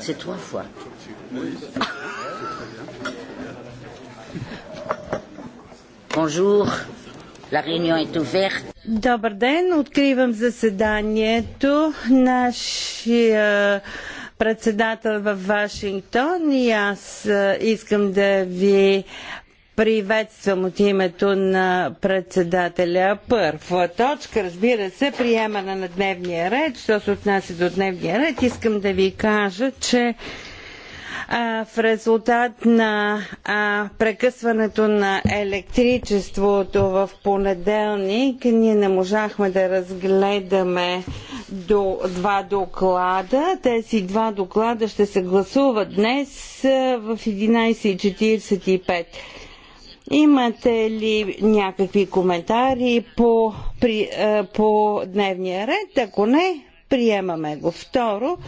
C'est trois fois. Bonjour. La réunion est ouverte. Добър ден, откривам заседанието. Нашия е, председател е в Вашингтон и аз е, искам да ви приветствам от името на председателя. Първа точка, разбира се, приемана на дневния ред. Що се отнася до дневния ред, искам да ви кажа, че а, в резултат на а, прекъсването на електричеството в понеделник, ние не можахме да разгледаме до два доклада. Тези два доклада ще се гласуват днес в 11.45. Имате ли някакви коментари по, при, е, по дневния ред? Ако не, приемаме го. Второ,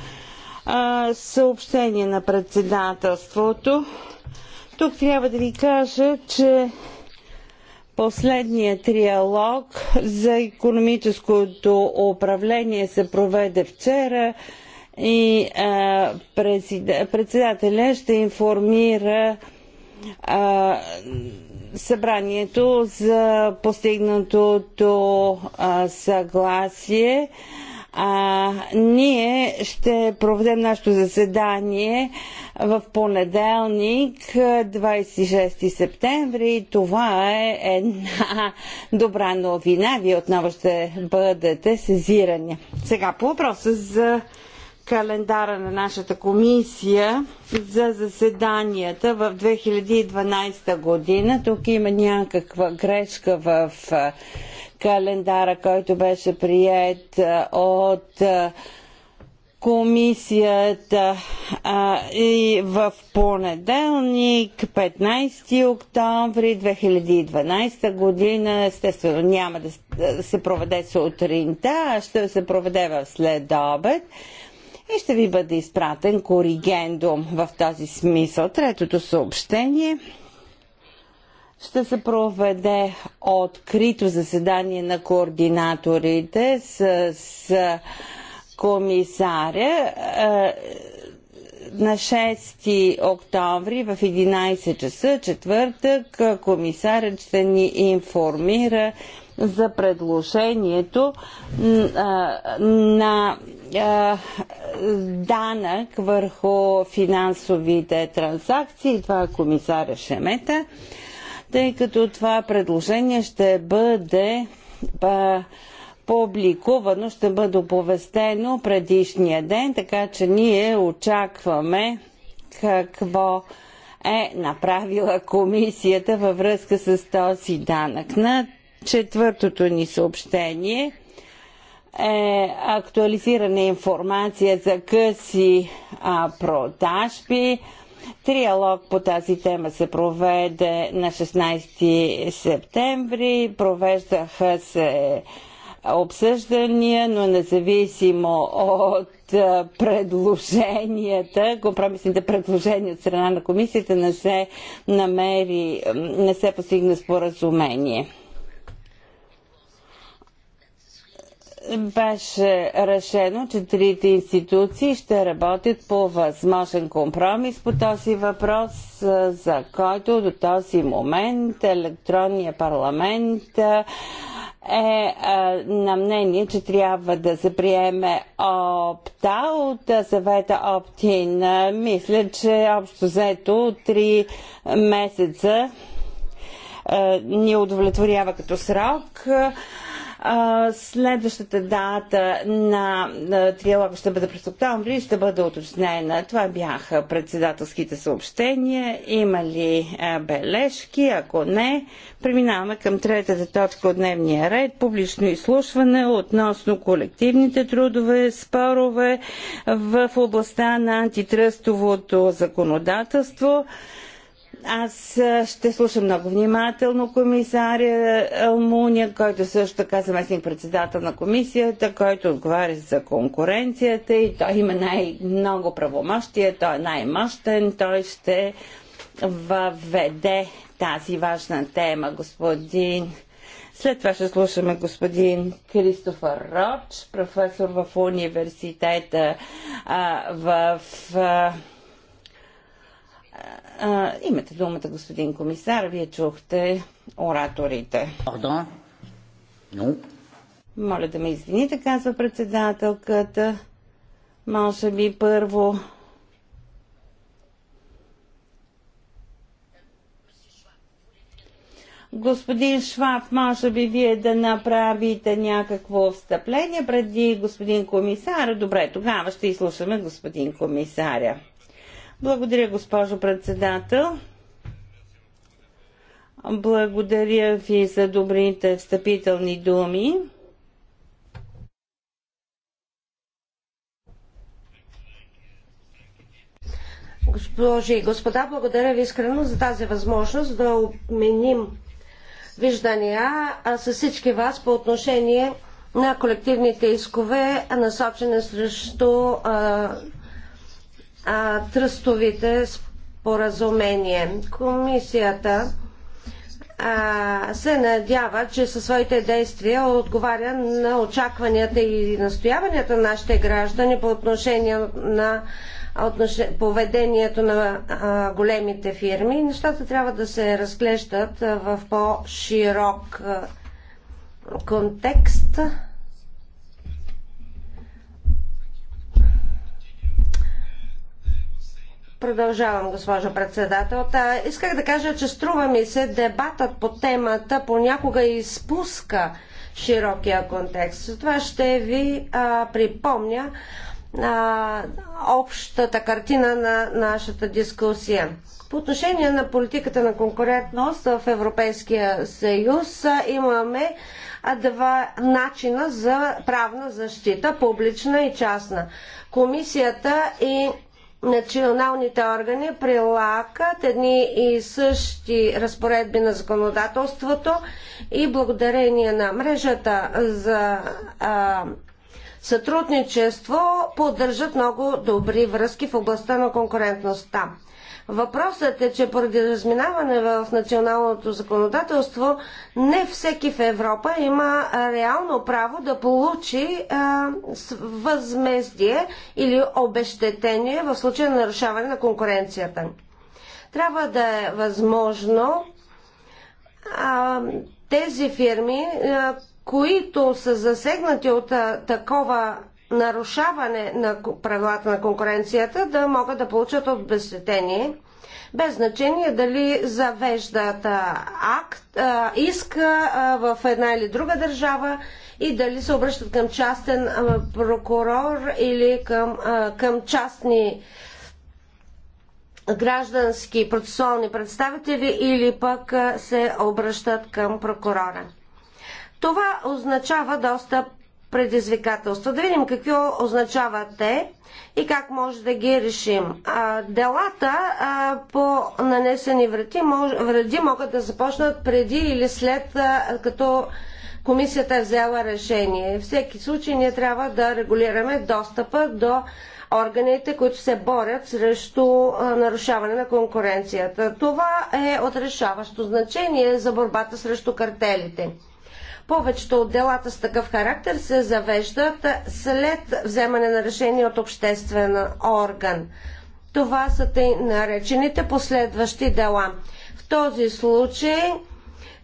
е, съобщение на председателството. Тук трябва да ви кажа, че последният триалог за економическото управление се проведе вчера и е, председателя ще информира а, събранието за постигнатото съгласие. А, ние ще проведем нашето заседание в понеделник, 26 септември. Това е една добра новина. Вие отново ще бъдете сезирани. Сега по въпроса за календара на нашата комисия за заседанията в 2012 година. Тук има някаква грешка в календара, който беше прият от комисията а, и в понеделник 15 октомври 2012 година естествено няма да се проведе сутринта, а ще се проведе в следобед. обед и ще ви бъде изпратен коригендум в този смисъл. Третото съобщение ще се проведе открито заседание на координаторите с, с комисаря е, на 6 октомври в 11 часа четвъртък комисарът ще ни информира за предложението на данък върху финансовите транзакции. Това е комисаря Шемета, тъй като това предложение ще бъде публикувано, ще бъде оповестено предишния ден, така че ние очакваме какво е направила комисията във връзка с този данък. На Четвъртото ни съобщение е актуализирана информация за къси а, продажби. Триалог по тази тема се проведе на 16 септември. Провеждаха се обсъждания, но независимо от предложенията, компромисните предложения от страна на комисията не се намери, не се постигна споразумение. беше решено, че трите институции ще работят по възможен компромис по този въпрос, за който до този момент електронния парламент е а, на мнение, че трябва да се приеме опта от съвета оптин. Мисля, че общо взето три месеца а, ни удовлетворява като срок. А, Следващата дата на триалога ще бъде през октомври и ще бъде уточнена. Това бяха председателските съобщения. Има ли бележки? Ако не, преминаваме към третата точка от дневния ред. Публично изслушване относно колективните трудове, спорове в областта на антитръстовото законодателство. Аз ще слушам много внимателно комисаря Алмуния, който също така е заместник председател на комисията, който отговаря за конкуренцията и той има най-много правомощия, той е най-мощен, той ще въведе тази важна тема, господин. След това ще слушаме господин Кристофър Роч, професор в университета а, в. А, имате думата, господин комисар. Вие чухте ораторите. Пардон? Ну. Моля да ме извините, казва председателката. Може би първо Господин Шваб, може би вие да направите някакво встъпление преди господин комисар, Добре, тогава ще изслушаме господин комисаря. Благодаря, госпожо председател. Благодаря ви за добрите встъпителни думи. Госпожи и господа, благодаря ви искрено за тази възможност да обменим виждания с всички вас по отношение на колективните искове, насочени срещу а, а, тръстовите споразумения. Комисията а, се надява, че със своите действия отговаря на очакванията и настояванията на нашите граждани по отношение на отнош... поведението на а, големите фирми. Нещата трябва да се разглеждат в по-широк контекст. Продължавам, госпожо председател. Та, исках да кажа, че струва ми се дебатът по темата понякога изпуска широкия контекст. това ще ви а, припомня а, общата картина на нашата дискусия. По отношение на политиката на конкурентност в Европейския съюз имаме два начина за правна защита публична и частна. Комисията и националните органи прилагат едни и същи разпоредби на законодателството и благодарение на мрежата за а, сътрудничество поддържат много добри връзки в областта на конкурентността. Въпросът е, че поради разминаване в националното законодателство, не всеки в Европа има реално право да получи а, възмездие или обещетение в случай на нарушаване на конкуренцията. Трябва да е възможно а, тези фирми, а, които са засегнати от а, такова нарушаване на правилата на конкуренцията да могат да получат обезщетение, без значение дали завеждат акт, а, а, в една или друга държава и дали се обръщат към частен а, прокурор или към, към частни граждански процесуални представители или пък се обръщат към прокурора. Това означава доста предизвикателства. Да видим какво означават те и как може да ги решим. А, делата а, по нанесени вреди, мож, вреди могат да започнат преди или след а, като комисията е взела решение. Всеки случай ние трябва да регулираме достъпа до органите, които се борят срещу нарушаване на конкуренцията. Това е отрешаващо значение за борбата срещу картелите. Повечето от делата с такъв характер се завеждат след вземане на решение от обществен орган. Това са тъй наречените последващи дела. В този случай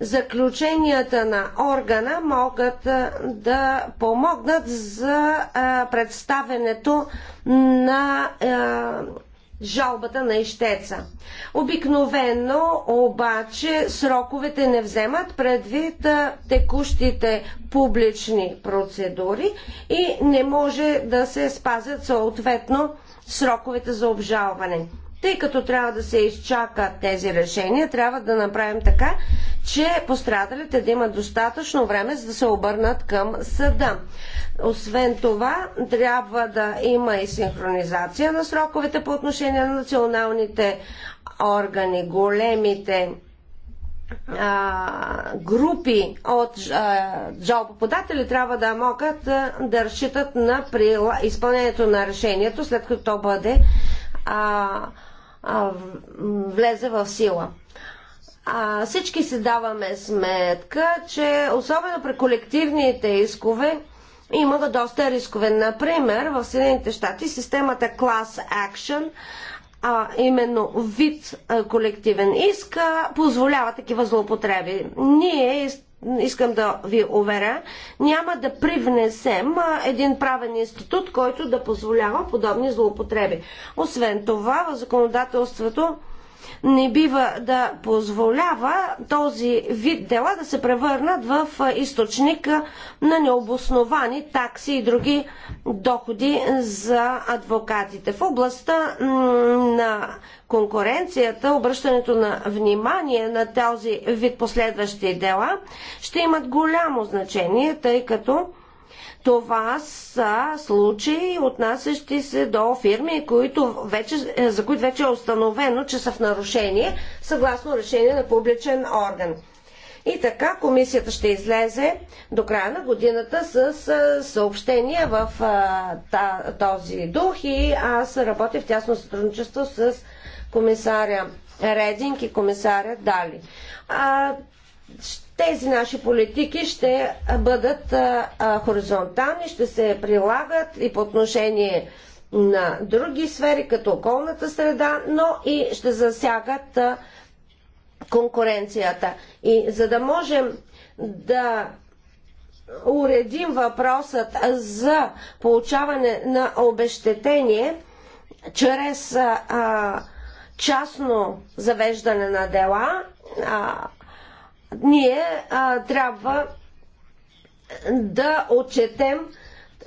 заключенията на органа могат да помогнат за представенето на жалбата на ищеца. Обикновено обаче сроковете не вземат предвид текущите публични процедури и не може да се спазят съответно сроковете за обжалване. Тъй като трябва да се изчакат тези решения, трябва да направим така, че пострадалите да имат достатъчно време, за да се обърнат към съда. Освен това, трябва да има и синхронизация на сроковете по отношение на националните органи, големите а, групи от жалбоподатели трябва да могат да разчитат на изпълнението на решението, след като то бъде а, а, влезе в сила. А, всички си даваме сметка, че особено при колективните искове има доста рискове. Например, в Съединените щати системата Class Action а именно вид колективен иск позволява такива злоупотреби. Ние искам да ви уверя, няма да привнесем един правен институт, който да позволява подобни злоупотреби. Освен това, в законодателството не бива да позволява този вид дела да се превърнат в източник на необосновани такси и други доходи за адвокатите. В областта на конкуренцията, обръщането на внимание на този вид последващи дела ще имат голямо значение, тъй като това са случаи, отнасящи се до фирми, които вече, е, за които вече е установено, че са в нарушение, съгласно решение на публичен орган. И така комисията ще излезе до края на годината с е, съобщения в е, този дух и аз работя в тясно сътрудничество с комисаря Рединг и комисаря Дали. Тези наши политики ще бъдат хоризонтални, ще се прилагат и по отношение на други сфери, като околната среда, но и ще засягат конкуренцията. И за да можем да уредим въпросът за получаване на обещетение чрез а, частно завеждане на дела, а, ние а, трябва да отчетем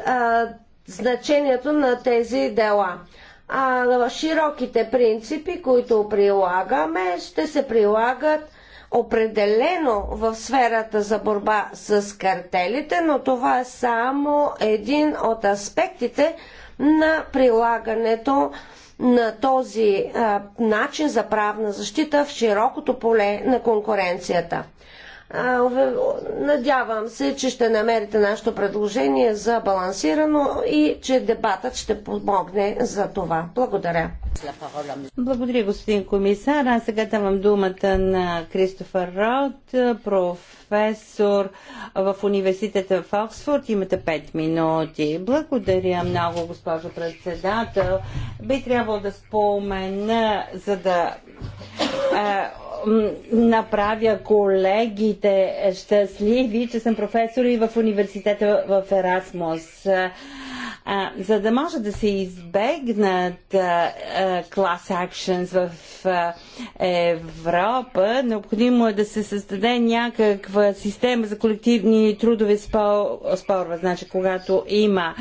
а, значението на тези дела. А широките принципи, които прилагаме, ще се прилагат определено в сферата за борба с картелите, но това е само един от аспектите на прилагането на този а, начин за правна защита в широкото поле на конкуренцията. Надявам се, че ще намерите нашето предложение за балансирано и че дебатът ще помогне за това. Благодаря. Благодаря, господин комисар. Аз сега давам думата на Кристофър Род, професор в университета в Оксфорд. Имате 5 минути. Благодаря много, госпожо председател. Би трябвало да спомена, за да е, направя колегите щастливи, че съм професор и в университета в Ерасмус. А, за да може да се избегнат клас акшенс в Европа, необходимо е да се създаде някаква система за колективни трудови спорва. Значи, когато има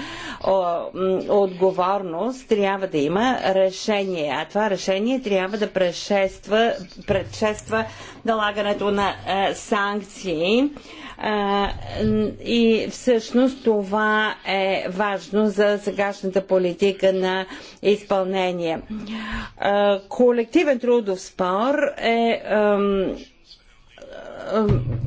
отговорност, трябва да има решение. А това решение трябва да предшества, предшества налагането на санкции и всъщност това е важно за сегашната политика на изпълнение. Колективен трудов спор е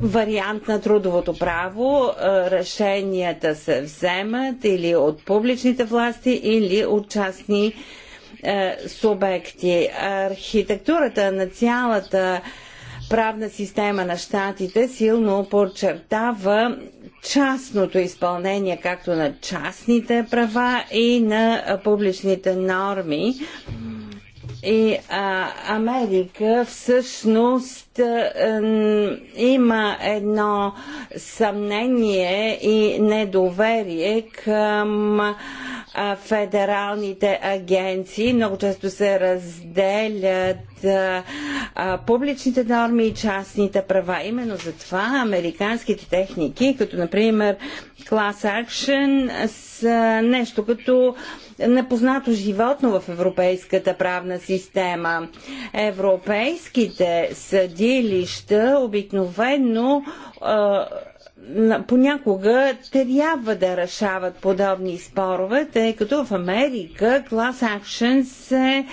вариант на трудовото право. Решенията се вземат или от публичните власти, или от частни субекти. Архитектурата на цялата правна система на щатите силно подчертава частното изпълнение както на частните права и на публичните норми и а, Америка всъщност а, има едно съмнение и недоверие към а, федералните агенции. Много често се разделят а, а, публичните норми и частните права. Именно затова американските техники, като например Class Action, са нещо като а, непознато животно в европейската правна система. Европейските съдилища обикновено понякога трябва да решават подобни спорове, тъй като в Америка клас акшен се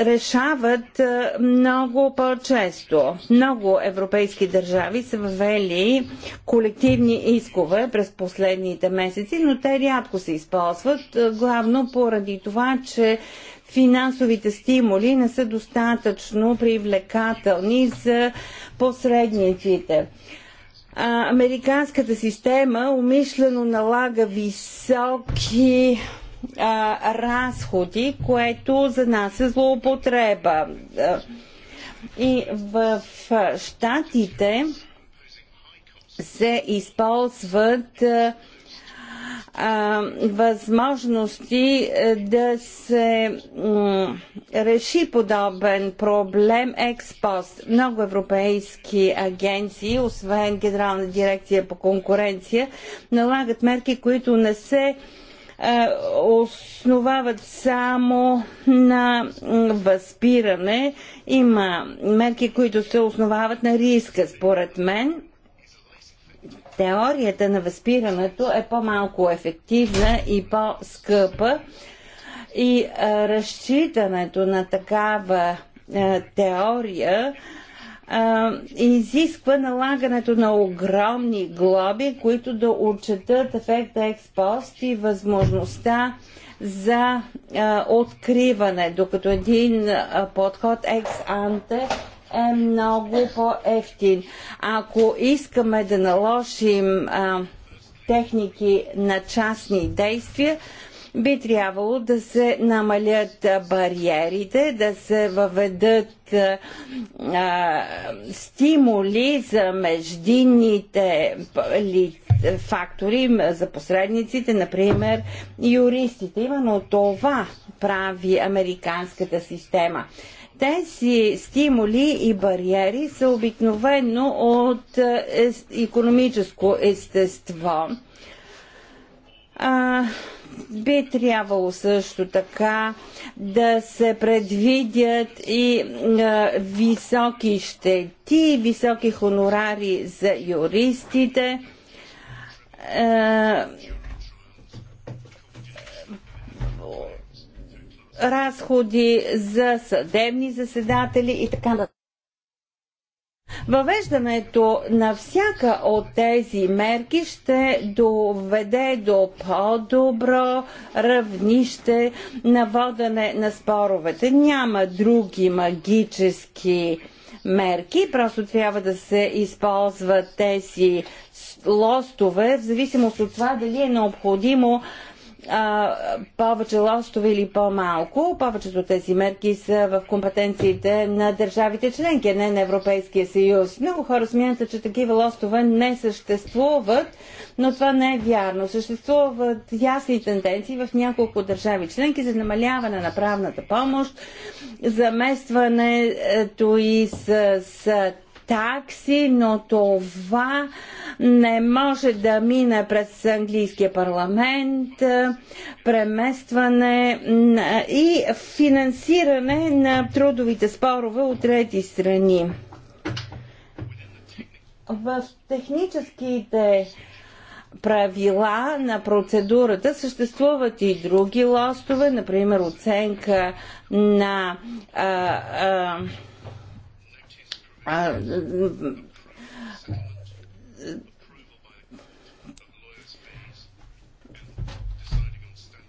решават много по-често. Много европейски държави са въвели колективни искове през последните месеци, но те рядко се използват, главно поради това, че финансовите стимули не са достатъчно привлекателни за посредниците. Американската система умишлено налага високи а, разходи, което за нас е злоупотреба. И в Штатите се използват а, възможности да се реши подобен проблем експост. Много европейски агенции, освен Генерална дирекция по конкуренция, налагат мерки, които не се а, е, основават само на възпиране. Има мерки, които се основават на риска, според мен. Теорията на възпирането е по-малко ефективна и по-скъпа и е, разчитането на такава е, теория изисква налагането на огромни глоби, които да отчетат ефекта експост и възможността за а, откриване, докато един а, подход екс-анте е много по-ефтин. Ако искаме да наложим а, техники на частни действия, би трябвало да се намалят бариерите, да се въведат а, стимули за междинните фактори за посредниците, например юристите. Именно това прави американската система. Тези стимули и бариери са обикновено от економическо естество. А, би трябвало също така да се предвидят и а, високи щети, високи хонорари за юристите. разходи за съдебни заседатели и така нататък. Въвеждането на всяка от тези мерки ще доведе до по-добро равнище на водене на споровете. Няма други магически мерки, просто трябва да се използват тези лостове, в зависимост от това дали е необходимо а, повече лостове или по-малко. Повечето тези мерки са в компетенциите на държавите членки, а не на Европейския съюз. Много хора смятат, че такива лостове не съществуват, но това не е вярно. Съществуват ясни тенденции в няколко държави членки за намаляване на правната помощ, заместването и с, с такси, но това не може да мине през английския парламент, преместване и финансиране на трудовите спорове от трети страни. В техническите правила на процедурата съществуват и други лостове, например оценка на а, а, а,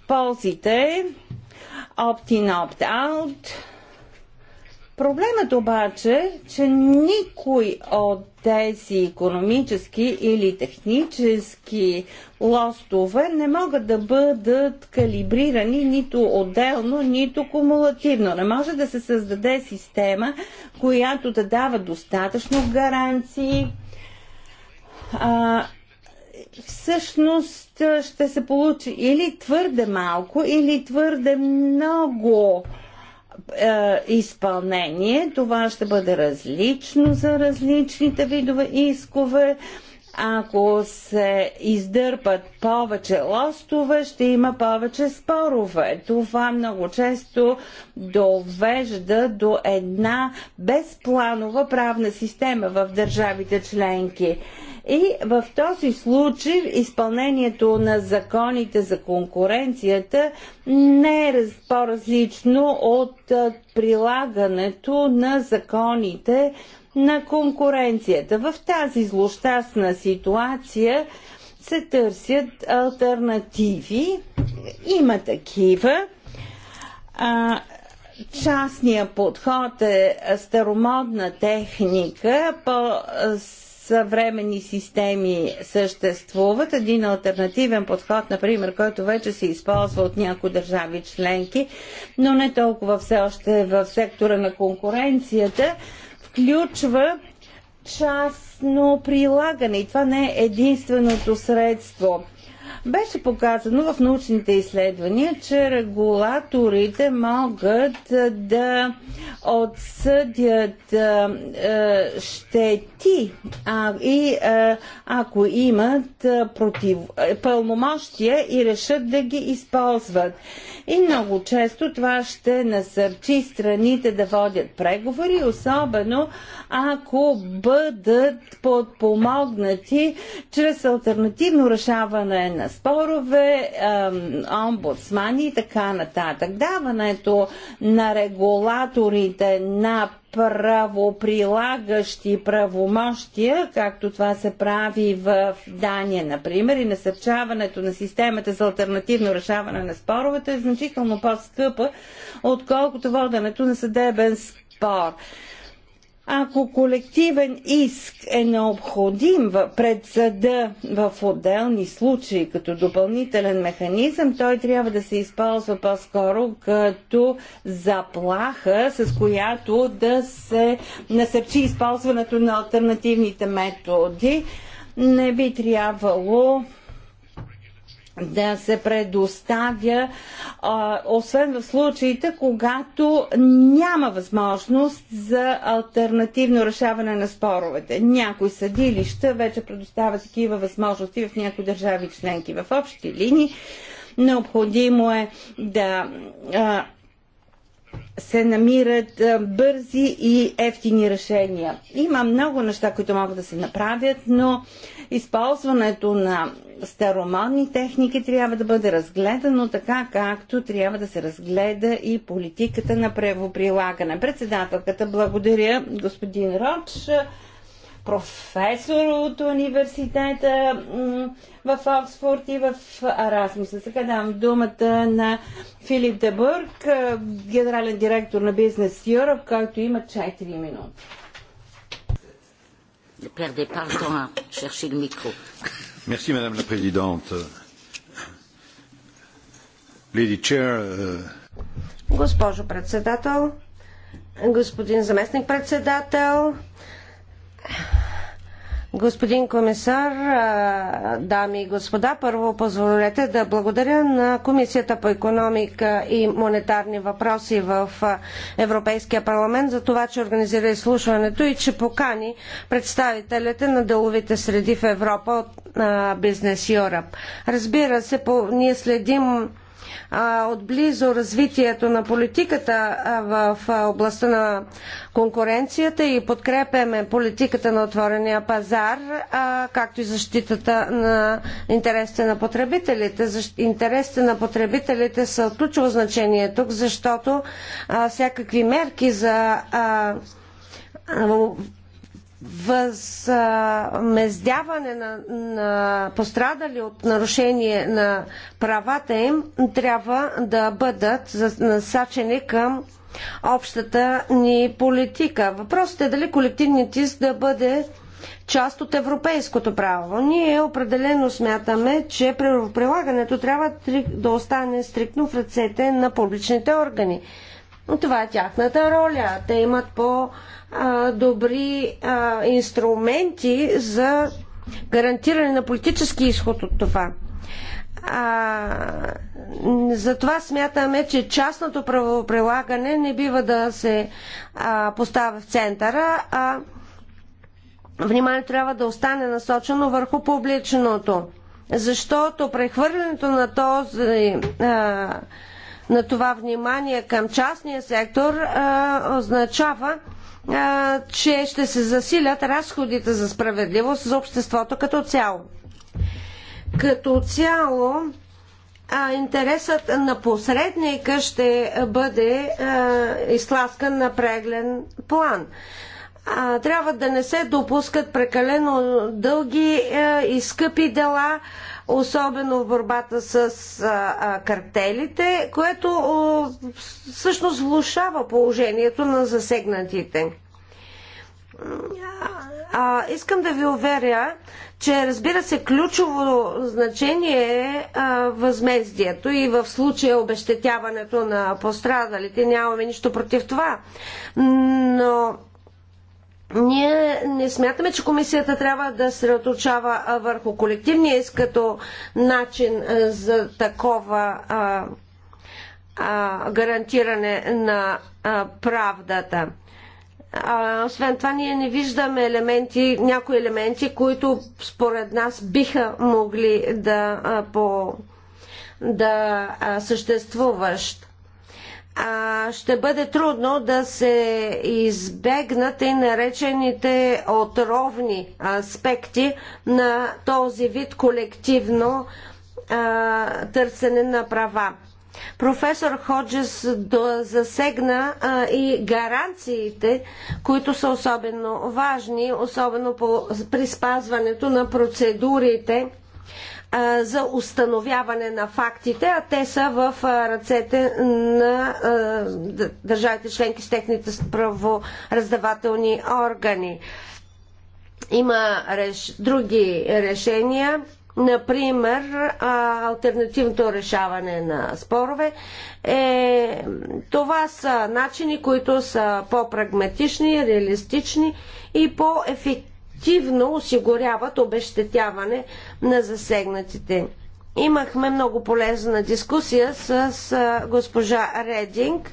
ползите, opt-in, opt-out, Проблемът обаче, че никой от тези економически или технически лостове не могат да бъдат калибрирани нито отделно, нито кумулативно. Не може да се създаде система, която да дава достатъчно гаранции. А, всъщност ще се получи или твърде малко, или твърде много е, изпълнение. Това ще бъде различно за различните видове искове. Ако се издърпат повече лостове, ще има повече спорове. Това много често довежда до една безпланова правна система в държавите членки. И в този случай изпълнението на законите за конкуренцията не е по-различно от прилагането на законите на конкуренцията. В тази злощастна ситуация се търсят альтернативи. Има такива. А, частния подход е старомодна техника, по съвременни системи съществуват. Един альтернативен подход, например, който вече се използва от някои държави членки, но не толкова все още в сектора на конкуренцията, включва частно прилагане. И това не е единственото средство. Беше показано в научните изследвания, че регулаторите могат да отсъдят щети а, и ако имат против, пълномощия и решат да ги използват. И много често това ще насърчи страните да водят преговори, особено ако бъдат подпомогнати чрез альтернативно решаване на спорове, омбудсмани и така нататък. Даването на регулаторите на правоприлагащи правомощия, както това се прави в Дания, например, и насърчаването на системата за альтернативно решаване на споровете е значително по-скъпа, отколкото воденето на съдебен спор. Ако колективен иск е необходим пред съда в отделни случаи като допълнителен механизъм, той трябва да се използва по-скоро като заплаха, с която да се насърчи използването на альтернативните методи. Не би трябвало да се предоставя, а, освен в случаите, когато няма възможност за альтернативно решаване на споровете. Някои съдилища вече предоставят такива възможности в някои държави членки. В общи линии необходимо е да а, се намират бързи и ефтини решения. Има много неща, които могат да се направят, но използването на старомонни техники трябва да бъде разгледано така, както трябва да се разгледа и политиката на правоприлагане. Председателката, благодаря господин Родж, професор от университета в Оксфорд и в Арасмус. Сега давам думата на Филип Дебърг, е, генерален директор на Бизнес Europe, който има 4 минути. Не perdez pas le temps Madame la Présidente. Euh, Госпожо председател, господин заместник председател, Господин комисар, дами и господа, първо позволете да благодаря на Комисията по економика и монетарни въпроси в Европейския парламент за това, че организира изслушването и че покани представителите на деловите среди в Европа от Business Europe. Разбира се, по, ние следим отблизо развитието на политиката в областта на конкуренцията и подкрепяме политиката на отворения пазар, както и защитата на интересите на потребителите. Интересите на потребителите са от ключово значение тук, защото всякакви мерки за възмездяване на, на пострадали от нарушение на правата им трябва да бъдат насачени към общата ни политика. Въпросът е дали колективният иск да бъде част от европейското право. Ние определено смятаме, че прилагането трябва да остане стриктно в ръцете на публичните органи. Това е тяхната роля. Те имат по-добри инструменти за гарантиране на политически изход от това. А, затова смятаме, че частното правоприлагане не бива да се а, поставя в центъра, а вниманието трябва да остане насочено върху публичното. Защото прехвърлянето на този а, на това внимание към частния сектор а, означава, а, че ще се засилят разходите за справедливост за обществото като цяло. Като цяло, а, интересът на посредника ще бъде а, изтласкан на преглен план. А, трябва да не се допускат прекалено дълги а, и скъпи дела, особено в борбата с картелите, което всъщност влушава положението на засегнатите. А, искам да ви уверя, че разбира се ключово значение е а, възмездието и в случая обещетяването на пострадалите. Нямаме нищо против това. Но ние не смятаме, че комисията трябва да се разточава върху колективния иск като начин за такова а, а, гарантиране на а, правдата. А, освен това, ние не виждаме елементи, някои елементи, които според нас биха могли да, а, по, да а, съществуващ а, ще бъде трудно да се избегнат и наречените отровни аспекти на този вид колективно а, търсене на права. Професор Ходжес засегна а, и гаранциите, които са особено важни, особено по, при спазването на процедурите за установяване на фактите, а те са в ръцете на държавите членки с техните правораздавателни органи. Има реш... други решения, Например, альтернативното решаване на спорове. Е, това са начини, които са по-прагматични, реалистични и по-ефективни активно осигуряват обещетяване на засегнатите. Имахме много полезна дискусия с госпожа Рединг.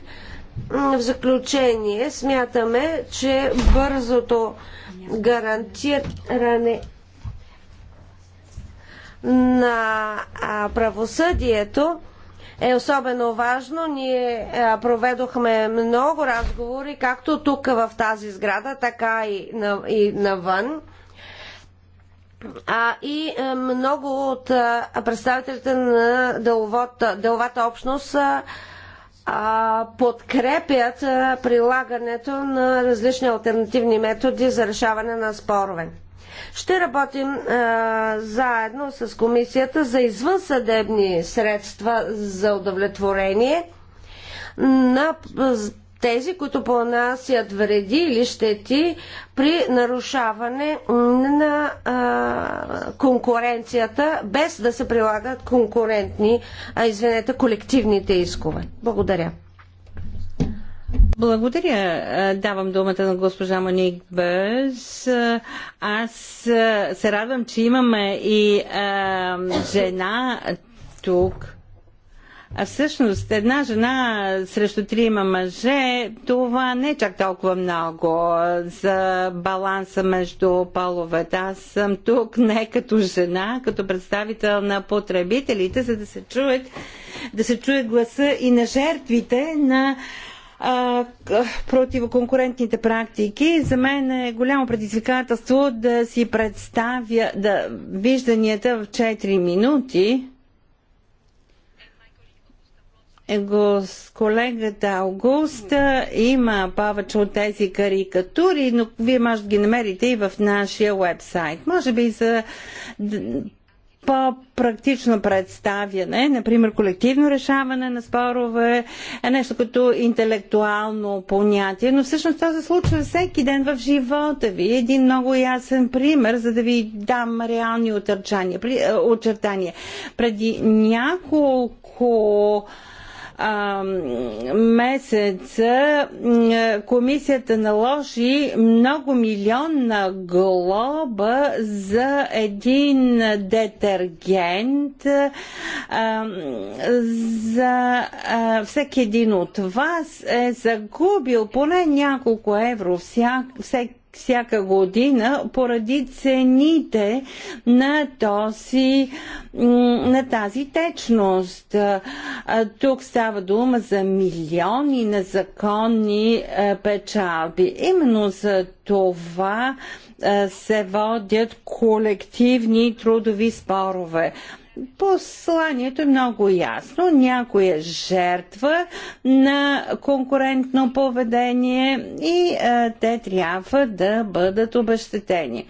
В заключение смятаме, че бързото гарантиране на правосъдието е особено важно. Ние е, проведохме много разговори, както тук в тази сграда, така и, и навън. А, и е, много от е, представителите на деловата, деловата общност а, подкрепят прилагането на различни альтернативни методи за решаване на спорове. Ще работим а, заедно с Комисията за извънсъдебни средства за удовлетворение на тези, които понасят вреди или щети при нарушаване на а, конкуренцията, без да се прилагат конкурентни, а извинете, колективните искове. Благодаря. Благодаря. Давам думата на госпожа Моник Бърз. Аз се радвам, че имаме и а, жена тук. А всъщност една жена срещу трима мъже, това не е чак толкова много за баланса между половете. Аз съм тук не като жена, като представител на потребителите, за да се чуят да се чуе гласа и на жертвите на противоконкурентните практики. За мен е голямо предизвикателство да си представя да, вижданията в 4 минути. Его с колегата Аугуста има повече от тези карикатури, но вие може да ги намерите и в нашия вебсайт. Може би за по-практично представяне, например колективно решаване на спорове, е нещо като интелектуално понятие, но всъщност това се случва всеки ден в живота ви. Един много ясен пример, за да ви дам реални е, очертания. Преди няколко а, месеца комисията наложи много милионна глоба за един детергент а, за а, всеки един от вас е загубил поне няколко евро всяк, всеки всяка година поради цените на, този, на тази течност. Тук става дума за милиони незаконни е, печалби. Именно за това е, се водят колективни трудови спорове. Посланието е много ясно. Някой е жертва на конкурентно поведение и а, е, те трябва да бъдат обещетени.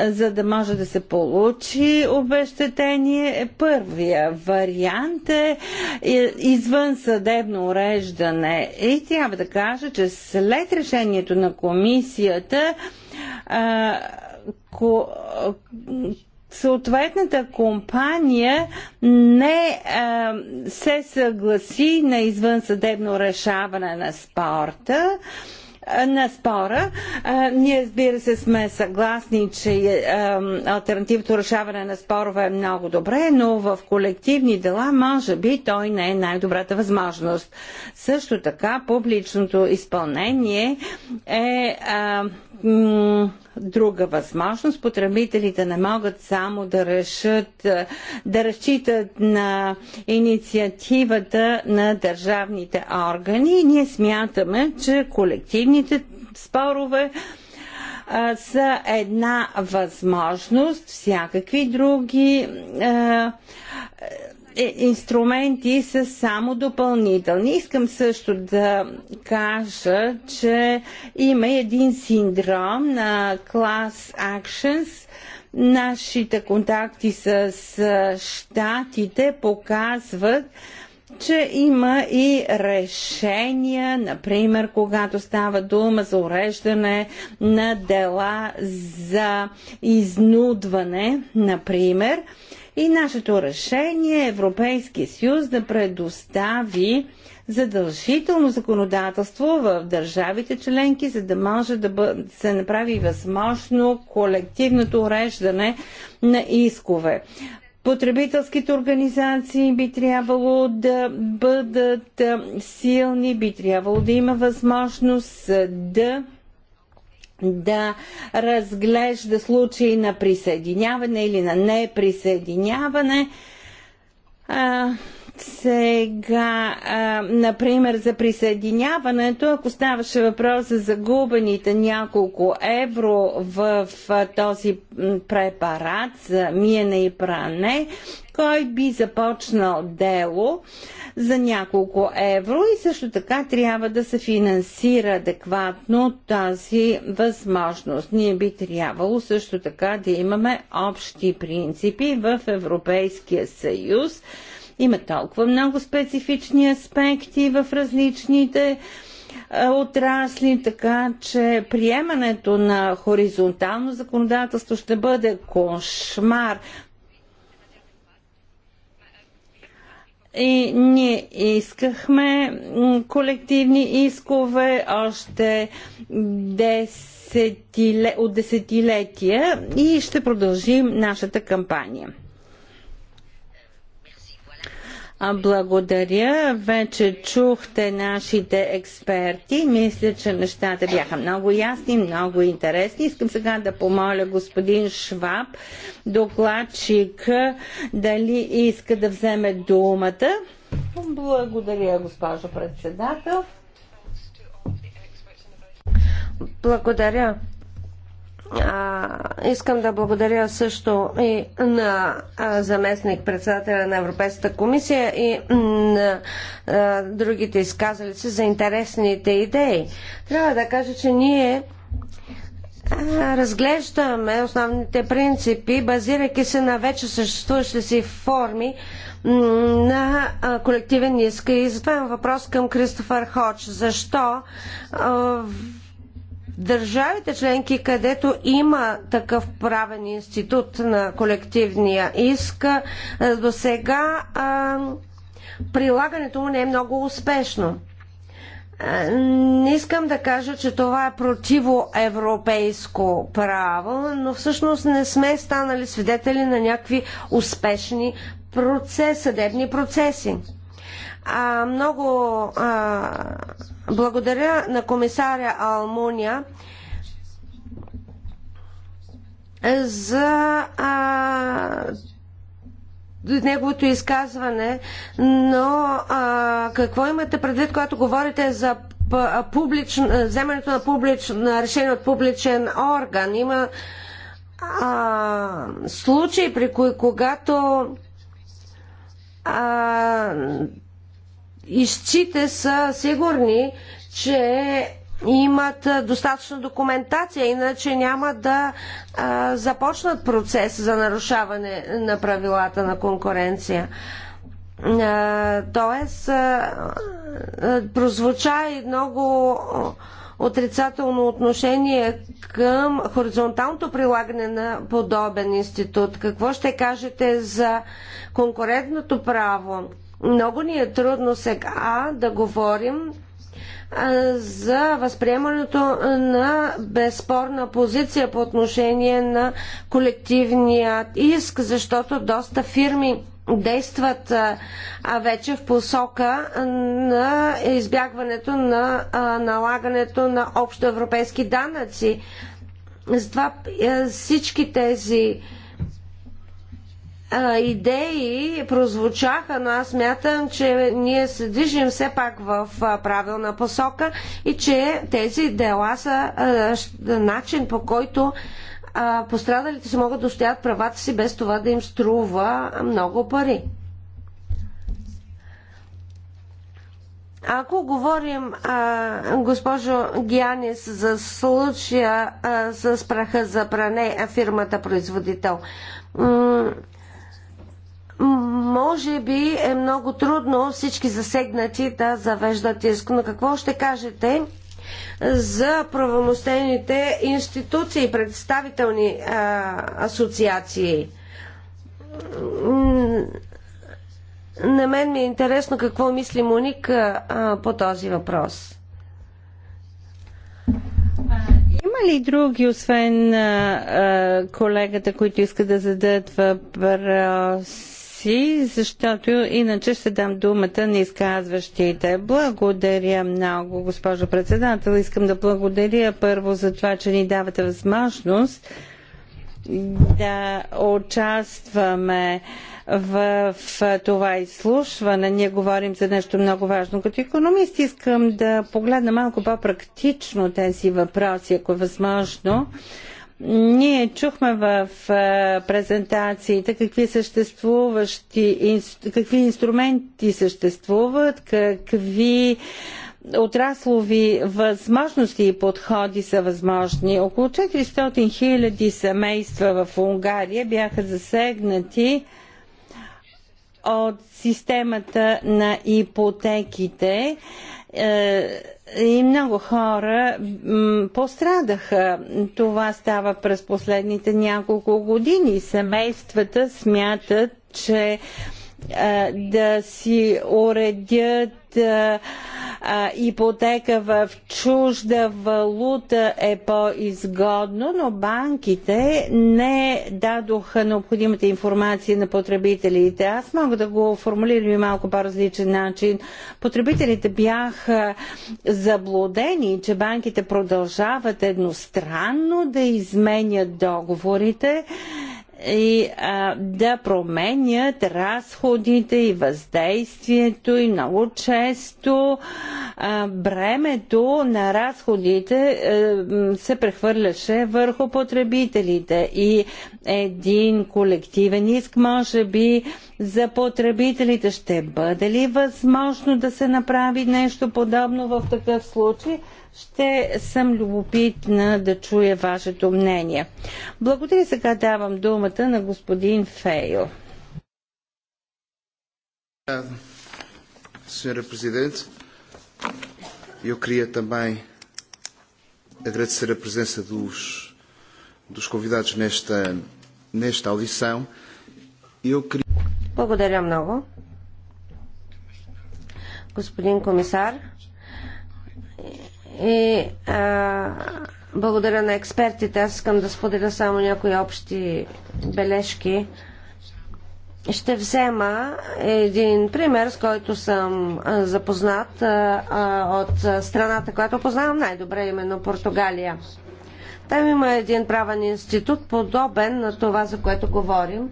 За да може да се получи обещетение, първия вариант е, е извън съдебно уреждане. И трябва да кажа, че след решението на комисията а, е, ко, съответната компания не а, се съгласи на извънсъдебно решаване на спорта, на спора. А, ние, разбира се, сме съгласни, че е, а, альтернативното решаване на спорове е много добре, но в колективни дела, може би, той не е най-добрата възможност. Също така, публичното изпълнение е а, друга възможност. Потребителите не могат само да решат, е, да разчитат на инициативата на държавните органи. И ние смятаме, че колективните спорове а, е, са една възможност. Всякакви други а, е, е, инструменти са само допълнителни. Искам също да кажа, че има един синдром на class actions. Нашите контакти с щатите показват, че има и решения, например, когато става дума за уреждане на дела за изнудване, например – и нашето решение е Европейския съюз да предостави задължително законодателство в държавите членки, за да може да бъ... се направи възможно колективното уреждане на искове. Потребителските организации би трябвало да бъдат силни, би трябвало да има възможност да да разглежда случаи на присъединяване или на неприсъединяване. присъединяване. Сега, а, например, за присъединяването, ако ставаше въпрос за загубените няколко евро в а, този препарат за миене и пране, кой би започнал дело за няколко евро и също така трябва да се финансира адекватно тази възможност. Ние би трябвало също така да имаме общи принципи в Европейския съюз – има толкова много специфични аспекти в различните е, отрасли, така че приемането на хоризонтално законодателство ще бъде кошмар. И ние искахме колективни искове още десетиле... от десетилетия и ще продължим нашата кампания. Благодаря. Вече чухте нашите експерти. Мисля, че нещата бяха много ясни, много интересни. Искам сега да помоля господин Шваб, докладчик, дали иска да вземе думата. Благодаря, госпожо председател. Благодаря а, искам да благодаря също и на заместник председателя на Европейската комисия и на а, другите изказали се за интересните идеи. Трябва да кажа, че ние разглеждаме основните принципи, базирайки се на вече съществуващи си форми на колективен иск. И затова имам въпрос към Кристофър Хоч. Защо Държавите членки, където има такъв правен институт на колективния иск, до сега прилагането му не е много успешно. Не искам да кажа, че това е противоевропейско право, но всъщност не сме станали свидетели на някакви успешни процес, съдебни процеси. А, много а, благодаря на комисаря Алмуния за а, неговото изказване, но а, какво имате предвид, когато говорите за публично, вземането на, публично, на решение от публичен орган? Има а, случаи, при кои когато а, изците са сигурни, че имат достатъчно документация, иначе няма да а, започнат процес за нарушаване на правилата на конкуренция. А, тоест, а, а, прозвуча и много отрицателно отношение към хоризонталното прилагане на подобен институт. Какво ще кажете за конкурентното право? Много ни е трудно сега да говорим за възприемането на безспорна позиция по отношение на колективният иск, защото доста фирми действат вече в посока на избягването на налагането на общоевропейски данъци. Затова е, всички тези идеи прозвучаха, но аз мятам, че ние се движим все пак в правилна посока и че тези дела са начин по който пострадалите се могат да устоят правата си без това да им струва много пари. Ако говорим, а, госпожо Гианис за случая а, с праха за пране, а фирмата производител, може би е много трудно всички засегнати да завеждат иск. Но какво ще кажете за правомостените институции представителни а, асоциации? На мен ми е интересно какво мисли Моника а, по този въпрос. Има ли други, освен а, колегата, които искат да зададат въпрос? си, защото иначе ще дам думата на изказващите. Благодаря много, госпожо председател. Искам да благодаря първо за това, че ни давате възможност да участваме в, това изслушване. Ние говорим за нещо много важно. Като економист искам да погледна малко по-практично тези въпроси, ако е възможно. Mm-hmm ние чухме в презентациите какви съществуващи, какви инструменти съществуват, какви отраслови възможности и подходи са възможни. Около 400 хиляди семейства в Унгария бяха засегнати от системата на ипотеките е, и много хора пострадаха. Това става през последните няколко години. Семействата смятат, че да си уредят ипотека в чужда валута е по-изгодно, но банките не дадоха необходимата информация на потребителите. Аз мога да го формулирам и малко по-различен начин. Потребителите бяха заблудени, че банките продължават едностранно да изменят договорите и а, да променят разходите и въздействието и много често а, бремето на разходите а, се прехвърляше върху потребителите и един колективен иск може би за потребителите ще бъде ли възможно да се направи нещо подобно в такъв случай? Ще съм любопитна да чуя вашето мнение. Благодаря сега давам думата на господин Фейл. Senhora Presidente, eu queria também agradecer e a presença dos, dos convidados nesta, nesta audição. Eu queria... Благодаря много. Господин комисар, и а, благодаря на експертите. Аз искам да споделя само някои общи бележки. Ще взема един пример, с който съм запознат от страната, която познавам най-добре, именно Португалия. Там има един правен институт, подобен на това, за което говорим.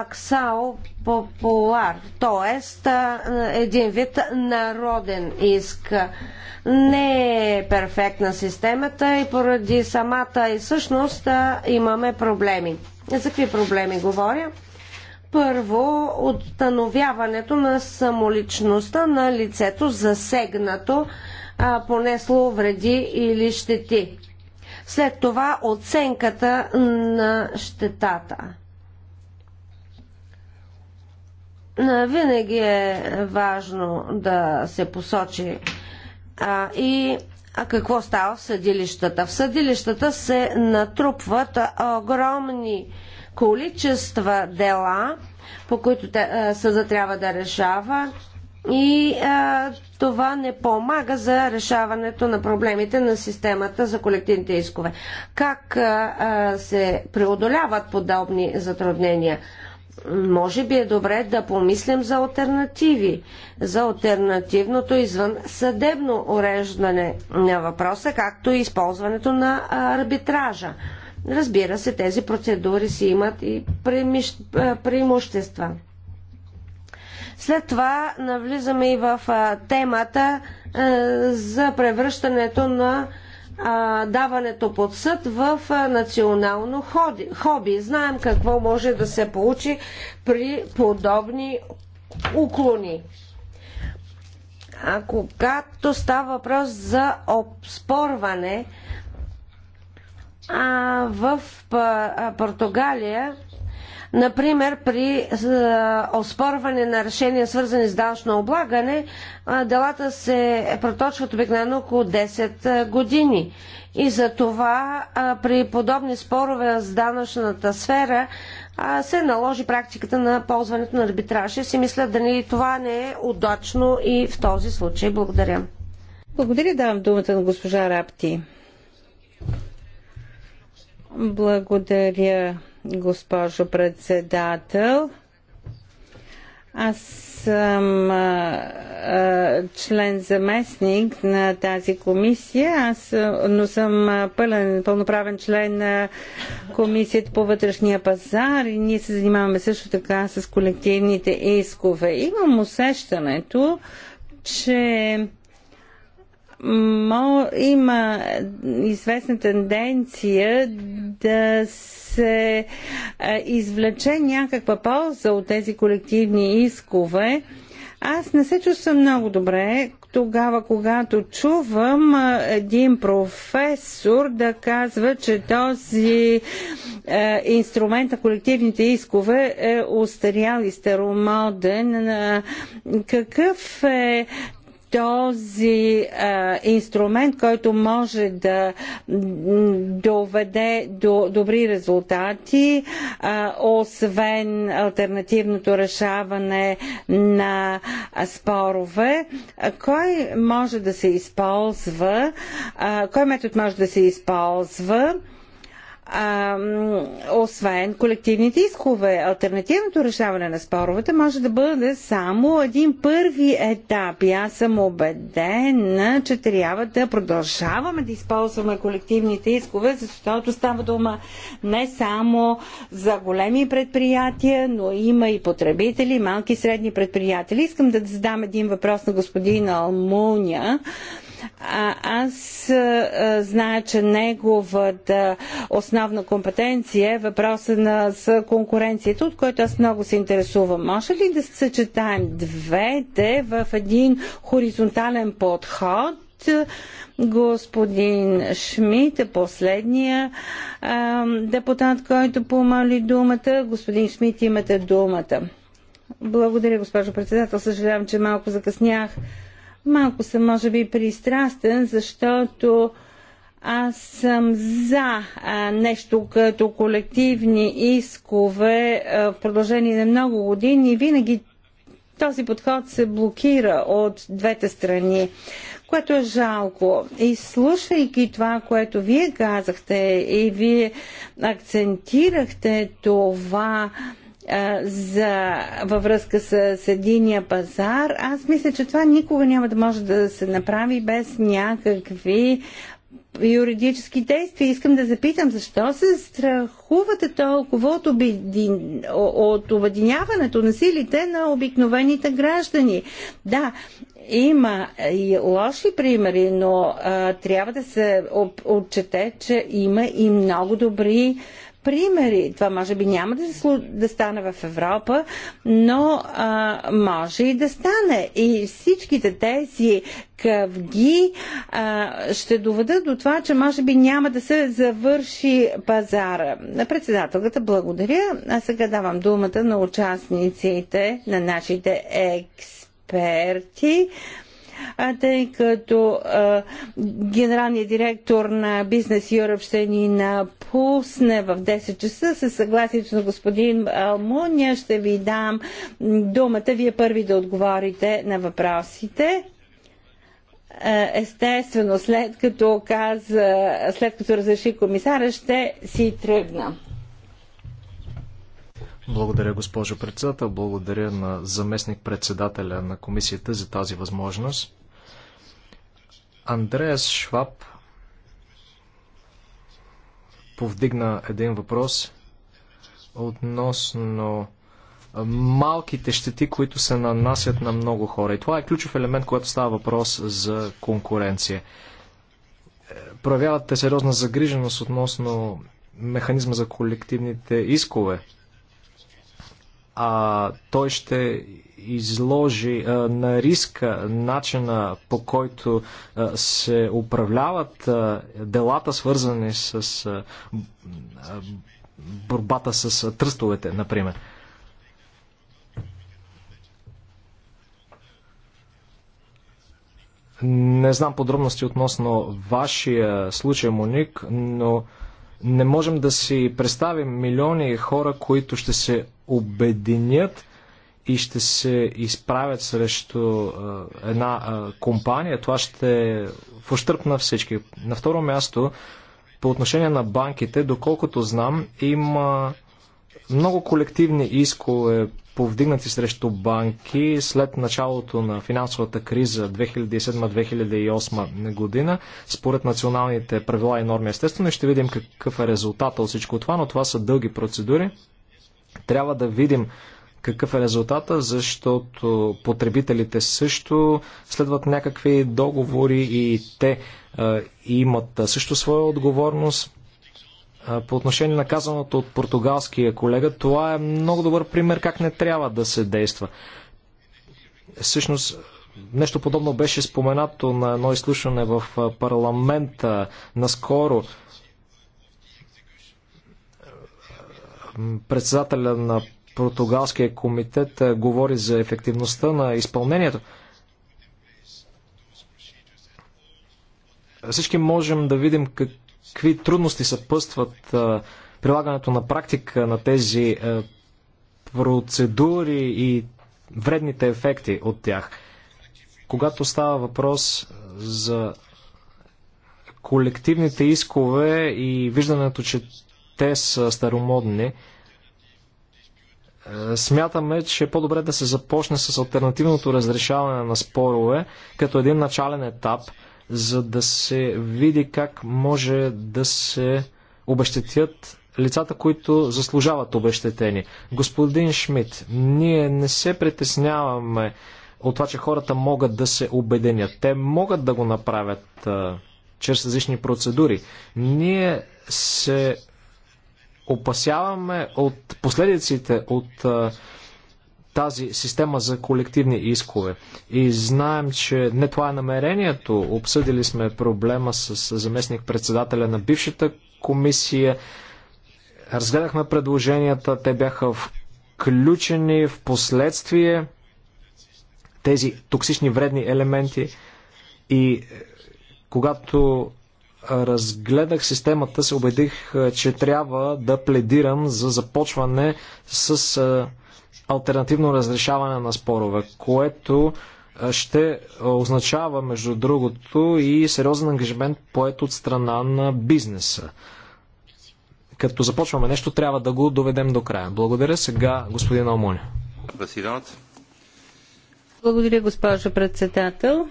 Аксао Популар, т.е. един вид народен иск. Не е перфектна системата и поради самата и същност имаме проблеми. За какви проблеми говоря? Първо, установяването на самоличността на лицето засегнато, а, понесло вреди или щети. След това оценката на щетата винаги е важно да се посочи а, и а какво става в съдилищата. В съдилищата се натрупват огромни количества дела, по които съда трябва да решава и а, това не помага за решаването на проблемите на системата за колективните искове. Как а, се преодоляват подобни затруднения? може би е добре да помислим за альтернативи, за альтернативното извън съдебно уреждане на въпроса, както и използването на арбитража. Разбира се, тези процедури си имат и преимущества. След това навлизаме и в темата за превръщането на а, даването под съд в а, национално ходи, хоби. Знаем какво може да се получи при подобни уклони. А когато става въпрос за обспорване, а, в а, Португалия Например, при оспорване на решения, свързани с данъчно облагане, делата се проточват обикновено около 10 години. И за това при подобни спорове с данъчната сфера се наложи практиката на ползването на арбитраж. И си мисля да ни това не е удачно и в този случай. Благодаря. Благодаря, давам думата на госпожа Рапти. Благодаря, госпожо председател. Аз съм а, а, член заместник на тази комисия, аз, но съм пълен, пълноправен член на комисията по вътрешния пазар и ние се занимаваме също така с колективните искове. Имам усещането, че има известна тенденция да се се е, извлече някаква полза от тези колективни искове, аз не се чувствам много добре тогава, когато чувам е, един професор да казва, че този е, инструмент на колективните искове е устарял и старомоден. Какъв е този а, инструмент, който може да доведе до добри резултати, а, освен альтернативното решаване на спорове, а, кой може да се използва, а, кой метод може да се използва а, освен колективните искове. Альтернативното решаване на споровете може да бъде само един първи етап. И аз съм убедена, че трябва да продължаваме да използваме колективните искове, защото става дума не само за големи предприятия, но има и потребители, малки и средни предприятели. Искам да задам един въпрос на господин Алмуня. А, аз а, зная, че неговата основна компетенция е въпроса на с конкуренцията, от който аз много се интересувам. Може ли да съчетаем двете в един хоризонтален подход? господин Шмидт е последния а, депутат, който помоли думата. Господин Шмидт, имате думата. Благодаря, госпожо председател. Съжалявам, че малко закъснях. Малко съм, може би, пристрастен, защото аз съм за а, нещо като колективни искове а, в продължение на много години и винаги този подход се блокира от двете страни, което е жалко. И слушайки това, което вие казахте и вие акцентирахте това, за, във връзка с, с единия пазар, аз мисля, че това никога няма да може да се направи без някакви юридически действия. Искам да запитам, защо се страхувате толкова от, обедин... от обединяването на силите на обикновените граждани? Да, има и лоши примери, но а, трябва да се отчете, че има и много добри а, примери. Това може би няма да, слу... да стане в Европа, но а, може и да стане. И всичките тези къвги а, ще доведат до това, че може би няма да се завърши пазара. На председателката благодаря. А сега давам думата на участниците, на нашите експерти тъй като генералният директор на бизнес Юръп ще ни напусне в 10 часа. Със съгласието на господин Алмуния ще ви дам думата. Вие първи да отговорите на въпросите естествено, след като каза, след като разреши комисара, ще си тръгна. Благодаря, госпожо председател. Благодаря на заместник председателя на комисията за тази възможност. Андреас Шваб повдигна един въпрос относно малките щети, които се нанасят на много хора. И това е ключов елемент, когато става въпрос за конкуренция. Проявявате сериозна загриженост относно механизма за колективните искове а, той ще изложи а, на риска начина по който а, се управляват а, делата, свързани с а, а, борбата с а, тръстовете, например. Не знам подробности относно вашия случай, Моник, но а, не можем да си представим милиони хора, които ще се обединят и ще се изправят срещу а, една а, компания. Това ще е в ущърп на всички. На второ място, по отношение на банките, доколкото знам, има много колективни искове повдигнати срещу банки след началото на финансовата криза 2007-2008 година, според националните правила и норми. Естествено ще видим какъв е резултата от всичко това, но това са дълги процедури. Трябва да видим какъв е резултата, защото потребителите също следват някакви договори и те е, имат също своя отговорност. По отношение на казаното от португалския колега, това е много добър пример как не трябва да се действа. Всъщност, нещо подобно беше споменато на едно изслушване в парламента наскоро. Председателя на португалския комитет говори за ефективността на изпълнението. Всички можем да видим как какви трудности съпъстват прилагането на практика на тези процедури и вредните ефекти от тях. Когато става въпрос за колективните искове и виждането, че те са старомодни, смятаме, че е по-добре да се започне с альтернативното разрешаване на спорове като един начален етап – за да се види как може да се обещетят лицата, които заслужават обещетени. Господин Шмидт, ние не се притесняваме от това, че хората могат да се обеденят. Те могат да го направят а, чрез различни процедури. Ние се опасяваме от последиците от а, тази система за колективни искове. И знаем, че не това е намерението. Обсъдили сме проблема с заместник-председателя на бившата комисия. Разгледахме предложенията, те бяха включени в последствие тези токсични вредни елементи и е, когато разгледах системата, се убедих, е, че трябва да пледирам за започване с е, альтернативно разрешаване на спорове, което ще означава, между другото, и сериозен ангажимент поет от страна на бизнеса. Като започваме нещо, трябва да го доведем до края. Благодаря сега, господин Алмоня. Благодаря, госпожо председател.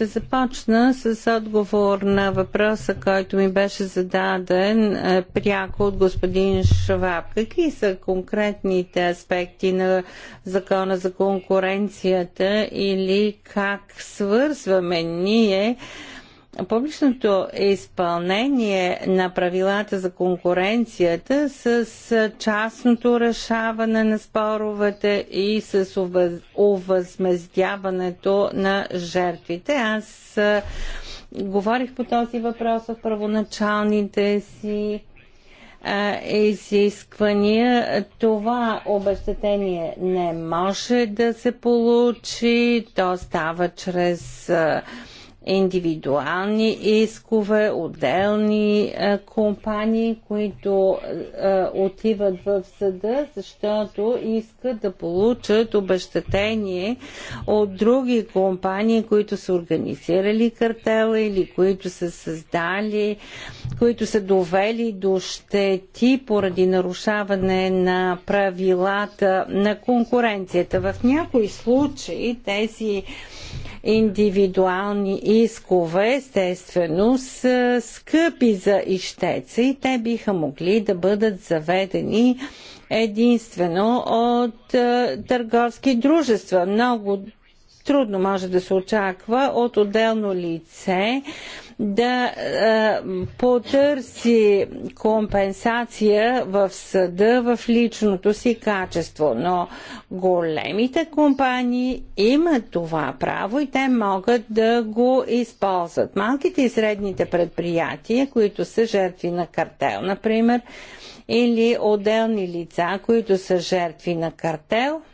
Ще започна с отговор на въпроса, който ми беше зададен е, пряко от господин Шваб. Какви са конкретните аспекти на закона за конкуренцията или как свързваме ние публичното изпълнение на правилата за конкуренцията с частното решаване на споровете и с увъзмездяването на жертвите. Аз говорих по този въпрос в първоначалните си изисквания. Това обещетение не може да се получи. То става чрез индивидуални искове, отделни а, е, компании, които а, е, отиват в съда, защото искат да получат обещатение от други компании, които са организирали картела или които са създали, които са довели до щети поради нарушаване на правилата на конкуренцията. В някои случаи тези Индивидуални искове, естествено, са скъпи за ищеца и те биха могли да бъдат заведени единствено от е, търговски дружества. Много трудно може да се очаква от отделно лице да а, е, потърси компенсация в съда в личното си качество. Но големите компании имат това право и те могат да го използват. Малките и средните предприятия, които са жертви на картел, например, или отделни лица, които са жертви на картел –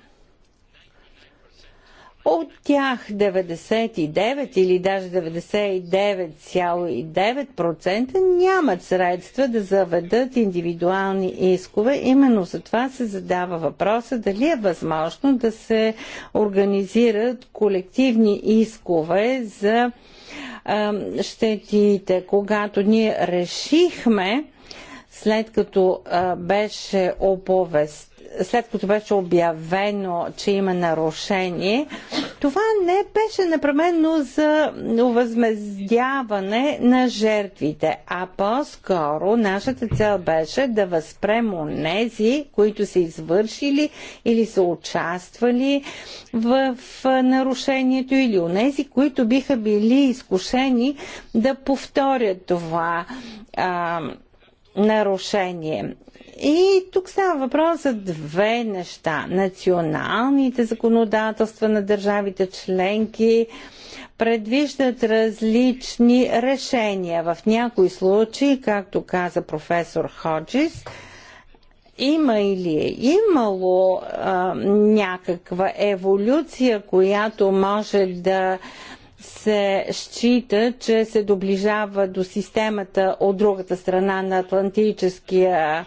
от тях 99 или даже 99,9% нямат средства да заведат индивидуални искове. Именно за това се задава въпроса дали е възможно да се организират колективни искове за е, щетите. Когато ние решихме, след като е, беше оповест, след като беше обявено, че има нарушение, това не беше непременно за възмездяване на жертвите, а по-скоро нашата цел беше да възпрем онези, които са извършили или са участвали в нарушението или онези, които биха били изкушени да повторят това а, нарушение. И тук става въпрос за две неща. Националните законодателства на държавите членки предвиждат различни решения. В някои случаи, както каза професор Ходжис, има или е имало а, някаква еволюция, която може да се счита, че се доближава до системата от другата страна на Атлантическия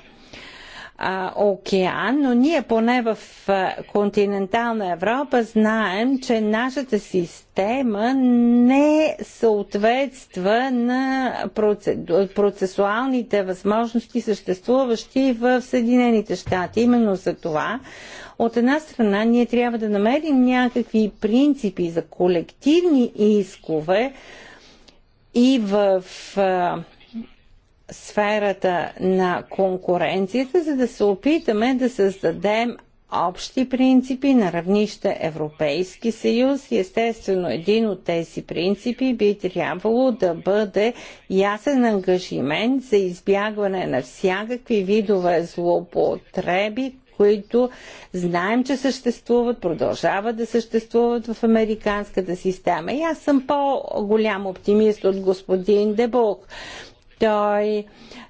а, океан, но ние поне в а, континентална Европа знаем, че нашата система не съответства на процесуалните възможности, съществуващи в Съединените щати. Именно за това, от една страна, ние трябва да намерим някакви принципи за колективни искове и в. А, сферата на конкуренцията, за да се опитаме да създадем общи принципи на равнище Европейски съюз естествено един от тези принципи би трябвало да бъде ясен ангажимент за избягване на всякакви видове злоупотреби, които знаем, че съществуват, продължават да съществуват в американската система. И аз съм по-голям оптимист от господин Дебок. Той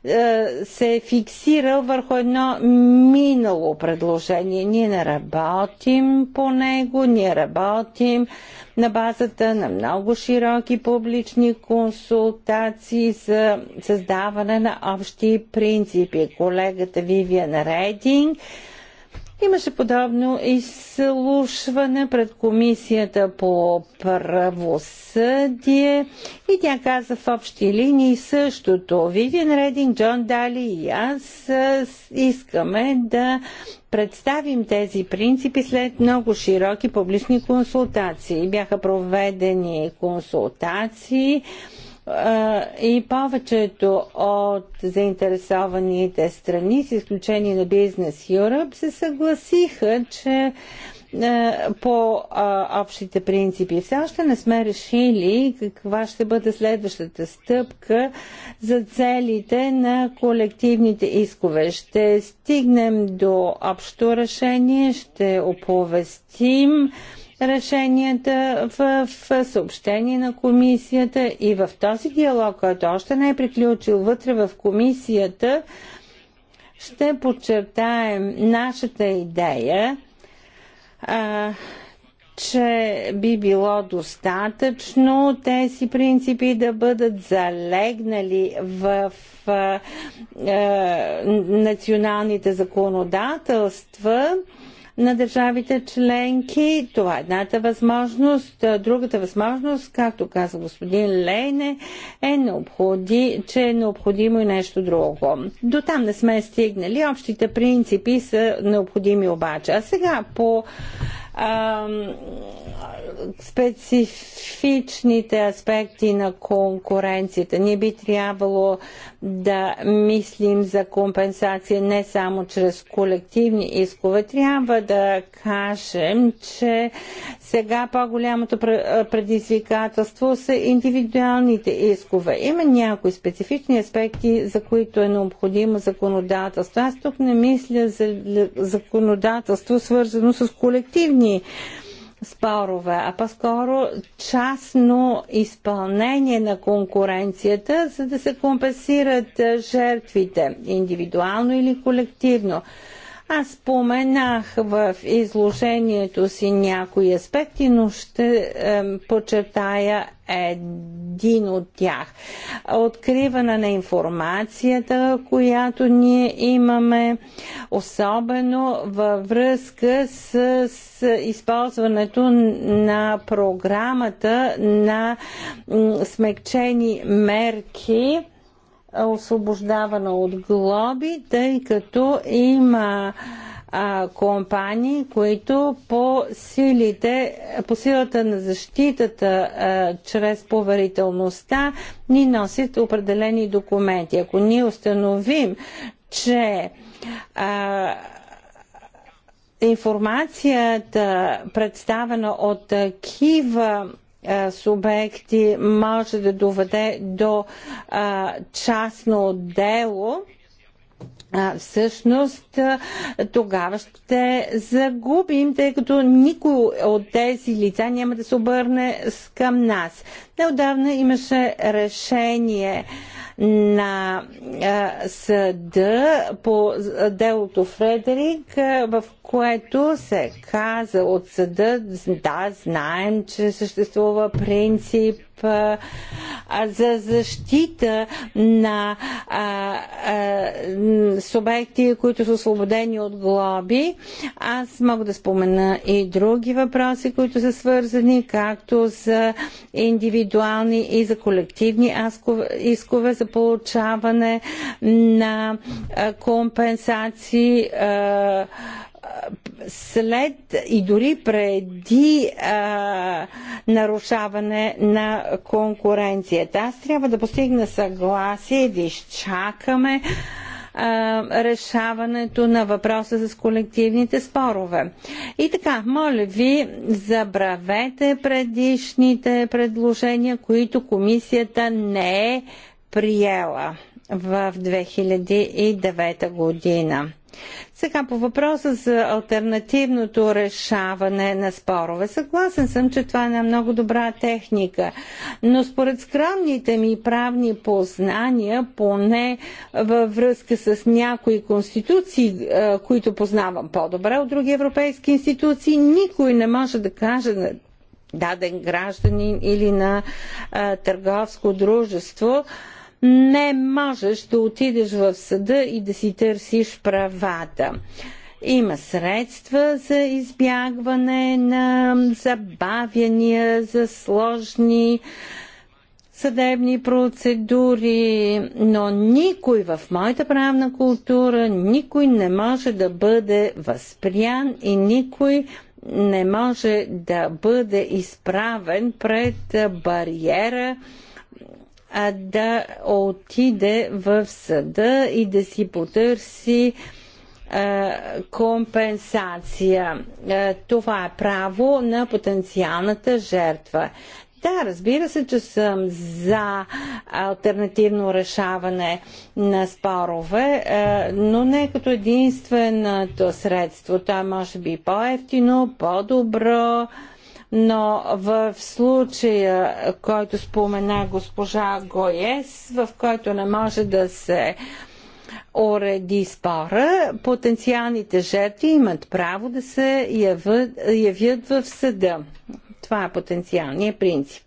е, се е фиксирал върху едно минало предложение. Ние не работим по него, ние работим на базата на много широки публични консултации за създаване на общи принципи. Колегата Вивиан Рейдинг Имаше подобно изслушване пред комисията по правосъдие и тя каза в общи линии същото. Вивиан Рединг, Джон Дали и аз искаме да представим тези принципи след много широки публични консултации. Бяха проведени консултации и повечето от заинтересованите страни, с изключение на Business Europe, се съгласиха, че по общите принципи. Все още не сме решили каква ще бъде следващата стъпка за целите на колективните искове. Ще стигнем до общо решение, ще оповестим решенията в, в съобщение на комисията и в този диалог, който още не е приключил вътре в комисията, ще подчертаем нашата идея, а, че би било достатъчно тези принципи да бъдат залегнали в а, а, националните законодателства. А, на държавите членки. Това е едната възможност. Другата възможност, както каза господин Лейне, е необходи, че е необходимо и нещо друго. До там не сме стигнали. Общите принципи са необходими обаче. А сега по специфичните аспекти на конкуренцията. Ние би трябвало да мислим за компенсация не само чрез колективни искове. Трябва да кажем, че сега по-голямото предизвикателство са индивидуалните искове. Има някои специфични аспекти, за които е необходимо законодателство. Аз тук не мисля за законодателство, свързано с колективни искове спорове, а по-скоро частно изпълнение на конкуренцията, за да се компенсират жертвите, индивидуално или колективно. Аз споменах в изложението си някои аспекти, но ще е, един от тях. Откриване на информацията, която ние имаме, особено във връзка с, с използването на програмата на смекчени мерки освобождавана от глоби, тъй като има а, компании, които по, силите, по силата на защитата а, чрез поверителността ни носят определени документи. Ако ние установим, че а, информацията, представена от такива е, субекти може да доведе до а, частно дело, а, всъщност е, тогава ще загубим, тъй като никой от тези лица няма да се обърне към нас. Неодавна имаше решение на съда по делото Фредерик, в което се каза от съда, да, знаем, че съществува принцип за защита на а, а, субекти, които са освободени от глоби. Аз мога да спомена и други въпроси, които са свързани, както за индивиду индивидуални и за колективни искове за получаване на компенсации след и дори преди а, нарушаване на конкуренцията. Аз трябва да постигна съгласие да изчакаме решаването на въпроса с колективните спорове. И така, моля ви, забравете предишните предложения, които комисията не е приела в 2009 година. Сега по въпроса за альтернативното решаване на спорове. Съгласен съм, че това е една много добра техника, но според скромните ми правни познания, поне във връзка с някои конституции, е, които познавам по-добре от други европейски институции, никой не може да каже на даден гражданин или на е, търговско дружество, не можеш да отидеш в съда и да си търсиш правата. Има средства за избягване на забавяния, за сложни съдебни процедури, но никой в моята правна култура, никой не може да бъде възпрян и никой не може да бъде изправен пред бариера а да отиде в съда и да си потърси а, компенсация. А, това е право на потенциалната жертва. Да, разбира се, че съм за альтернативно решаване на спорове, но не като единственото средство. То е, може би по-ефтино, по-добро, но в случая, който спомена госпожа Гоес, в който не може да се уреди спора, потенциалните жертви имат право да се явят, явят в съда. Това е потенциалният принцип.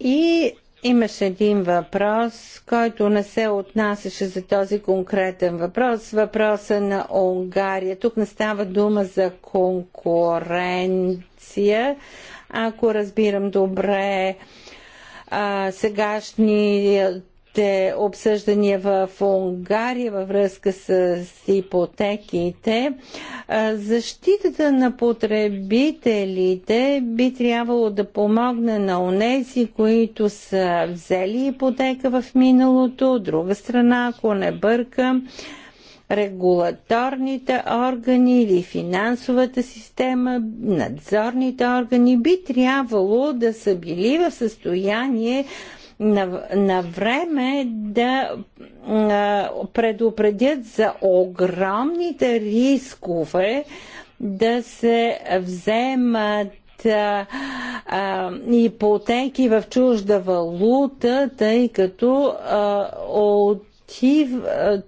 И Имаше един въпрос, който не се отнасяше за този конкретен въпрос. Въпроса на Унгария. Тук не става дума за конкуренция. Ако разбирам добре, сегашният последните обсъждания в Унгария във връзка с ипотеките, защитата на потребителите би трябвало да помогне на онези, които са взели ипотека в миналото. От друга страна, ако не бъркам, регулаторните органи или финансовата система, надзорните органи би трябвало да са били в състояние на, на време да а, предупредят за огромните рискове да се вземат а, а, ипотеки в чужда валута, тъй като а, от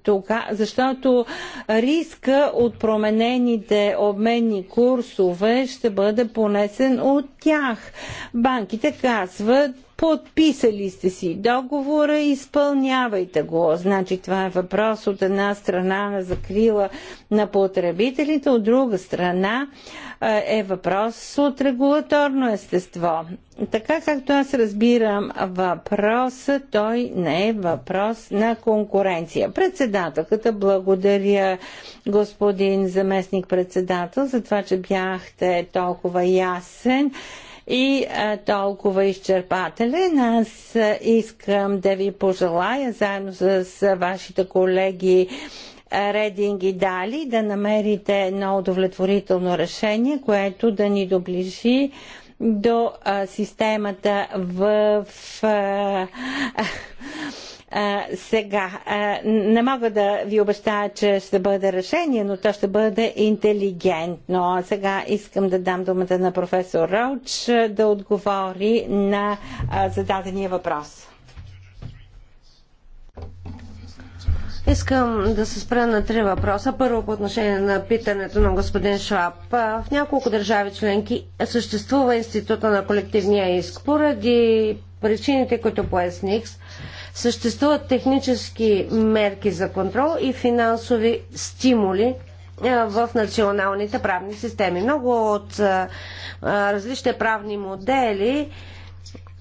тога, защото риска от променените обменни курсове ще бъде понесен от тях. Банките казват, Подписали сте си договора, изпълнявайте го. Значи това е въпрос от една страна на закрила на потребителите, от друга страна е въпрос от регулаторно естество. Така както аз разбирам въпроса, той не е въпрос на конкуренция. Председателката благодаря господин заместник председател за това, че бяхте толкова ясен и толкова изчерпателен. Аз искам да ви пожелая заедно с вашите колеги Рединг и Дали да намерите едно удовлетворително решение, което да ни доближи до а, системата в а, сега, а, не мога да ви обещая, че ще бъде решение, но то ще бъде интелигентно. Сега искам да дам думата на професор Роуч да отговори на а, зададения въпрос. Искам да се спра на три въпроса. Първо по отношение на питането на господин Шваб. В няколко държави членки съществува института на колективния иск. Поради причините, които поясних, Съществуват технически мерки за контрол и финансови стимули в националните правни системи. Много от различните правни модели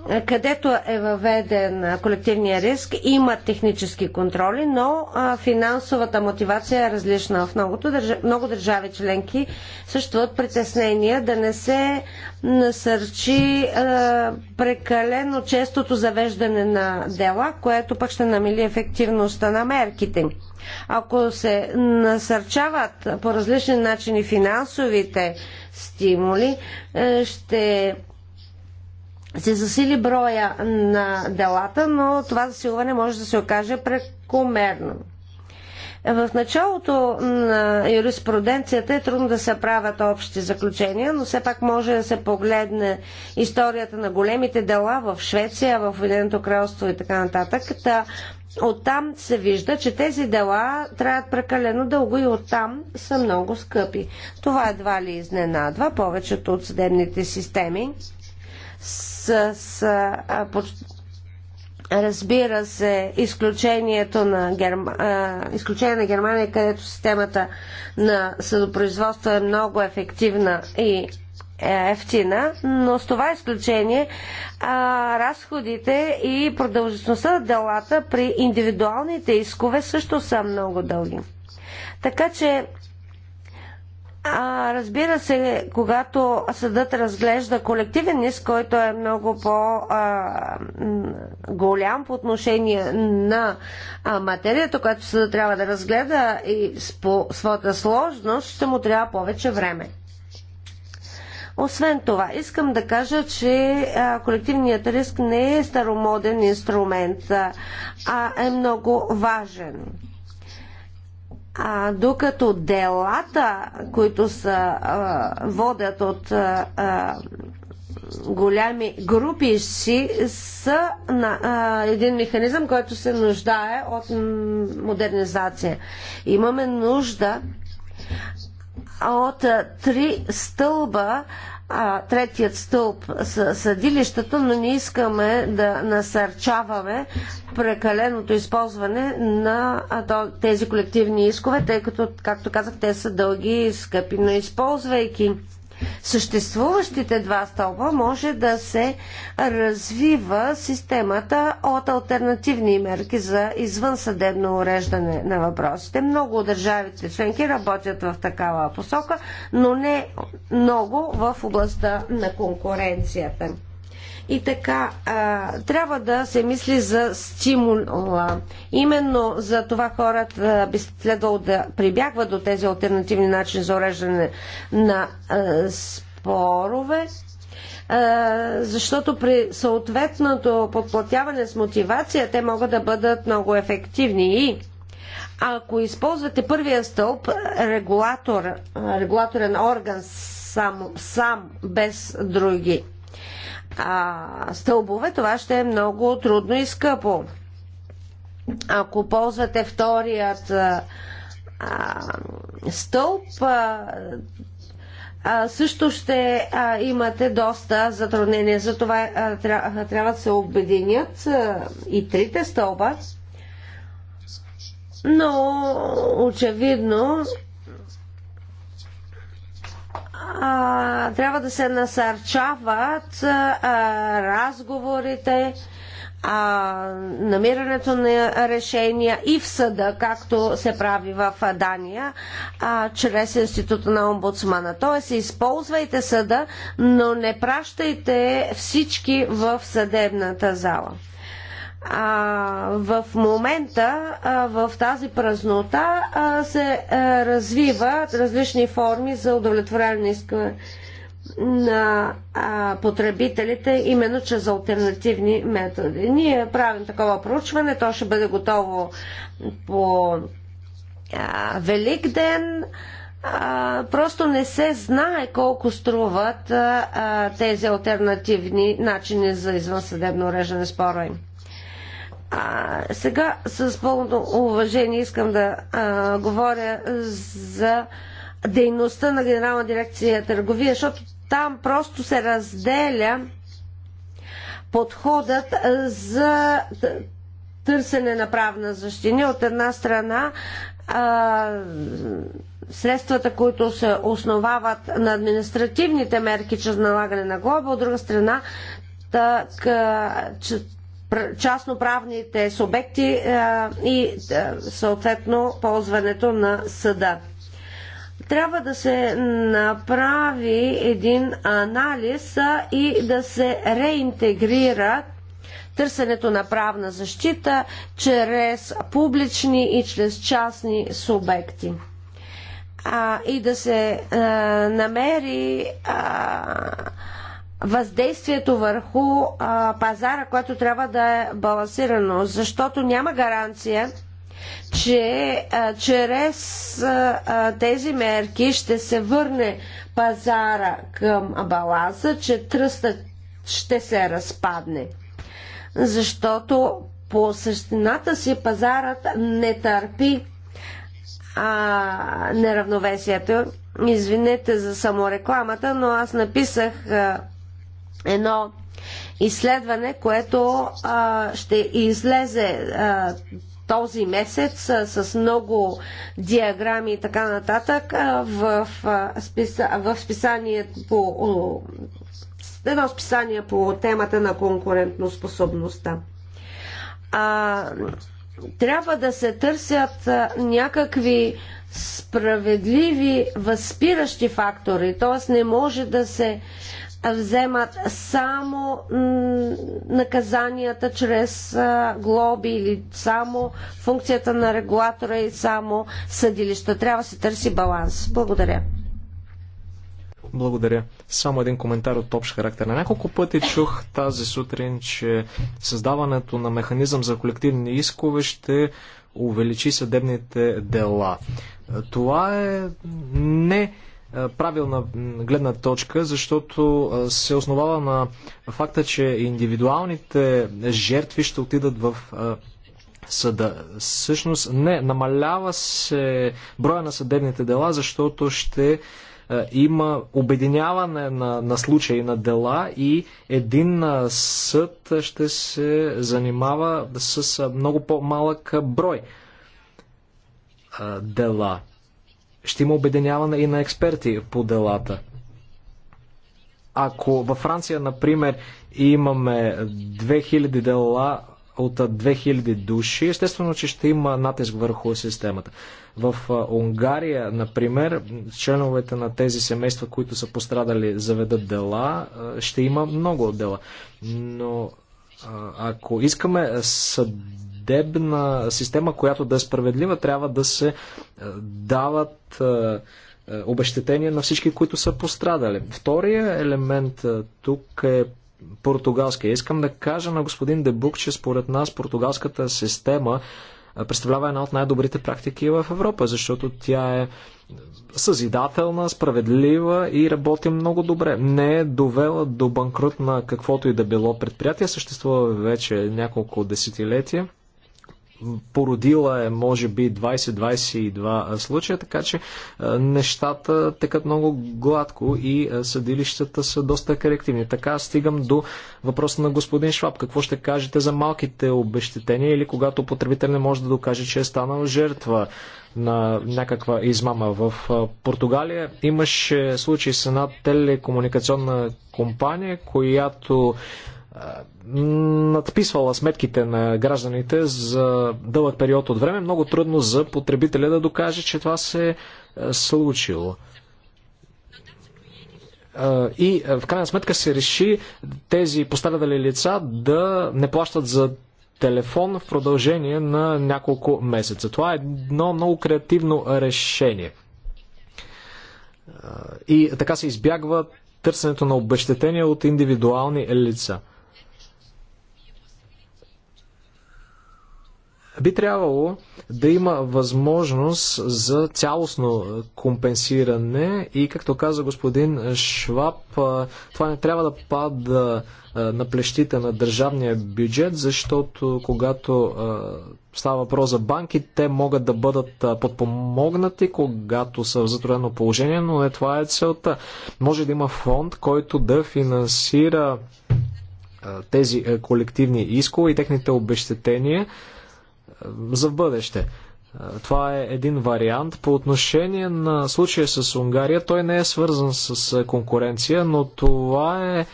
е, където е въведен колективния риск, има технически контроли, но финансовата мотивация е различна. В многото, много държави членки съществуват притеснения да не се насърчи прекалено честото завеждане на дела, което пък ще намили ефективността на мерките Ако се насърчават по различни начини финансовите стимули, е, ще се засили броя на делата, но това засилване може да се окаже прекомерно. В началото на юриспруденцията е трудно да се правят общи заключения, но все пак може да се погледне историята на големите дела в Швеция, в Обединеното кралство и така нататък. Та оттам се вижда, че тези дела траят прекалено дълго и оттам са много скъпи. Това едва ли изненадва повечето от съдебните системи с, с а, под, разбира се, изключението на, Герма, а, изключение на Германия, където системата на съдопроизводство е много ефективна и е, ефтина, но с това изключение а, разходите и продължителността на делата при индивидуалните искове също са много дълги. Така че а, разбира се, когато съдът разглежда колективен иск, който е много по-голям по отношение на а, материята, която съдът трябва да разгледа и по своята сложност, ще му трябва повече време. Освен това, искам да кажа, че а, колективният риск не е старомоден инструмент, а, а е много важен а, докато делата, които са, а, водят от а, голями групи си, са на, а, един механизъм, който се нуждае от модернизация. Имаме нужда от три стълба а, третият стълб с съдилищата, но не искаме да насърчаваме прекаленото използване на тези колективни искове, тъй като, както казах, те са дълги и скъпи. Но използвайки съществуващите два стълба може да се развива системата от альтернативни мерки за извънсъдебно уреждане на въпросите. Много от държавите членки работят в такава посока, но не много в областта на конкуренцията. И така, а, трябва да се мисли за стимула. Именно за това хората би следвало да прибягват до тези альтернативни начини за уреждане на а, спорове, защото при съответното подплатяване с мотивация те могат да бъдат много ефективни и ако използвате първия стълб, регулатор, регулаторен орган сам, сам, без други а, стълбове, това ще е много трудно и скъпо. Ако ползвате вторият а, стълб, а, а, също ще а, имате доста затруднения. Затова а, трябва да се обединят а, и трите стълба. Но очевидно а, трябва да се насърчават а, разговорите, а, намирането на решения и в съда, както се прави в Дания, а, чрез института на омбудсмана. Тоест, използвайте съда, но не пращайте всички в съдебната зала. А, в момента а, в тази празнота а, се а, е, развиват различни форми за удовлетворяване на а, потребителите именно чрез альтернативни методи. Ние правим такова проучване, то ще бъде готово по а, Велик ден. А, просто не се знае колко струват а, а, тези альтернативни начини за извънсъдебно уреждане спора им. А, сега с пълното уважение искам да а, говоря за дейността на Генерална дирекция търговия, защото там просто се разделя подходът за търсене на правна защита. От една страна а, средствата, които се основават на административните мерки чрез налагане на глоба, от друга страна так, че частноправните субекти е, и е, съответно ползването на съда. Трябва да се направи един анализ и да се реинтегрира търсенето на правна защита чрез публични и чрез частни субекти а, и да се а, е, намери а, въздействието върху а, пазара, което трябва да е балансирано, защото няма гаранция, че а, чрез а, тези мерки ще се върне пазара към баланса, че тръстът ще се разпадне. Защото по същината си пазарът не търпи а, неравновесието. Извинете за саморекламата, но аз написах а, едно изследване, което а, ще излезе а, този месец а, с много диаграми и така нататък а, в, а, списа, в списание по а, едно списание по темата на конкурентноспособността. А, трябва да се търсят а, някакви справедливи възпиращи фактори, т.е. не може да се вземат само наказанията чрез глоби или само функцията на регулатора и само съдилища. Трябва да се търси баланс. Благодаря. Благодаря. Само един коментар от общ характер. На няколко пъти чух тази сутрин, че създаването на механизъм за колективни искове ще увеличи съдебните дела. Това е не е, правилна гледна точка, защото е, се основава на факта, че индивидуалните жертви ще отидат в е, съда. Същност, не, намалява се броя на съдебните дела, защото ще има обединяване на, на случаи на дела и един съд ще се занимава с много по-малък брой дела. Ще има обединяване и на експерти по делата. Ако във Франция, например, имаме 2000 дела от 2000 души, естествено, че ще има натиск върху системата. В Унгария, например, членовете на тези семейства, които са пострадали, заведат дела, ще има много дела. Но ако искаме съд съдебна система, която да е справедлива, трябва да се е, дават е, е, обещетения на всички, които са пострадали. Втория елемент тук е португалския. Искам да кажа на господин Дебук, че според нас португалската система представлява една от най-добрите практики в Европа, защото тя е съзидателна, справедлива и работи много добре. Не е довела до банкрут на каквото и да било предприятие, съществува вече няколко десетилетия породила е може би 20-22 случая, така че нещата текат много гладко и съдилищата са доста корективни. Така стигам до въпроса на господин Шваб. Какво ще кажете за малките обещетения или когато потребител не може да докаже, че е станал жертва на някаква измама. В Португалия имаше случай с една телекомуникационна компания, която надписвала сметките на гражданите за дълъг период от време, много трудно за потребителя да докаже, че това се е случило. И в крайна сметка се реши тези пострадали лица да не плащат за телефон в продължение на няколко месеца. Това е едно много креативно решение. И така се избягва търсенето на обещетения от индивидуални лица. би трябвало да има възможност за цялостно компенсиране и, както каза господин Шваб, това не трябва да пада на плещите на държавния бюджет, защото когато става въпрос за банки, те могат да бъдат подпомогнати, когато са в затруднено положение, но не това е целта. Може да има фонд, който да финансира тези колективни искове и техните обещетения за в бъдеще. Това е един вариант. По отношение на случая с Унгария, той не е свързан с конкуренция, но това е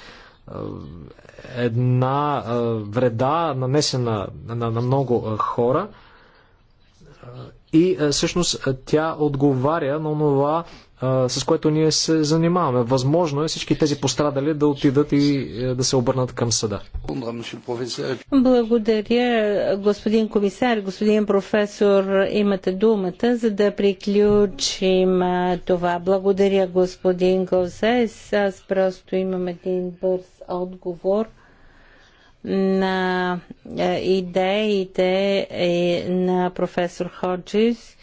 една вреда, нанесена на, на много хора. И всъщност тя отговаря на това, с което ние се занимаваме. Възможно е всички тези пострадали да отидат и е, да се обърнат към съда. Благодаря, господин комисар, господин професор. Имате думата, за да приключим това. Благодаря, господин Гозес. Аз просто имам един бърз отговор на е, идеите е, на професор Ходжис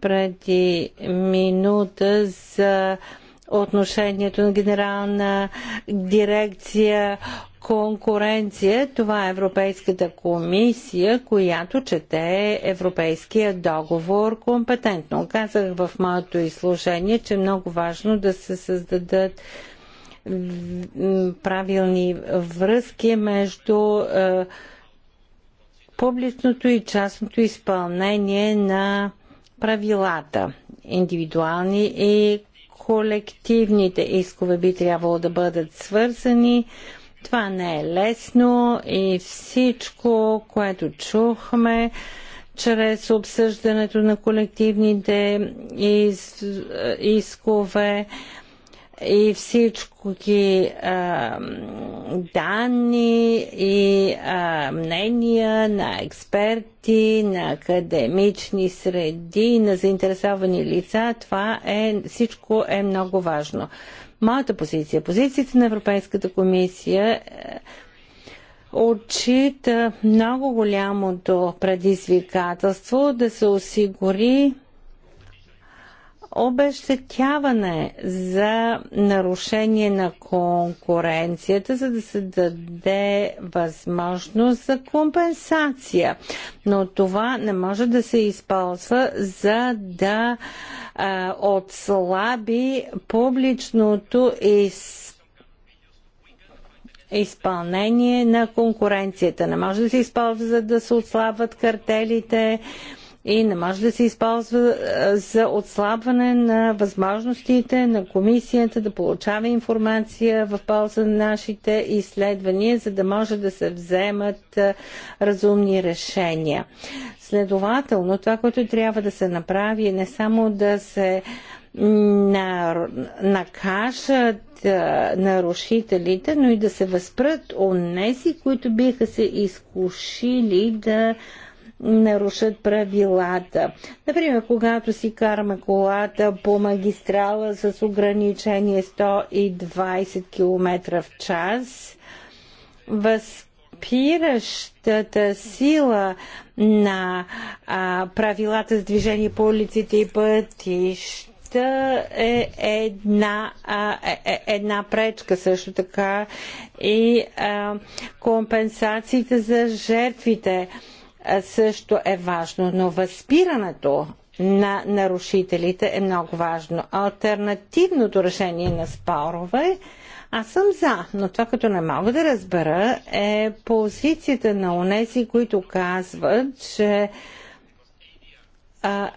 преди минута за отношението на генерална дирекция конкуренция. Това е Европейската комисия, която чете Европейския договор компетентно. Казах в моето изслужение, че е много важно да се създадат правилни връзки между е, публичното и частното изпълнение на правилата. Индивидуални и колективните искове би трябвало да бъдат свързани. Това не е лесно и всичко, което чухме чрез обсъждането на колективните из... искове, и всички а, данни и а, мнения на експерти, на академични среди, на заинтересовани лица, това е, всичко е много важно. Моята позиция, позицията на Европейската комисия е, отчита много голямото предизвикателство да се осигури обещетяване за нарушение на конкуренцията, за да се даде възможност за компенсация. Но това не може да се използва за да а, отслаби публичното из изпълнение на конкуренцията. Не може да се използва за да се отслабват картелите, и не може да се използва за отслабване на възможностите на комисията да получава информация в полза на нашите изследвания, за да може да се вземат разумни решения. Следователно, това, което трябва да се направи е не само да се накажат нарушителите, но и да се възпрат нези, които биха се изкушили да нарушат правилата. Например, когато си караме колата по магистрала с ограничение 120 км в час, възпиращата сила на а, правилата за движение по улиците и пътища е една, е, е една пречка също така и а, компенсациите за жертвите. А, също е важно, но възпирането на нарушителите е много важно. Альтернативното решение на спорове аз съм за, но това като не мога да разбера е позицията на онези, които казват, че а,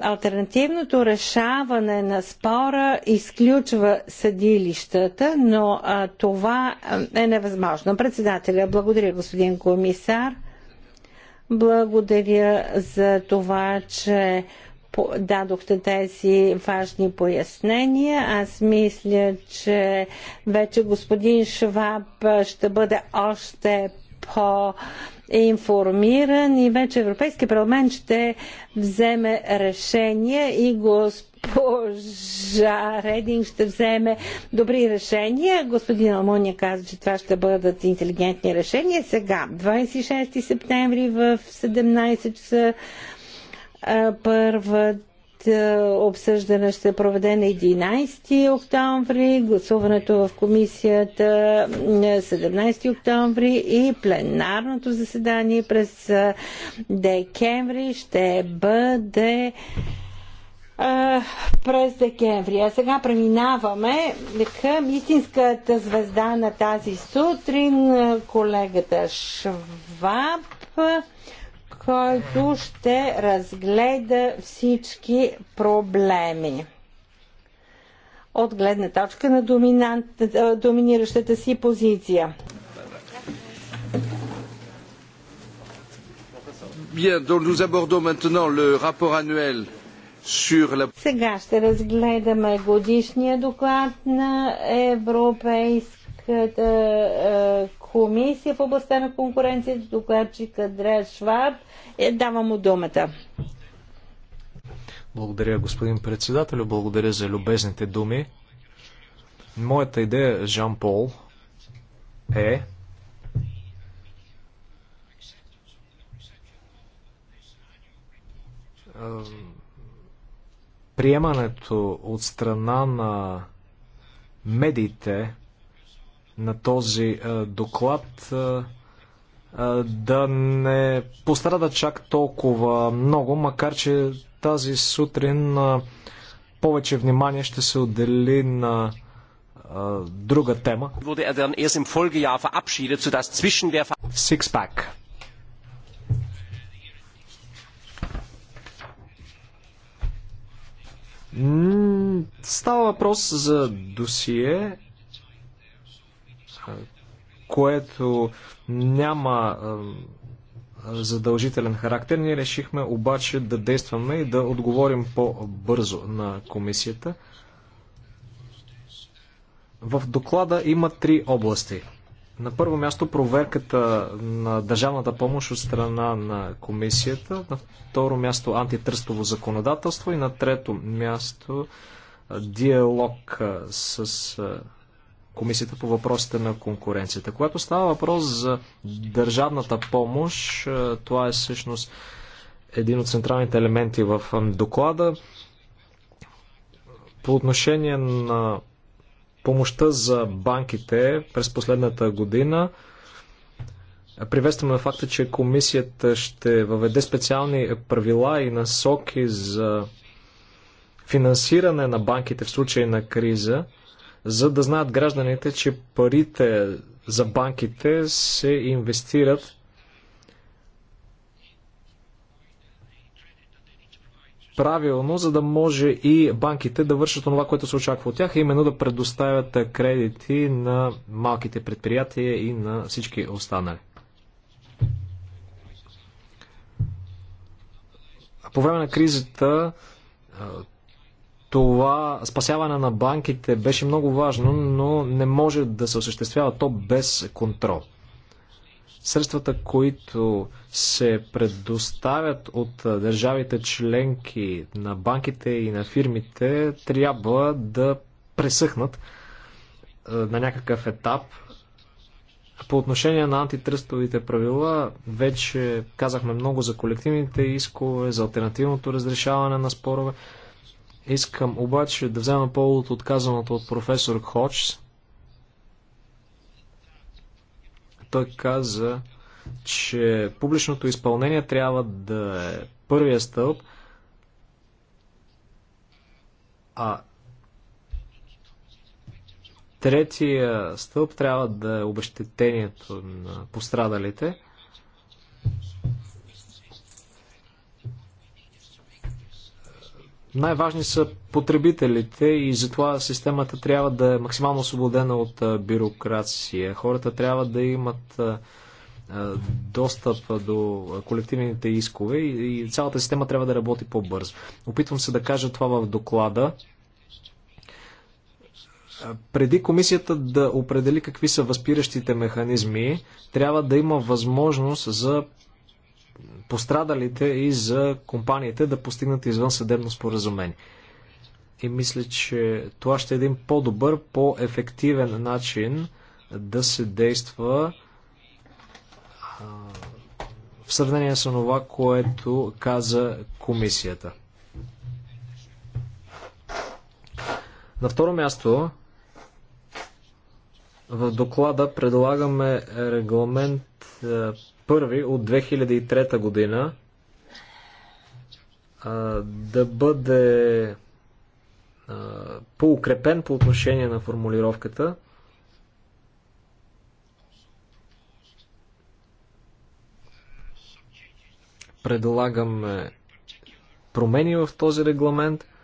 Альтернативното решаване на спора изключва съдилищата, но а, това е невъзможно. Председателя, благодаря господин комисар. Благодаря за това, че дадохте тези важни пояснения. Аз мисля, че вече господин Шваб ще бъде още по- е информиран и вече Европейски парламент ще вземе решение и госпожа Рединг ще вземе добри решения. Господин Алмония каза, че това ще бъдат интелигентни решения. Сега, 26 септември в 17 часа първата е, обсъждане ще се проведе на 11 октомври, гласуването в комисията 17 октомври и пленарното заседание през е, декември ще бъде е, през декември. А сега преминаваме към истинската звезда на тази сутрин, колегата Шваб който ще разгледа всички проблеми от гледна точка на доминиращата си позиция. Сега ще разгледаме годишния доклад на Европейската комисия в областта на конкуренцията, докладчик Андреас Шваб. Е, давам му думата. Благодаря, господин председател, Благодаря за любезните думи. Моята идея, Жан Пол, е приемането от страна на медиите на този доклад да не пострада чак толкова много, макар че тази сутрин повече внимание ще се отдели на друга тема. Сикспак. Er става въпрос за досие, е, което няма е, задължителен характер. Ние решихме обаче да действаме и да отговорим по-бързо на комисията. В доклада има три области. На първо място проверката на държавната помощ от страна на комисията, на второ място антитръстово законодателство и на трето място е, диалог с Комисията по въпросите на конкуренцията. Когато става въпрос за държавната помощ, е, това е всъщност един от централните елементи в доклада. По отношение на помощта за банките през последната година, приветстваме факта, че комисията ще въведе специални правила и насоки за финансиране на банките в случай на криза – за да знаят гражданите, че парите за банките се инвестират правилно, за да може и банките да вършат това, което се очаква от тях, именно да предоставят кредити на малките предприятия и на всички останали. По време на кризата това спасяване на банките беше много важно, но не може да се осъществява то без контрол. Средствата, които се предоставят от държавите членки на банките и на фирмите, трябва да пресъхнат на някакъв етап. По отношение на антитръстовите правила, вече казахме много за колективните искове, за альтернативното разрешаване на спорове. Искам обаче да взема повод от казаното от професор Ходж. Той каза, че публичното изпълнение трябва да е първия стълб, а третия стълб трябва да е обещетението на пострадалите. Най-важни са потребителите и затова системата трябва да е максимално освободена от бюрокрация. Хората трябва да имат достъп до колективните искове и цялата система трябва да работи по-бързо. Опитвам се да кажа това в доклада. Преди комисията да определи какви са възпиращите механизми, трябва да има възможност за пострадалите и за компаниите да постигнат извън съдебно споразумение. И мисля, че това ще е един по-добър, по-ефективен начин да се действа в сравнение с това, което каза комисията. На второ място, в доклада предлагаме регламент първи от 2003 година да бъде по-укрепен по отношение на формулировката. Предлагаме промени в този регламент –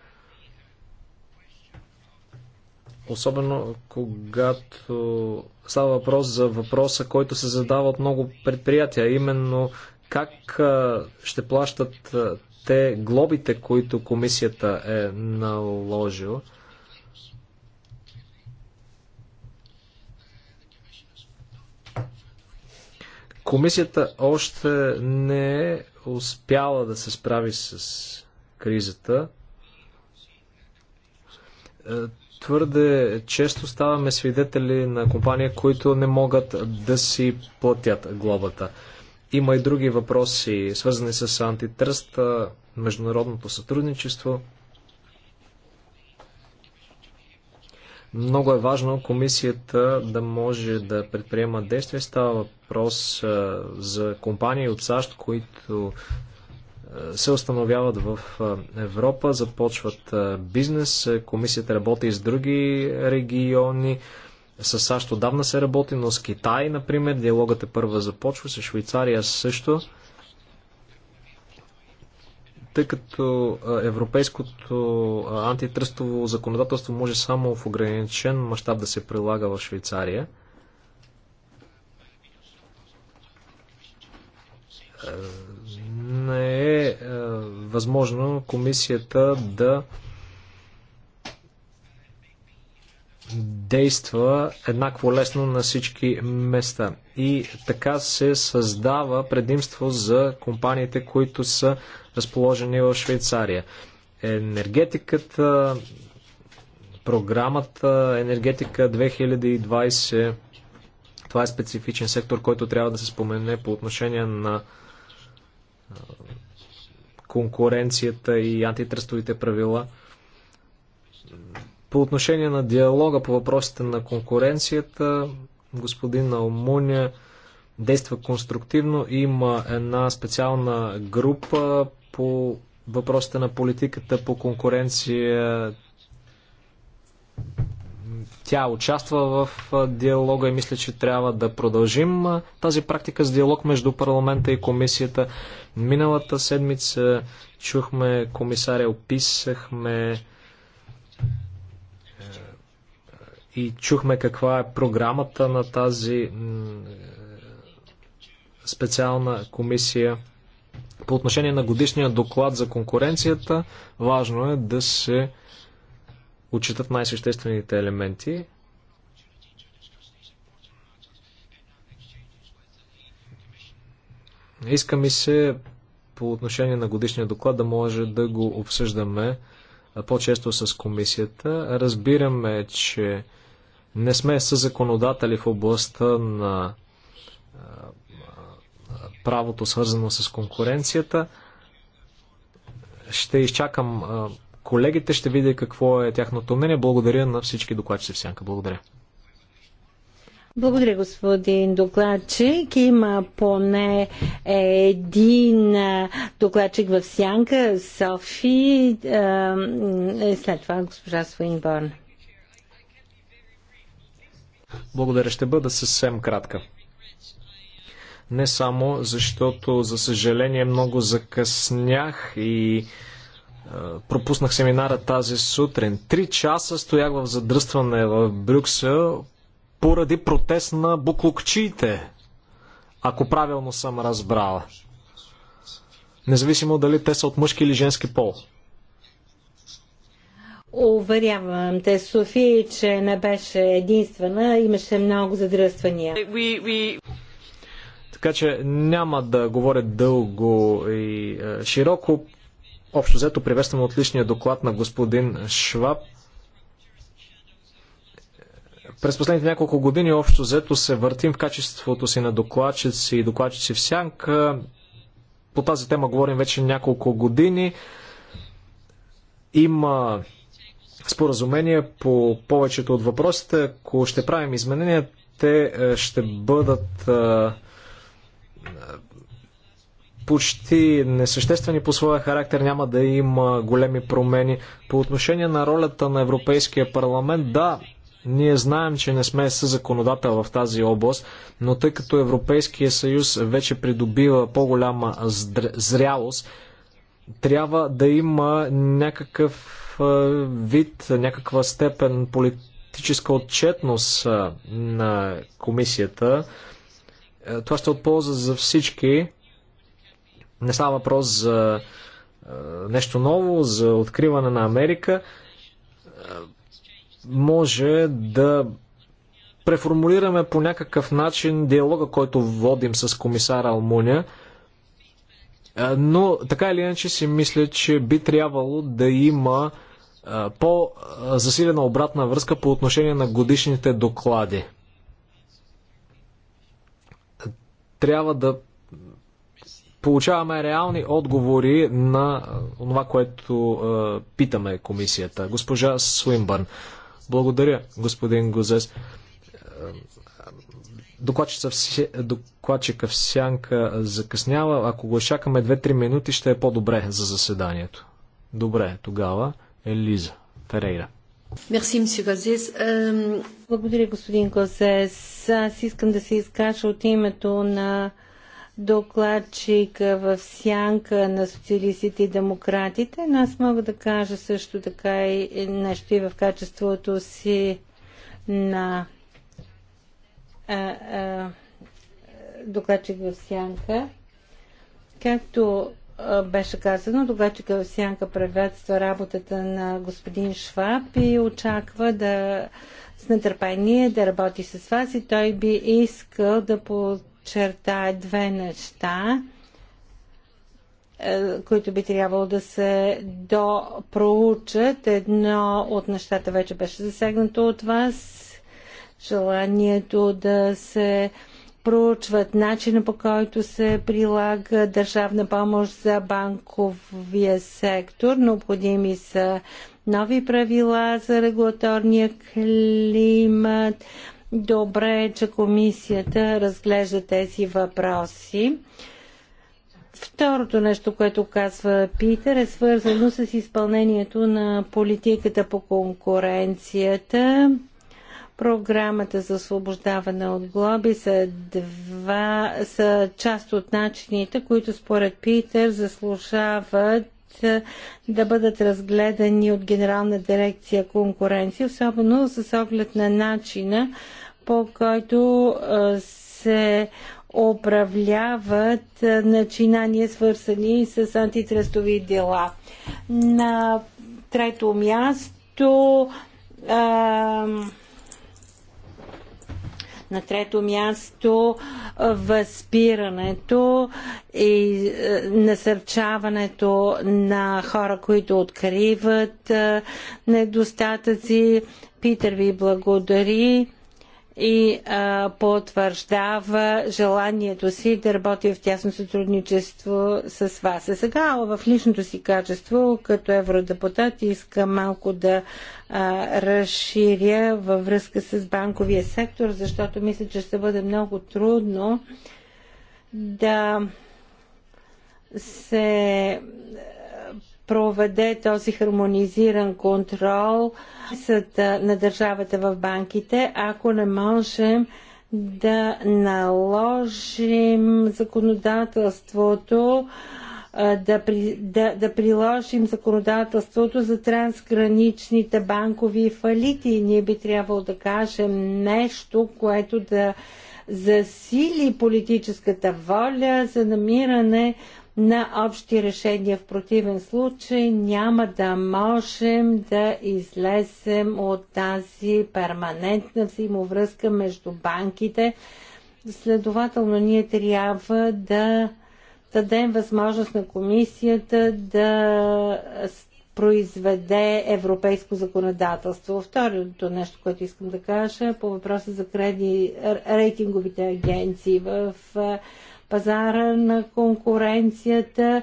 Особено когато става въпрос за въпроса, който се задава от много предприятия, именно как ще плащат те глобите, които комисията е наложила. Комисията още не е успяла да се справи с кризата. Е, Твърде често ставаме свидетели на компании, които не могат да си платят глобата. Има и други въпроси, свързани с антитръст, международното сътрудничество. Много е важно комисията да може да предприема действия. Става въпрос за компании от САЩ, които се установяват в Европа, започват бизнес, комисията работи и с други региони, с САЩ отдавна се работи, но с Китай, например, диалогът е първа започва, с Швейцария също. Тъй като европейското антитръстово законодателство може само в ограничен мащаб да се прилага в Швейцария, не е, е, възможно комисията да действа еднакво лесно на всички места. И така се създава предимство за компаниите, които са разположени в Швейцария. Енергетиката, програмата Енергетика 2020, това е специфичен сектор, който трябва да се спомене по отношение на конкуренцията и антитръстовите правила. По отношение на диалога по въпросите на конкуренцията, господин Алмуня действа конструктивно. Има една специална група по въпросите на политиката по конкуренция. Тя участва в диалога и мисля, че трябва да продължим тази практика с диалог между парламента и комисията. Миналата седмица чухме комисаря, описахме е, и чухме каква е програмата на тази е, специална комисия. По отношение на годишния доклад за конкуренцията, важно е да се отчитат най-съществените елементи. Иска ми се по отношение на годишния доклад да може да го обсъждаме по-често с комисията. Разбираме, че не сме със законодатели в областта на правото свързано с конкуренцията. Ще изчакам колегите, ще видя какво е тяхното мнение. Благодаря на всички докладчици в сянка. Благодаря. Благодаря, господин докладчик. Има поне един докладчик в сянка, Софи, е, след това госпожа Суинборн. Благодаря, ще бъда съвсем кратка. Не само защото, за съжаление, много закъснях и е, пропуснах семинара тази сутрин. Три часа стоях в задръстване в Брюксел поради протест на буклукчиите, ако правилно съм разбрала. Независимо дали те са от мъжки или женски пол. Уверявам те, Софи, че не беше единствена. Имаше много задръствания. We, we... Така че няма да говоря дълго и е, широко. Общо взето приветствам отличния доклад на господин Шваб. През последните няколко години общо взето се въртим в качеството си на докладчици и докладчици в сянка. По тази тема говорим вече няколко години. Има споразумение по повечето от въпросите. Ако ще правим изменения, те е, ще бъдат е, почти несъществени по своя характер, няма да има големи промени. По отношение на ролята на Европейския парламент, да, ние знаем, че не сме със законодател в тази област, но тъй като Европейския съюз вече придобива по-голяма зрялост, трябва да има някакъв вид, някаква степен политическа отчетност на комисията. Това ще отполза за всички. Не става въпрос за нещо ново, за откриване на Америка. Може да преформулираме по някакъв начин диалога, който водим с комисара Алмуня. Но така или иначе си мисля, че би трябвало да има по-засилена обратна връзка по отношение на годишните доклади. Трябва да получаваме реални отговори на това, което е, питаме комисията. Госпожа Суинбърн. Благодаря, господин Гозес. Докладчика в сянка закъснява. Ако го чакаме 2-3 минути, ще е по-добре за заседанието. Добре, тогава Елиза Ферейра. Мерси, Газес. Благодаря, господин Газес, Аз искам да се изкажа от името на докладчика в сянка на социалистите и демократите, но аз мога да кажа също така и нещо и в качеството си на а, а, докладчик в сянка. Както беше казано, докладчика в сянка приветства работата на господин Шваб и очаква да с нетърпение да работи с вас и той би искал да по чертае две неща, е, които би трябвало да се допроучат. Едно от нещата вече беше засегнато от вас. Желанието да се проучват начина по който се прилага държавна помощ за банковия сектор. Необходими са нови правила за регулаторния климат, Добре е, че комисията разглежда тези въпроси. Второто нещо, което казва Питер, е свързано с изпълнението на политиката по конкуренцията. Програмата за освобождаване от глоби са, два, са част от начините, които според Питер заслужават е, да бъдат разгледани от Генерална дирекция конкуренция, особено с оглед на начина, по който се управляват начинания, свързани с антитръстови дела. На трето място на трето място възпирането и насърчаването на хора, които откриват недостатъци. Питър ви благодари и а, потвърждава желанието си да работи в тясно сътрудничество с вас. А сега в личното си качество като евродепутат искам малко да а, разширя във връзка с банковия сектор, защото мисля, че ще бъде много трудно да се проведе този хармонизиран контрол на държавата в банките, ако не можем да наложим законодателството, да, при, да, да приложим законодателството за трансграничните банкови фалити. Ние би трябвало да кажем нещо, което да засили политическата воля за намиране на общи решения. В противен случай няма да можем да излезем от тази перманентна взаимовръзка между банките. Следователно, ние трябва да дадем възможност на комисията да произведе европейско законодателство. Второто нещо, което искам да кажа по въпроса за креди, рейтинговите агенции в пазара на конкуренцията,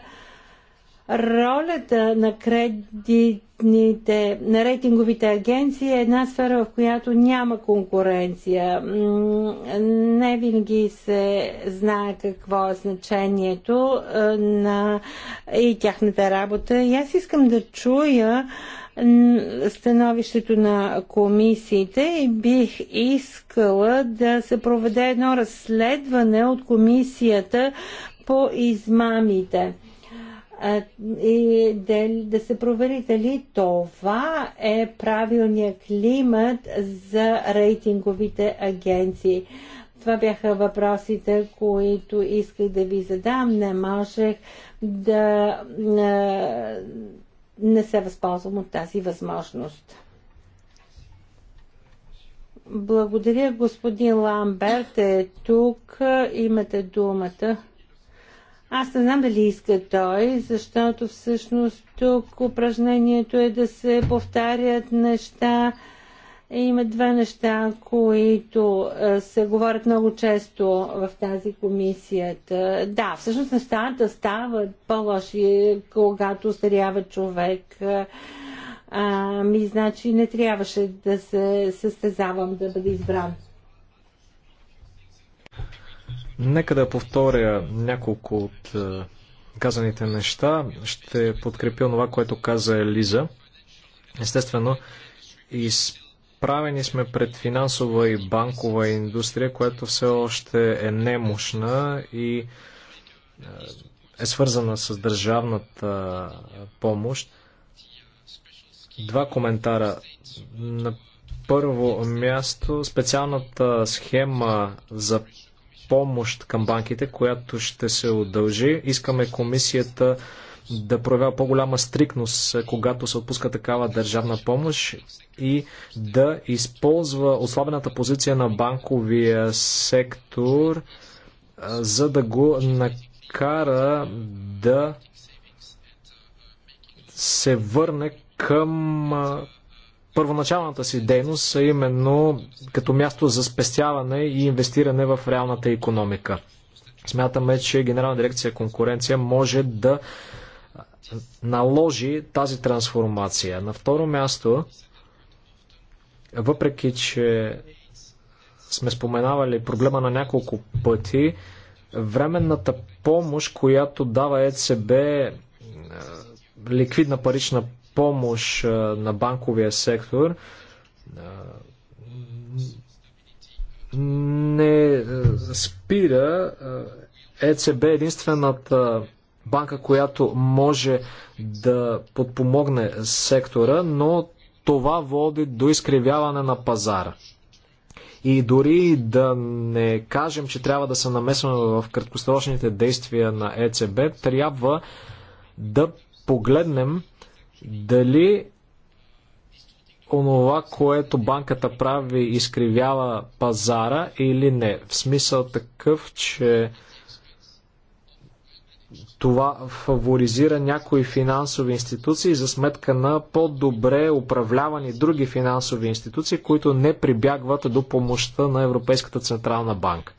ролята на кредитните, на рейтинговите агенции е една сфера, в която няма конкуренция. Не винаги се знае какво е значението на и тяхната работа. И аз искам да чуя становището на комисиите и бих искала да се проведе едно разследване от комисията по измамите и да, да се провери дали това е правилният климат за рейтинговите агенции. Това бяха въпросите, които исках да ви задам. Не можех да не се възползвам от тази възможност. Благодаря, господин Ламберт е тук. Имате думата. Аз не знам дали иска той, защото всъщност тук упражнението е да се повтарят неща, има две неща, които е, се говорят много често в тази комисията. Да, всъщност нещата стават по-лоши, е, когато остарява човек. Ами, значи не трябваше да се състезавам да бъда избран. Нека да повторя няколко от казаните неща. Ще подкрепя това, което каза Елиза. Естествено, изпълнението Изправени сме пред финансова и банкова индустрия, която все още е немощна и е, е свързана с държавната помощ. Два коментара. На първо място специалната схема за помощ към банките, която ще се удължи. Искаме комисията да проявява по-голяма стрикност, е, когато се отпуска такава държавна помощ и да използва ослабената позиция на банковия сектор, е, за да го накара да се върне към е, първоначалната си дейност, а именно като място за спестяване и инвестиране в реалната економика. Смятаме, че Генерална дирекция конкуренция може да наложи тази трансформация. На второ място, въпреки че сме споменавали проблема на няколко пъти, временната помощ, която дава ЕЦБ, е, ликвидна парична помощ е, на банковия сектор, е, не спира ЕЦБ единствената банка, която може да подпомогне сектора, но това води до изкривяване на пазара. И дори да не кажем, че трябва да се намесваме в краткосрочните действия на ЕЦБ, трябва да погледнем дали онова, което банката прави, изкривява пазара или не. В смисъл такъв, че това фаворизира някои финансови институции за сметка на по-добре управлявани други финансови институции, които не прибягват до помощта на Европейската централна банка.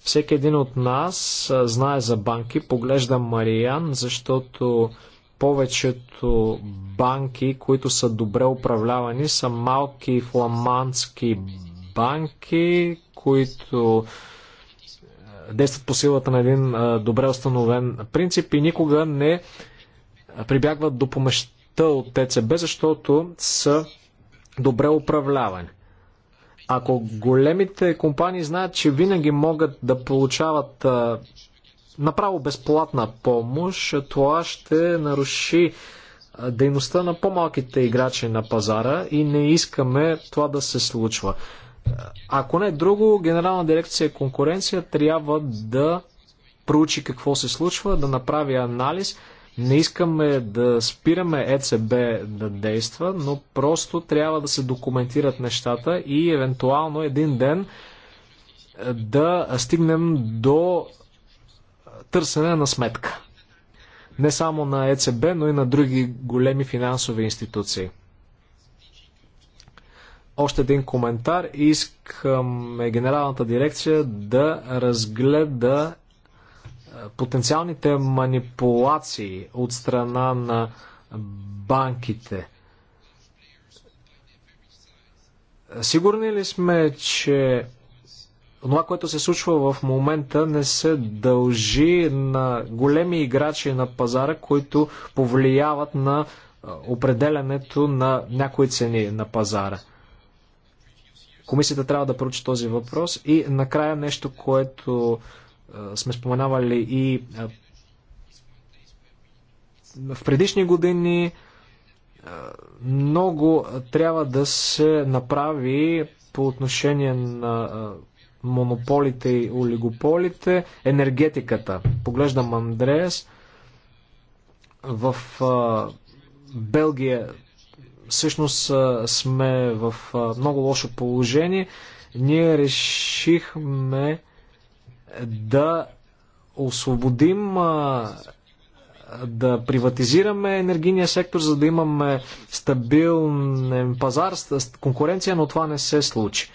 Всеки един от нас знае за банки. Поглеждам Мариан, защото повечето банки, които са добре управлявани, са малки фламандски банки, които действат по силата на един добре установен принцип и никога не прибягват до помещта от ТЦБ, защото са добре управлявани. Ако големите компании знаят, че винаги могат да получават направо безплатна помощ, това ще наруши дейността на по-малките играчи на пазара и не искаме това да се случва. Ако не друго, Генерална дирекция конкуренция трябва да проучи какво се случва, да направи анализ. Не искаме да спираме ЕЦБ да действа, но просто трябва да се документират нещата и евентуално един ден е, да стигнем до е, търсене на сметка. Не само на ЕЦБ, но и на други големи финансови институции. Още един коментар. Искаме генералната дирекция да разгледа е, потенциалните манипулации от страна на банките. Сигурни ли сме, че това, което се случва в момента, не се дължи на големи играчи на пазара, които повлияват на е, определенето на някои цени на пазара? Комисията трябва да проучи този въпрос. И накрая нещо, което сме споменавали и в предишни години много трябва да се направи по отношение на монополите и олигополите, енергетиката. Поглеждам Андреас. В Белгия всъщност сме в много лошо положение. Ние решихме да освободим, да приватизираме енергийния сектор, за да имаме стабилен пазар, конкуренция, но това не се случи.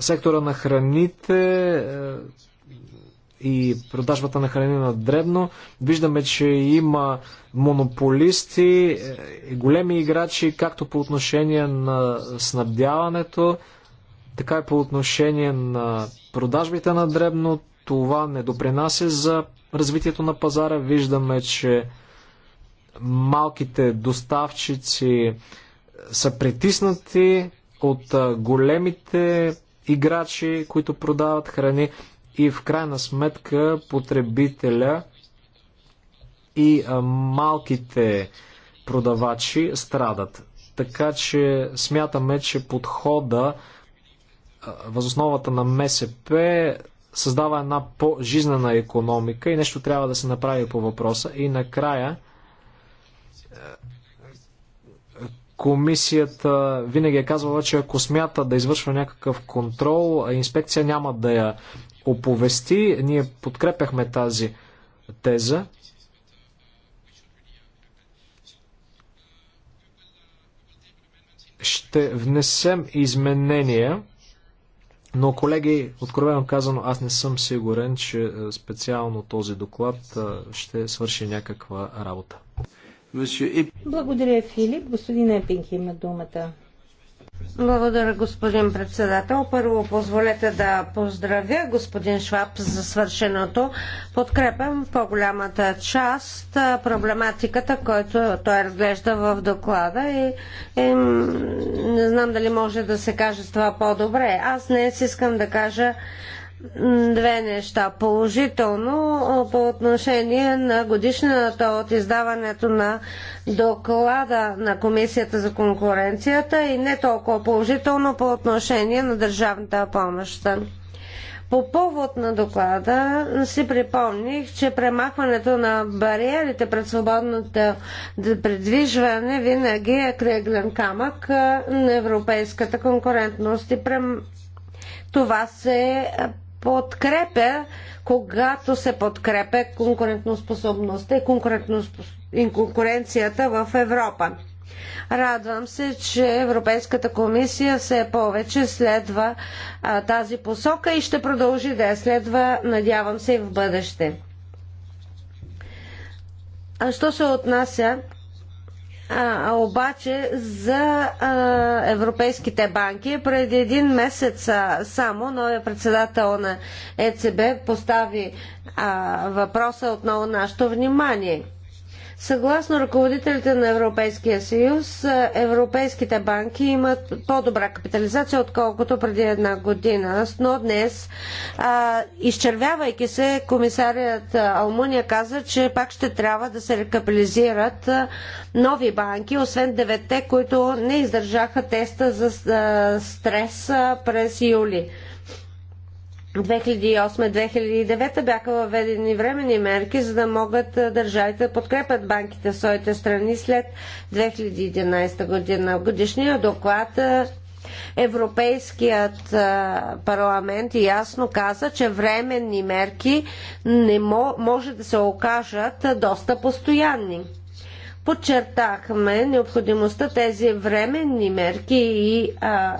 Сектора на храните и продажбата на храни на дребно. Виждаме, че има монополисти, е, големи играчи, както по отношение на снабдяването, така и по отношение на продажбите на дребно. Това не допринася за развитието на пазара. Виждаме, че малките доставчици е, са притиснати от е, големите играчи, които продават храни и в крайна сметка потребителя и малките продавачи страдат. Така че смятаме, че подхода възосновата на МСП създава една по-жизнена економика и нещо трябва да се направи по въпроса. И накрая Комисията винаги е казвала, че ако смята да извършва някакъв контрол, инспекция няма да я оповести. Ние подкрепяхме тази теза. Ще внесем изменения, но колеги, откровено казано, аз не съм сигурен, че е, специално този доклад е, ще свърши някаква работа. Благодаря, Филип. Господин Епинг има думата. Благодаря, господин председател. Първо позволете да поздравя господин Шваб за свършеното. Подкрепям по-голямата част проблематиката, който той разглежда в доклада и, и не знам дали може да се каже с това по-добре. Аз днес искам да кажа две неща. Положително по отношение на годишната от издаването на доклада на Комисията за конкуренцията и не толкова положително по отношение на държавната помощ. По повод на доклада си припомних, че премахването на бариерите пред свободното предвижване винаги е кръглен камък на европейската конкурентност и прем... това се подкрепя, когато се подкрепя конкурентоспособността и, конкурентоспос... и конкуренцията в Европа. Радвам се, че Европейската комисия все повече следва а, тази посока и ще продължи да я следва, надявам се, и в бъдеще. А що се отнася а, обаче за а, европейските банки преди един месец а, само новия председател на ЕЦБ постави а, въпроса отново нашето внимание – Съгласно ръководителите на Европейския съюз, е, европейските банки имат по-добра капитализация, отколкото преди една година. Но днес, а, изчервявайки се, комисарият Алмуния каза, че пак ще трябва да се рекапитализират нови банки, освен девете, които не издържаха теста за стрес през юли. 2008-2009 бяха въведени времени мерки, за да могат държавите да подкрепят банките в своите страни след 2011 година. В годишния доклад Европейският парламент ясно каза, че временни мерки не може да се окажат доста постоянни подчертахме необходимостта тези временни мерки и а,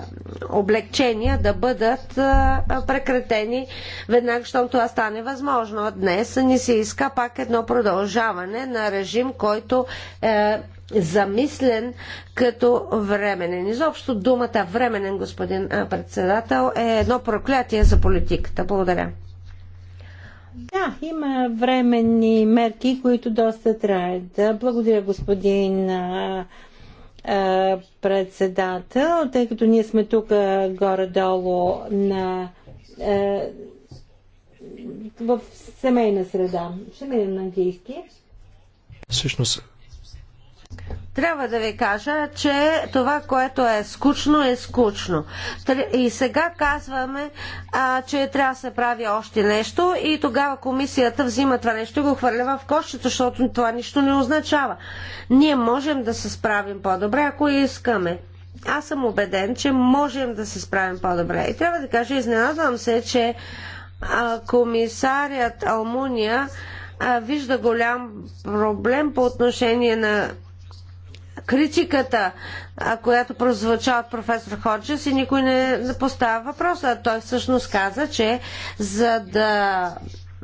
облегчения да бъдат а, прекратени веднага, щом това стане възможно. Днес ни се иска пак едно продължаване на режим, който е замислен като временен. Изобщо думата временен, господин председател, е едно проклятие за политиката. Благодаря. Да, има временни мерки, които доста траят. Благодаря, господин а, а, председател, тъй като ние сме тук горе-долу на. А, в семейна среда. Ще е на английски. Всъщност, трябва да ви кажа, че това, което е скучно, е скучно. И сега казваме, а, че трябва да се прави още нещо и тогава комисията взима това нещо и го хвърля в кошчето, защото това нищо не означава. Ние можем да се справим по-добре, ако искаме. Аз съм убеден, че можем да се справим по-добре. И трябва да кажа, изненадвам се, че а, комисарият Алмуния а, вижда голям проблем по отношение на критиката, която прозвуча от професор Ходжес и никой не поставя въпроса. Той всъщност каза, че за да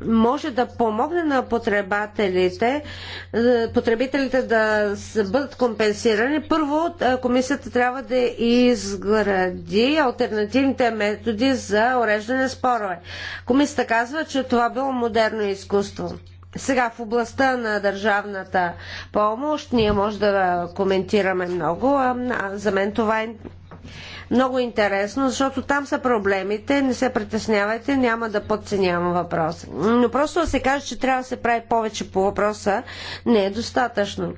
може да помогне на потребателите, е, потребителите да бъдат компенсирани. Първо, е, комисията трябва да изгради альтернативните методи за уреждане спорове. Комисията казва, че това било модерно изкуство. Сега в областта на държавната помощ ние може да коментираме много. За мен това е много интересно, защото там са проблемите. Не се притеснявайте, няма да подценявам въпроса. Но просто да се каже, че трябва да се прави повече по въпроса, не е достатъчно.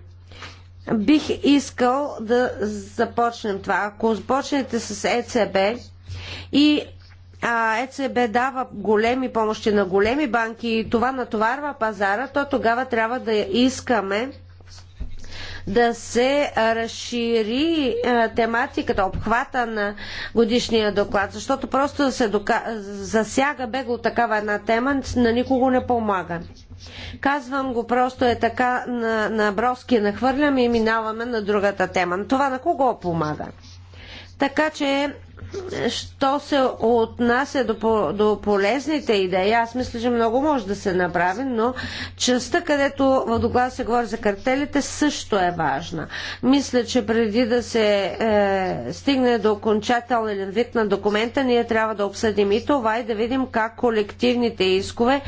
Бих искал да започнем това. Ако започнете с ЕЦБ и ЕЦБ дава големи помощи на големи банки и това натоварва пазара, то тогава трябва да искаме да се разшири тематиката, обхвата на годишния доклад, защото просто да се дока... засяга бегло такава една тема, на никого не помага. Казвам го просто е така на, на броски нахвърляме и минаваме на другата тема. Това на кого помага? Така че Що се отнася до, до полезните идеи, аз мисля, че много може да се направи, но частта, където в доклада се говори за картелите, също е важна. Мисля, че преди да се е, стигне до окончателен вид на документа, ние трябва да обсъдим и това и да видим как колективните искове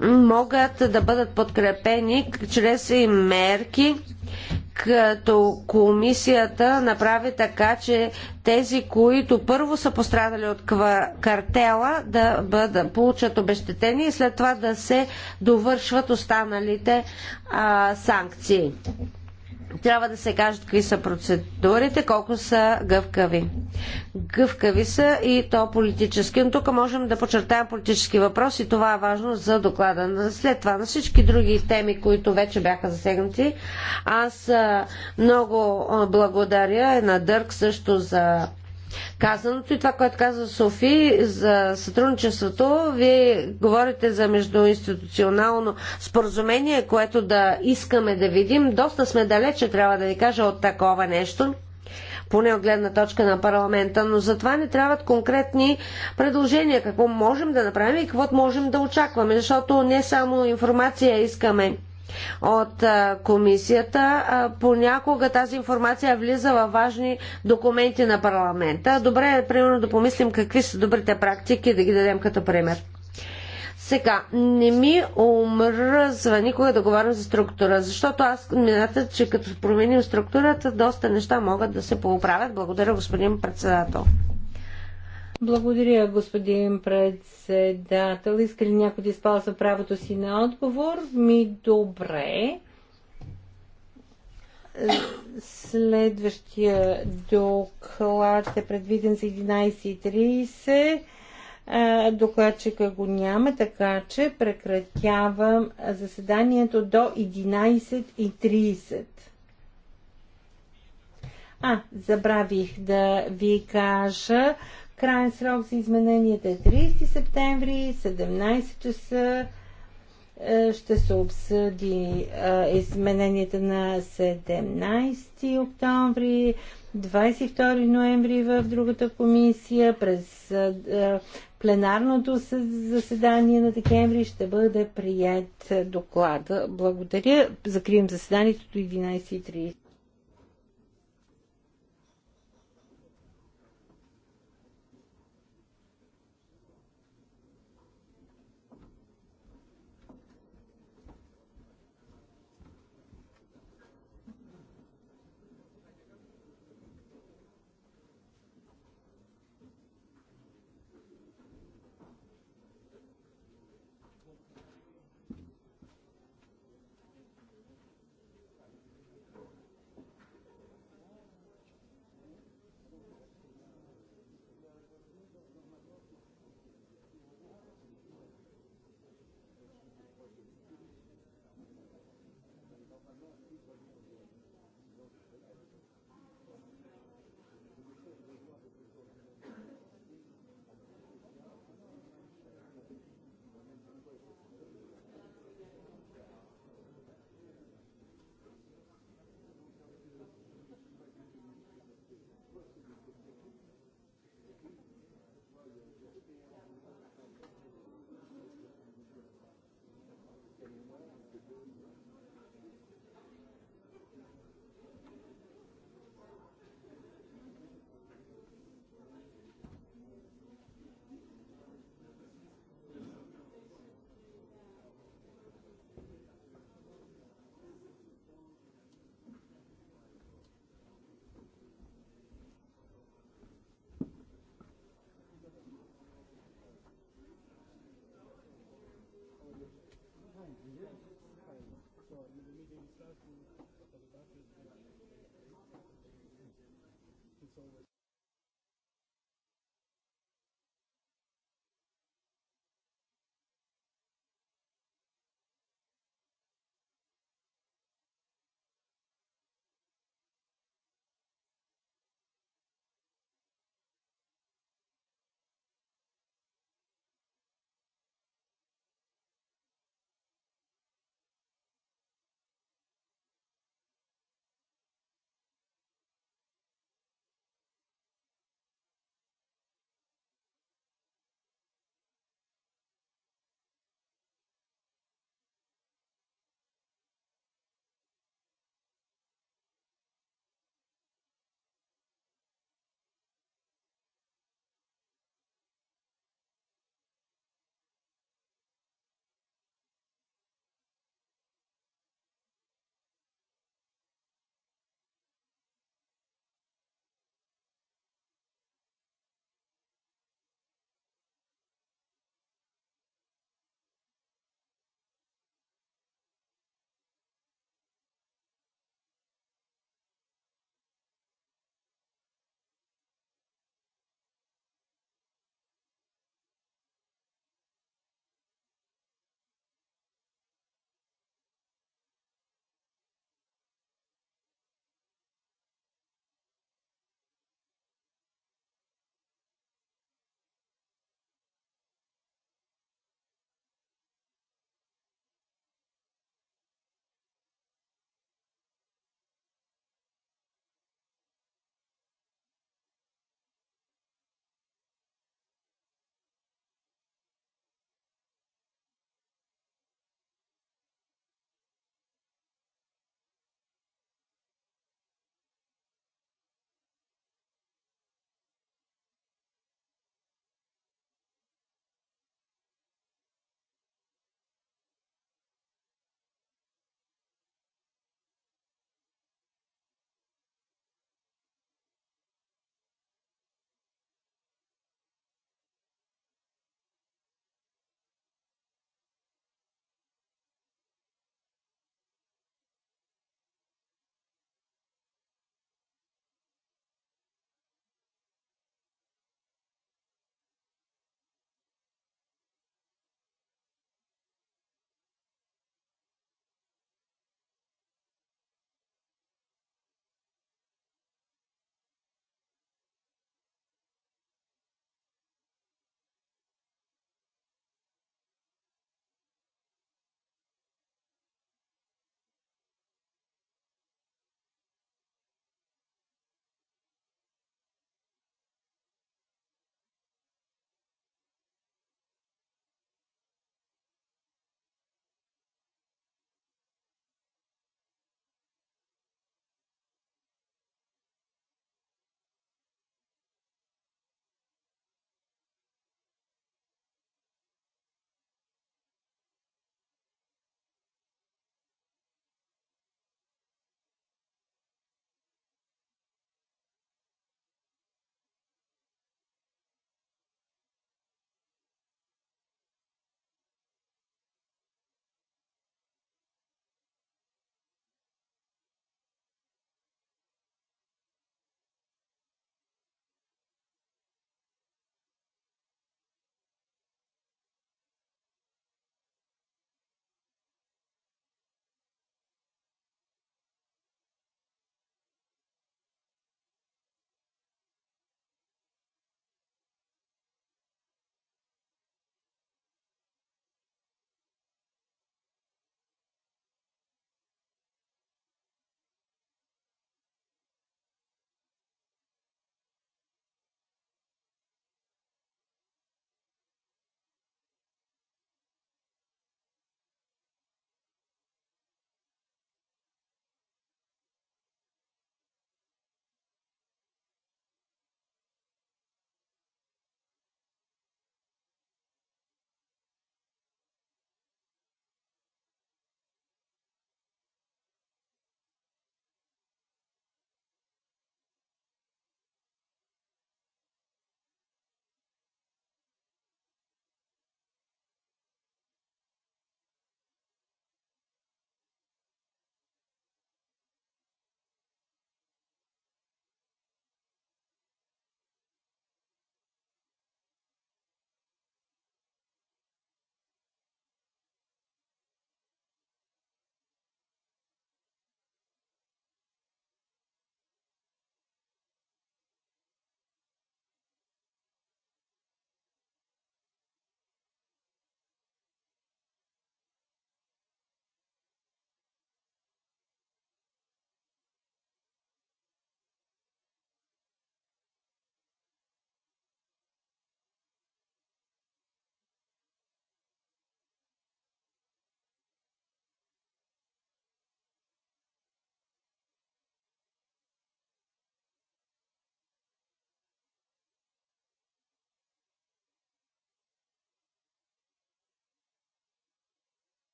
могат да бъдат подкрепени чрез и мерки, като комисията направи така, че тези, които първо са пострадали от картела, да бъдат, получат обещетение и след това да се довършват останалите а, санкции трябва да се кажат какви са процедурите, колко са гъвкави. Гъвкави са и то политически, но тук можем да подчертаем политически въпрос и това е важно за доклада. След това на всички други теми, които вече бяха засегнати, аз много благодаря на Дърк също за казаното и това, което каза Софи за сътрудничеството. Вие говорите за междуинституционално споразумение, което да искаме да видим. Доста сме далече, трябва да ви кажа, от такова нещо поне от гледна точка на парламента, но за това не трябват конкретни предложения, какво можем да направим и какво можем да очакваме, защото не само информация искаме от комисията. Понякога тази информация влиза във важни документи на парламента. Добре е, примерно, да помислим какви са добрите практики да ги дадем като пример. Сега, не ми умръзва никога да говорим за структура, защото аз мината, че като променим структурата, доста неща могат да се поуправят. Благодаря, господин председател. Благодаря, господин председател. искали някой да използва правото си на отговор? Ми добре. Следващия доклад е предвиден за 11.30. Докладчика го няма, така че прекратявам заседанието до 11.30. А, забравих да ви кажа, Крайен срок за измененията е 30 септември, 17 часа е, ще се обсъди е, измененията на 17 октомври, 22 ноември в другата комисия, през е, пленарното заседание на декември ще бъде прият доклада. Благодаря. Закривам заседанието до 11.30. solar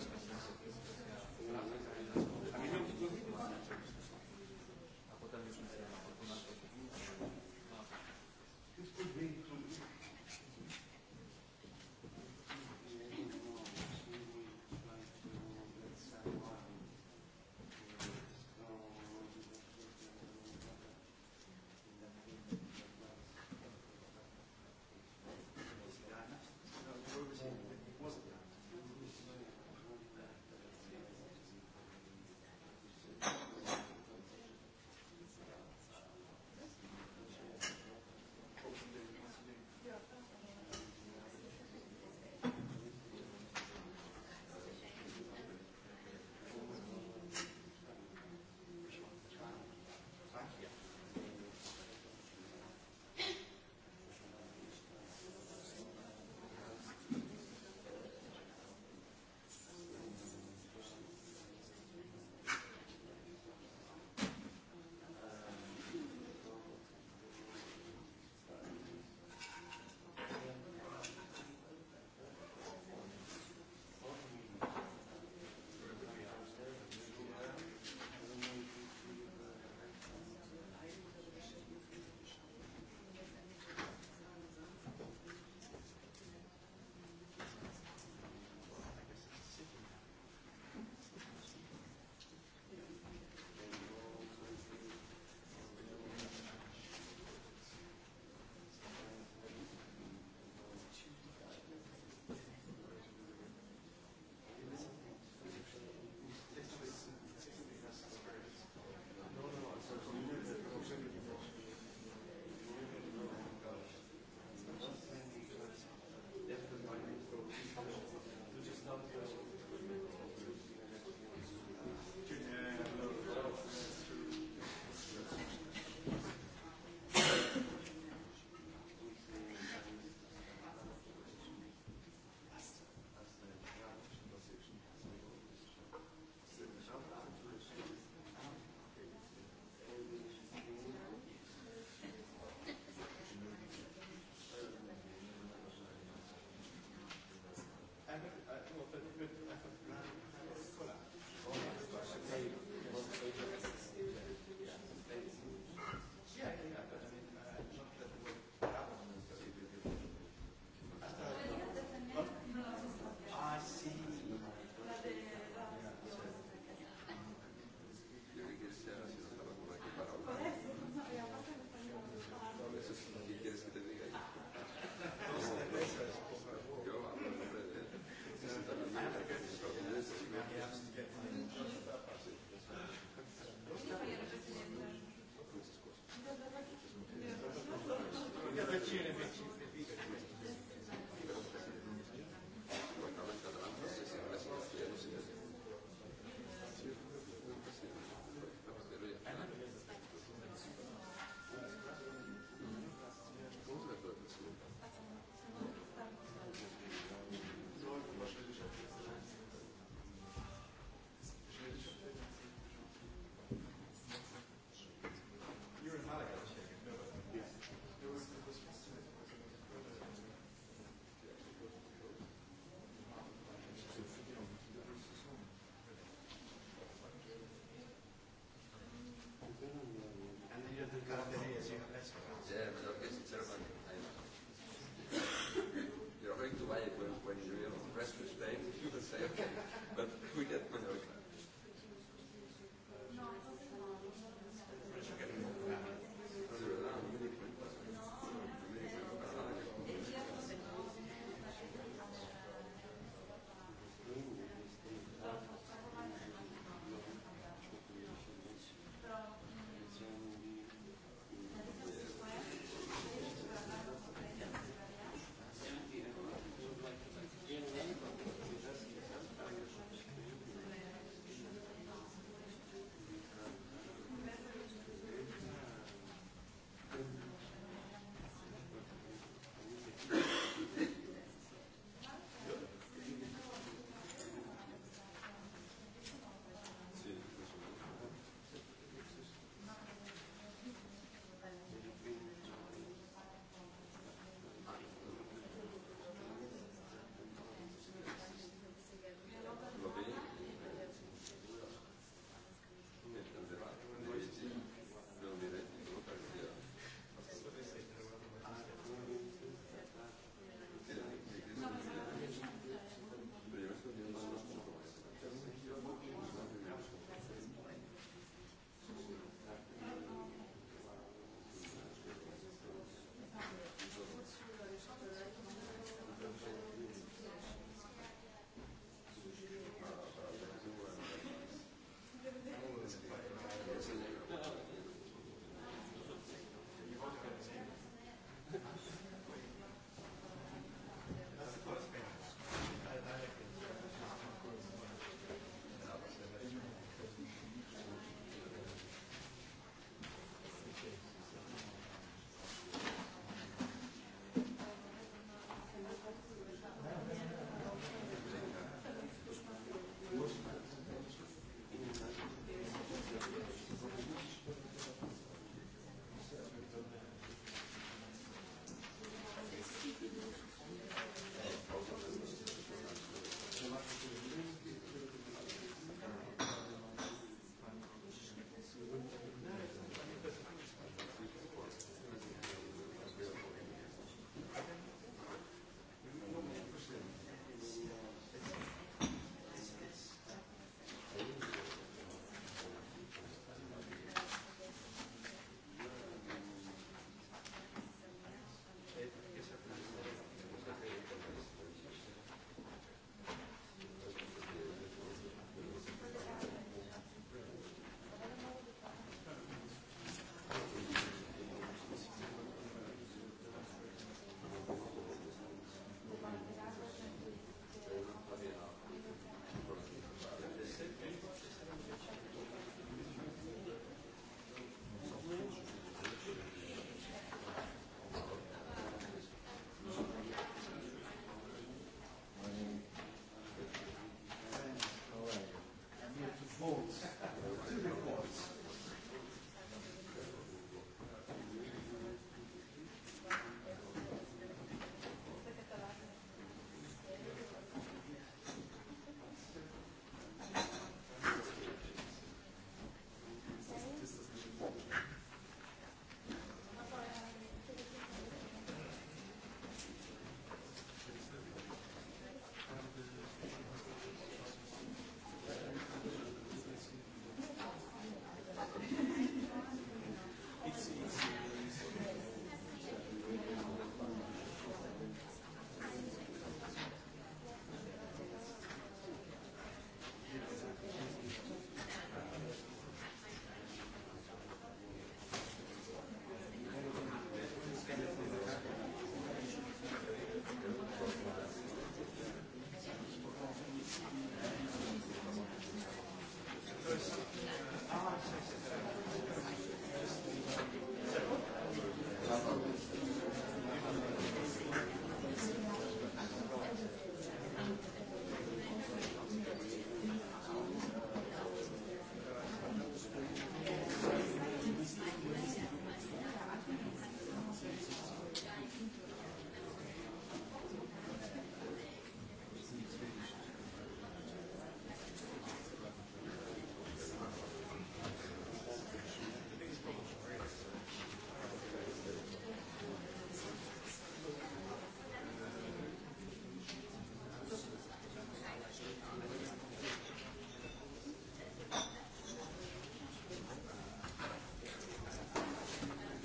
Спасибо. características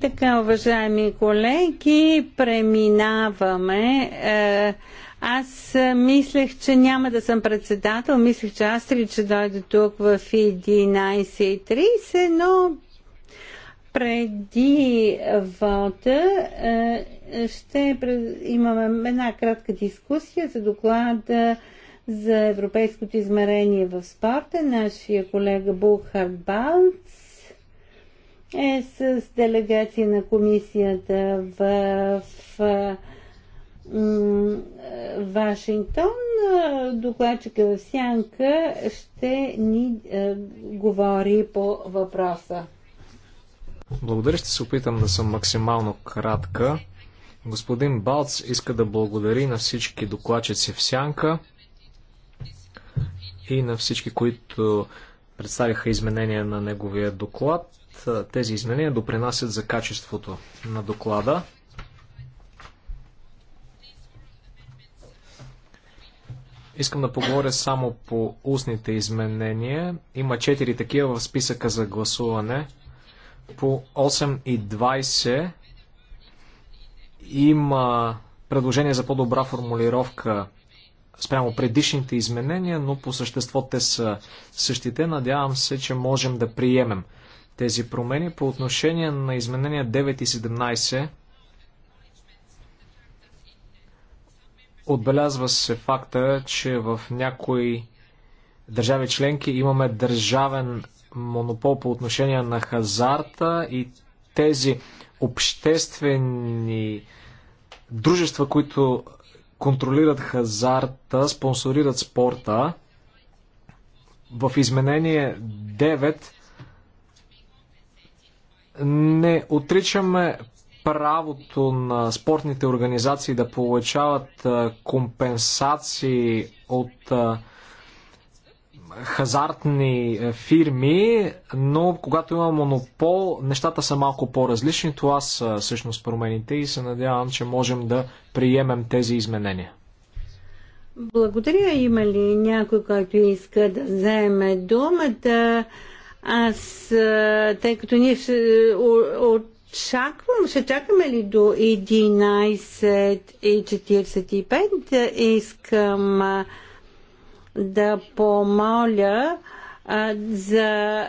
така, уважаеми колеги, преминаваме. Е, аз мислех, че няма да съм председател. Мислех, че Астрид ще дойде тук в 11.30, но преди вълта е, ще имаме една кратка дискусия за доклада за европейското измерение в спорта. Нашия колега Булхар Балц е с делегация на комисията в, в Вашингтон. Докладчика в Сянка ще ни е, говори по въпроса. Благодаря, ще се опитам да съм максимално кратка. Господин Балц иска да благодари на всички докладчици в Сянка и на всички, които представиха изменения на неговия доклад. Тези изменения допринасят за качеството на доклада. Искам да поговоря само по устните изменения. Има 4 такива в списъка за гласуване. По 8 и 20 има предложение за по-добра формулировка спрямо предишните изменения, но по същество те са същите. Надявам се, че можем да приемем тези промени. По отношение на изменения 9 и 17, отбелязва се факта, че в някои държави членки имаме държавен монопол по отношение на хазарта и тези обществени дружества, които контролират хазарта, спонсорират спорта. В изменение 9 не отричаме правото на спортните организации да получават компенсации от хазартни е, фирми, но когато има монопол, нещата са малко по-различни. Това са е, всъщност промените и се надявам, че можем да приемем тези изменения. Благодаря. Има ли някой, който иска да вземе думата? Аз, е, тъй като ние ще, очаквам, ще чакаме ли до 11.45, искам да помоля а, за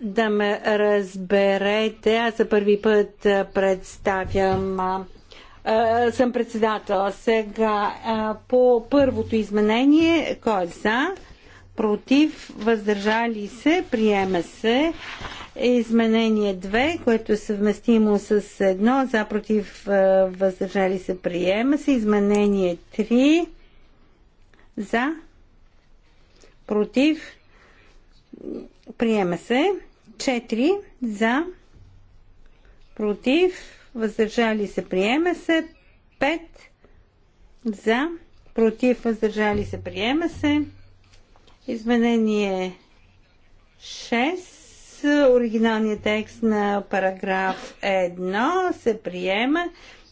да ме разберете. Аз за първи път представям. А, а, съм председател. Сега а, по първото изменение, кой е за? Против, въздържали се, приема се. Изменение 2, което е съвместимо с 1, за против, въздържали се, приема се. Изменение 3, за против, приема се. 4 за, против, въздържали се, приема се. 5 за, против, въздържали се, приема се. Изменение 6. Оригиналният текст на параграф 1 се приема.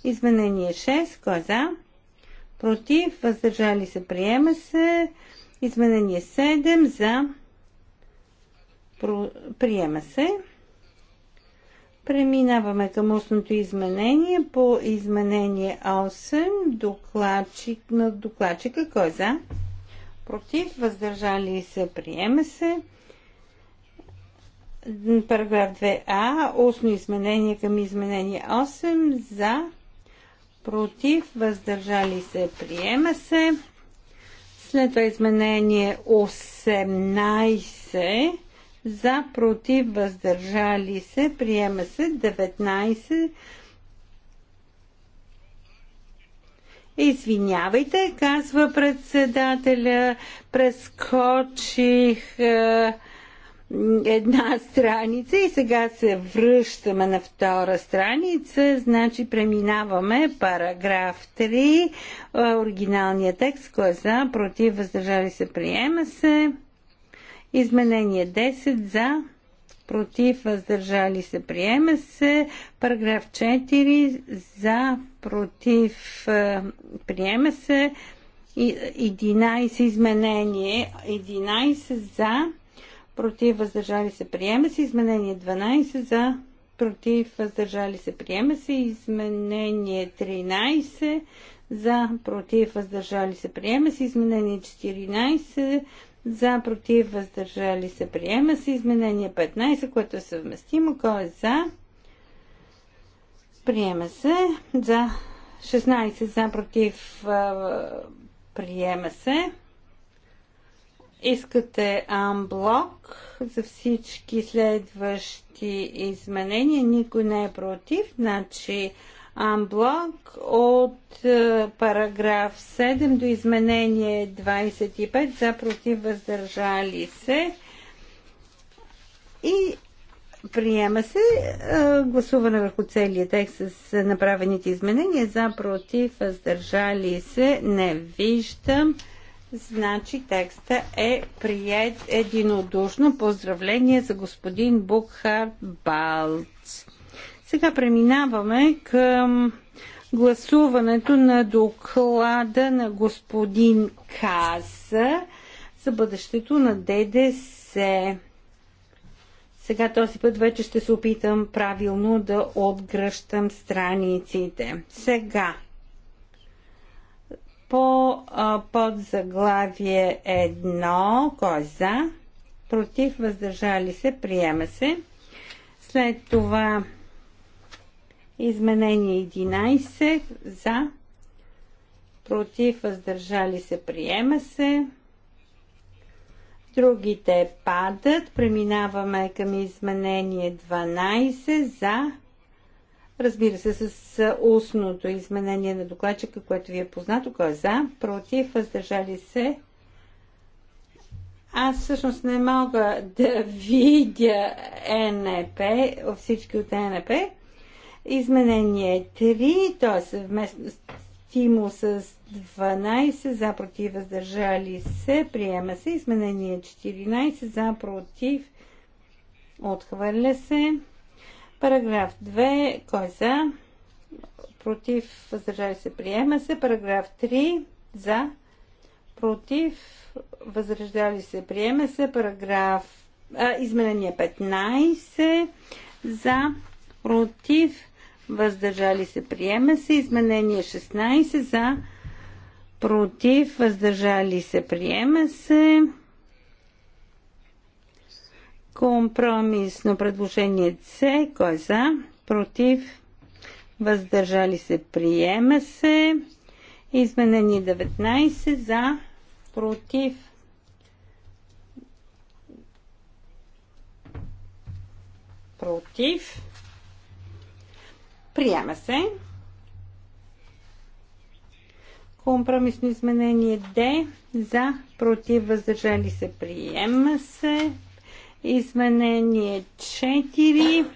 Изменение 6. Кой е за? Против, въздържали се, приема се. Изменение 7 за. Приема се. Преминаваме към устното изменение по изменение 8. Докладчик на докладчика. Кой е за? Против. Въздържали се. Приема се. Параграф 2а. Устно изменение към изменение 8. За. Против. Въздържали се. Приема се. След това изменение 18 за, против, въздържали се, приема се 19. Извинявайте, казва председателя, прескочих. Е, една страница и сега се връщаме на втора страница, значи преминаваме параграф 3, е, оригиналния текст, кой е за, против, въздържали се, приема се. Изменение 10 за, против, въздържали се, приема се. Параграф 4 за, против, е, приема се. 11 изменение, 11 за, против въздържали се приема се. Изменение 12 за против въздържали се приема се. Изменение 13 за против въздържали се приема се. Изменение 14 за против въздържали се приема се. Изменение 15, което е съвместимо. Кой е за? Приема се. За 16 за против приема се. Искате амблок за всички следващи изменения. Никой не е против. Значи амблок от е, параграф 7 до изменение 25 за против въздържали се. И Приема се е, гласуване върху целия текст с направените изменения. За, против, въздържали се. Не виждам. Значи текста е прият единодушно. Поздравление за господин Букхард Балц. Сега преминаваме към гласуването на доклада на господин Каса за бъдещето на ДДС. Сега този път вече ще се опитам правилно да отгръщам страниците. Сега по а, подзаглавие 1, кой е за, против, въздържали се, приема се. След това изменение 11, за, против, въздържали се, приема се. Другите падат. Преминаваме към изменение 12 за Разбира се, с устното изменение на докладчика, което ви е познато, кой е за, против, въздържали се. Аз всъщност не мога да видя НП, всички от НП. Изменение 3, т.е. съвместно стимул с 12, за против, въздържали се, приема се. Изменение 14, за против, отхвърля се. Параграф 2. Кой за? Против. Въздържали се. Приема се. Параграф 3. За. Против. Въздържали се. Приема се. Параграф. А, изменение 15. За. Против. Въздържали се. Приема се. Изменение 16. За. Против. Въздържали се. Приема се. Компромисно предложение С. Кой е за? Против? Въздържали се? Приема се. Изменени 19 за. Против? Против? Приема се. Компромисно изменение Д за против въздържали се приема се. Изменение 4.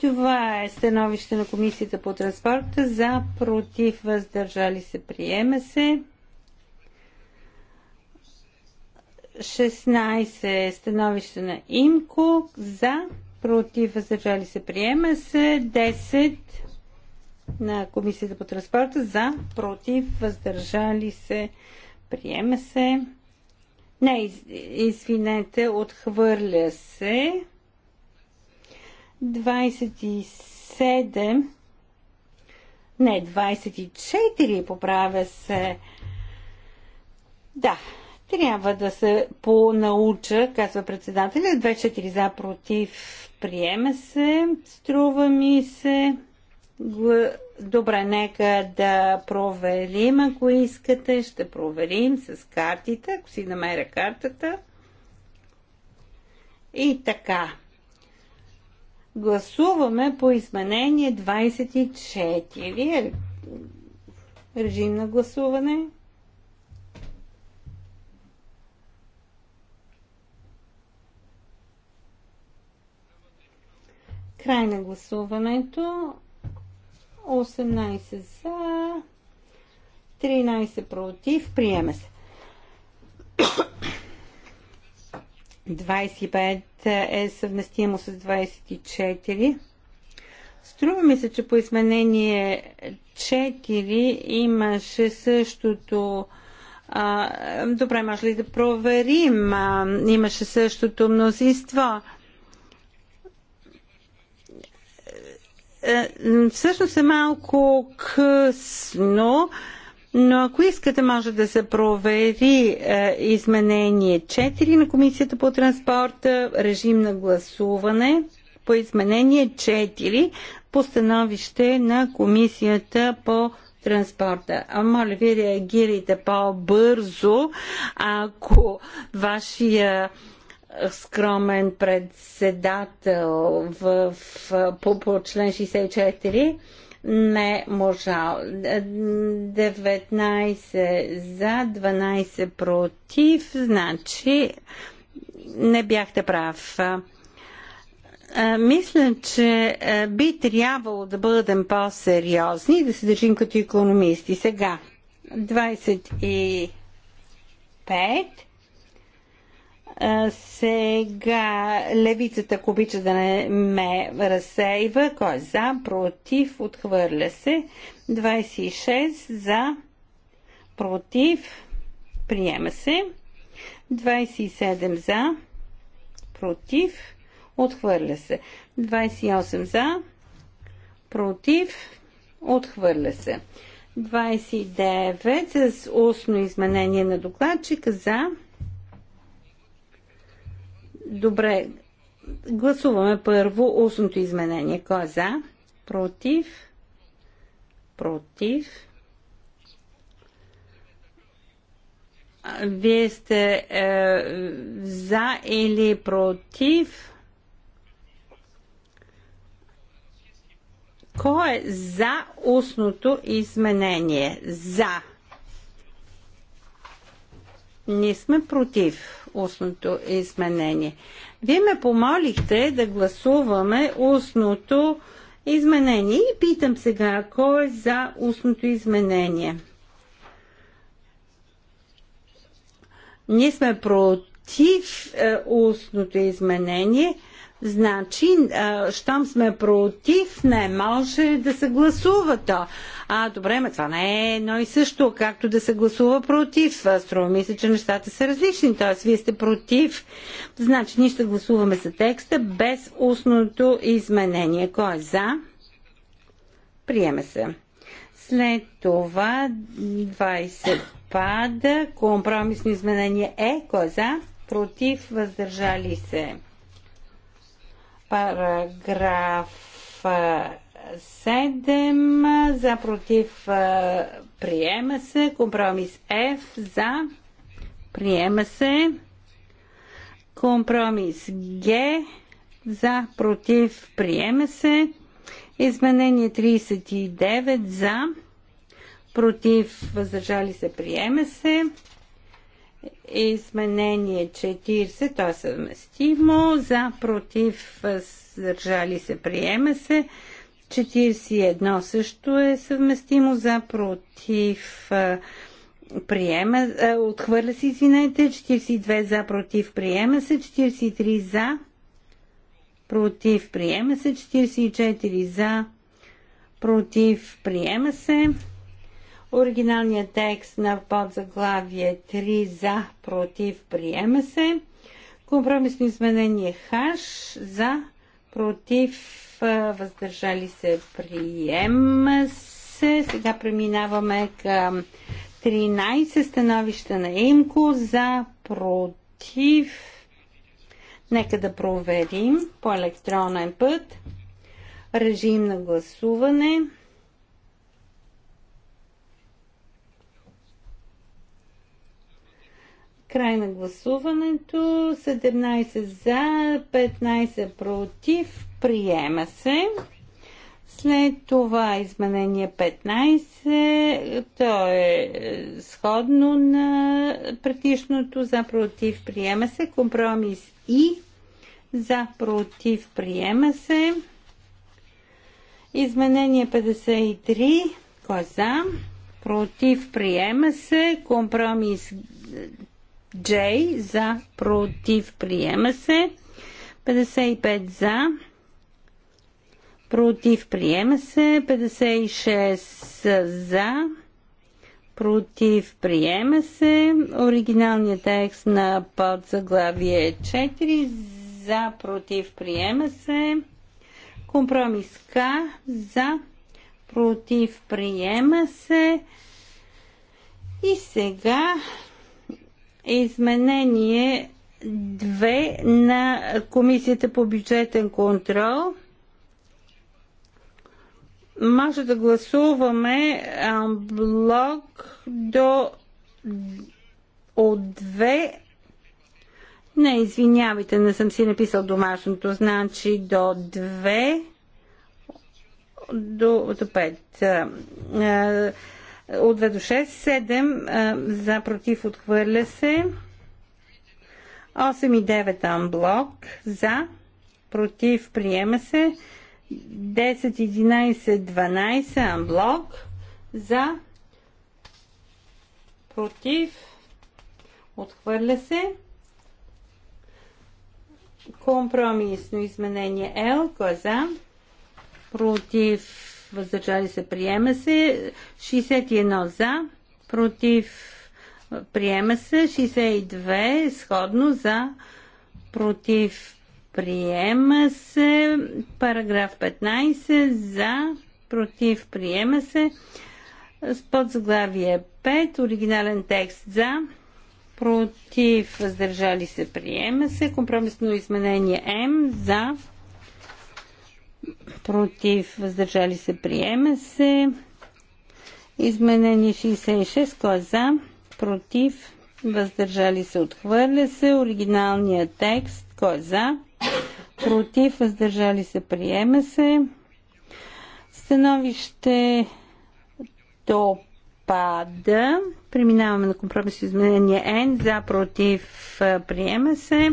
Това е становище на Комисията по транспорта за против въздържали се приема се. 16 е становище на ИМКО за против въздържали се приема се. 10 на Комисията по транспорта за против въздържали се приема се. Не, из, извинете, отхвърля се. 27. Не, 24 поправя се. Да, трябва да се понауча, казва председателя. 24 за против. Приема се. Струва ми се. Добре, нека да проверим, ако искате. Ще проверим с картите, ако си намеря картата. И така. Гласуваме по изменение 24. Режим на гласуване. Край на гласуването. 18 за, 13 против, приема се. 25 е съвместимо с 24. Струва ми се, че по изменение 4 имаше същото. А, добре, може ли да проверим? А, имаше същото мнозинство. Е, всъщност е малко късно, но ако искате, може да се провери е, изменение 4 на Комисията по транспорта, режим на гласуване по изменение 4 по становище на Комисията по транспорта. А моля ви, реагирайте по-бързо, ако вашия скромен председател в, по, по член 64 не можал. 19 за, 12 против, значи не бяхте прав. Мисля, че би трябвало да бъдем по-сериозни и да се държим като економисти. Сега, 25 сега левицата, ако обича да не ме разсейва, кой е за, против, отхвърля се. 26 за, против, приема се. 27 за, против, отхвърля се. 28 за, против, отхвърля се. 29 с устно изменение на докладчика за, Добре, гласуваме първо устното изменение. Кой е за? Против? Против? Вие сте е, за или против? Кой е за устното изменение? За. Ние сме против устното изменение. Вие ме помолихте да гласуваме устното изменение и питам сега, кой е за устното изменение? Ние сме против е, устното изменение – Значи, щом сме против, не може да се гласува то. А, добре, ме това не е едно и също, както да се гласува против. Струва мисля, че нещата са различни, т.е. вие сте против. Значи, ние ще гласуваме за текста без устното изменение. Кой е за? Приеме се. След това 20 пада. Компромисно изменение е. Кой е за? Против, въздържали се. Параграф 7 за против приема се. Компромис F за приема се. Компромис Г за против приема се. Изменение 39 за против въздържали се приема се. Изменение 40, то е съвместимо. За, против, въздържали се, приема се. 41 също е съвместимо. За, против, приема, е, отхвърля се, извинете. 42 за, против, приема се. 43 за, против, приема се. 44 за, против, приема се. Оригиналният текст на подзаглавие 3 за, против, приема се. Компромисно изменение хаш за, против, въздържали се, приема се. Сега преминаваме към 13 становища на Имко за, против. Нека да проверим по електронен път. Режим на гласуване. Край на гласуването. 17 за, 15 против. Приема се. След това изменение 15, то е сходно на предишното за против приема се, компромис и за против приема се. Изменение 53, Коза. Е за, против приема се, компромис J за, против, приема се. 55 за, против, приема се. 56 за, против, приема се. Оригиналният текст на подзаглавие 4 е за, против, приема се. Компромис К за, против, приема се. И сега изменение 2 на Комисията по бюджетен контрол. Може да гласуваме блок до от 2 не, извинявайте, не съм си написал домашното. Значи до 2 до, до 5 от 2 до 6, 7 за против отхвърля се, 8 и 9 анблок за против приема се, 10, 11, 12 анблок за против отхвърля се. Компромисно изменение L, коза, е Против въздържали се, приема се. 61 за, против, приема се. 62 сходно за, против, приема се. Параграф 15 за, против, приема се. С подзаглавие 5, оригинален текст за, против, въздържали се, приема се. Компромисно изменение М за, против, въздържали се, приема се. Изменение 66, кой е за, против, въздържали се, отхвърля се. Оригиналният текст, кой е за, против, въздържали се, приема се. Становище то пада. Преминаваме на компромис изменение N. За, против, приема се.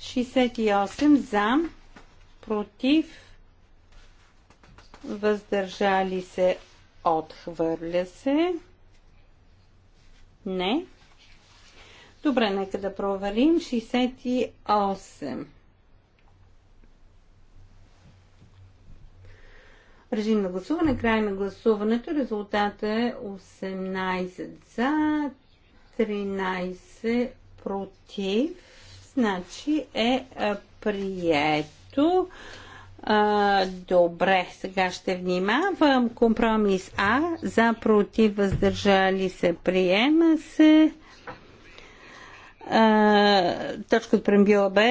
68 за, против, въздържали се, отхвърля се. Не. Добре, нека да проверим. 68. Режим на гласуване, край на гласуването. Резултата е 18 за, 13 против. Значи е прието. А, добре, сега ще внимавам. Компромис А. За, против, въздържали се, приема се. А, точка от прембила Б.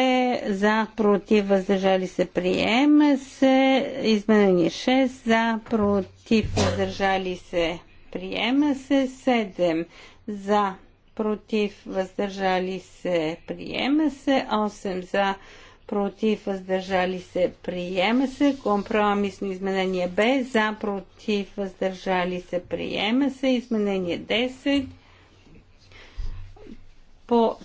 За, против, въздържали се, приема се. Изменение 6. За, против, въздържали се, приема се. 7. За, против, въздържали се, приема се. 8. За, против, въздържали се, приема се. Компромисно изменение Б, за, против, въздържали се, приема се. Изменение 10 по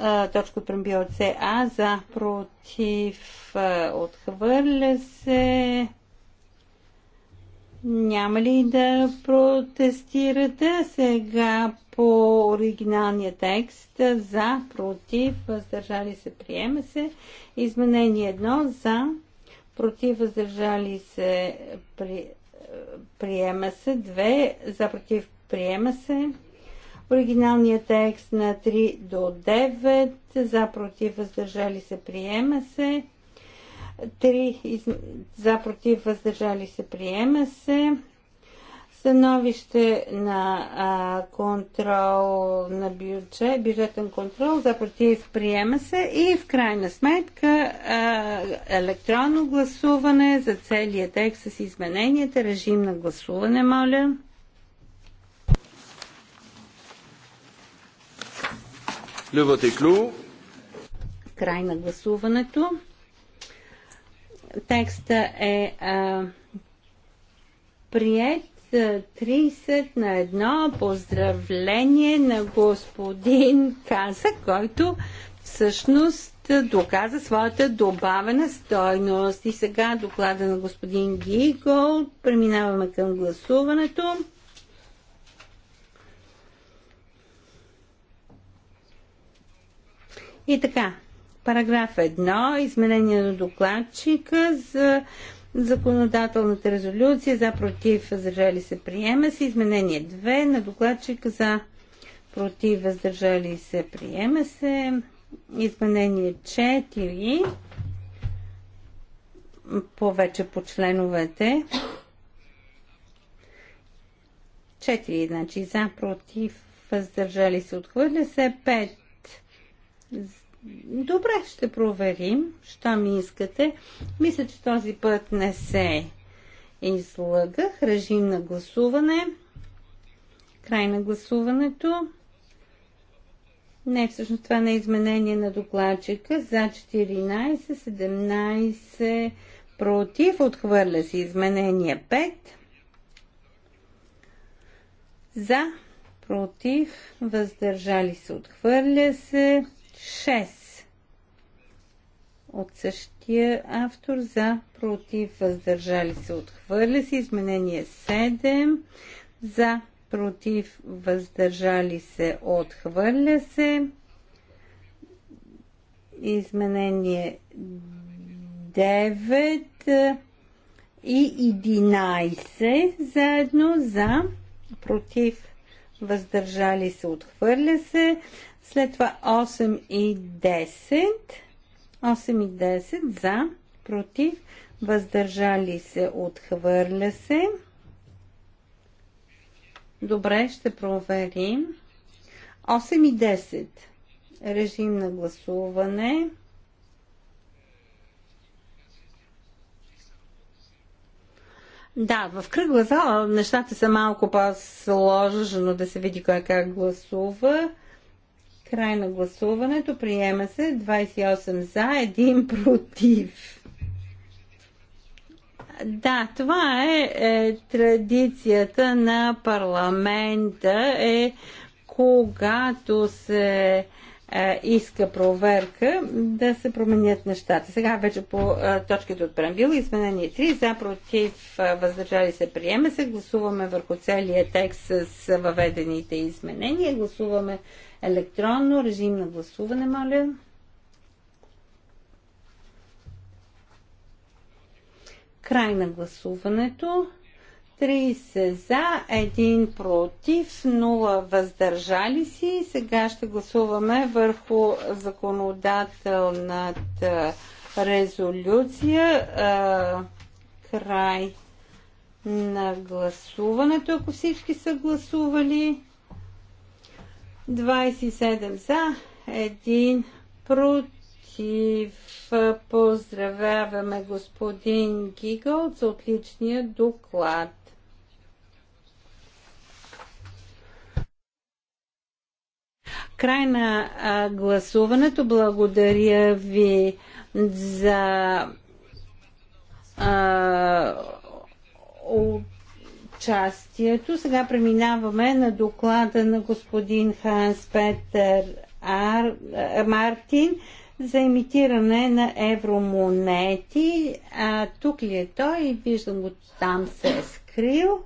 а, точка прембио А за, против, а, отхвърля се. Няма ли да протестирате? Сега по оригиналния текст за, против, въздържали се, приема се. Изменение 1 за, против, въздържали се, при, приема се. 2 за, против, приема се. Оригиналният текст на 3 до 9 за, против, въздържали се, приема се. 3 из... за, против, въздържали се, приема се. Становище на а, контрол на бюджет, бюджетен контрол за против приема се и в крайна сметка а, електронно гласуване за целия текст с измененията. Режим на гласуване, моля. клю. Край на гласуването. Текста е а, прият 30 на едно поздравление на господин Каза, който всъщност доказа своята добавена стойност. И сега доклада на господин Гигол. Преминаваме към гласуването. И така, параграф 1, изменение на докладчика за Законодателната резолюция за против въздържали се приема се. Изменение 2 на докладчика за против въздържали се приема се. Изменение 4 повече по членовете. 4, значи за, против, въздържали се, отхвърля се. 5 Добре, ще проверим, що ми искате. Мисля, че този път не се излагах. Режим на гласуване. Край на гласуването. Не, всъщност това не е изменение на докладчика. За 14, 17, против, отхвърля се изменение 5. За, против, въздържали се, отхвърля се 6 от същия автор за против въздържали се отхвърля се. Изменение 7 за против въздържали се отхвърля се. Изменение 9 и 11 заедно за против въздържали се отхвърля се. След това 8 и 10 8 и 10 за, против, въздържали се, отхвърля се. Добре, ще проверим. 8 и 10. Режим на гласуване. Да, в кръгла зала нещата са малко по-сложно да се види кой как гласува. Край на гласуването. Приема се 28 за, 1 против. Да, това е, е традицията на парламента е когато се е, иска проверка да се променят нещата. Сега вече по е, точките от преамбила изменение 3 за против е, въздържали се приема се. Гласуваме върху целия текст с въведените изменения. Гласуваме електронно. Режим на гласуване, моля. Край на гласуването. 30 за, 1 против, 0 въздържали си. Сега ще гласуваме върху законодателната резолюция. Край на гласуването, ако всички са гласували. 27 за, 1 против. Поздравяваме господин Гигъл за отличния доклад. Край на а, гласуването. Благодаря ви за а, участието. Сега преминаваме на доклада на господин Ханс Петър Ар... Е, Мартин за имитиране на евромонети. А, тук ли е той? Виждам го там се е скрил.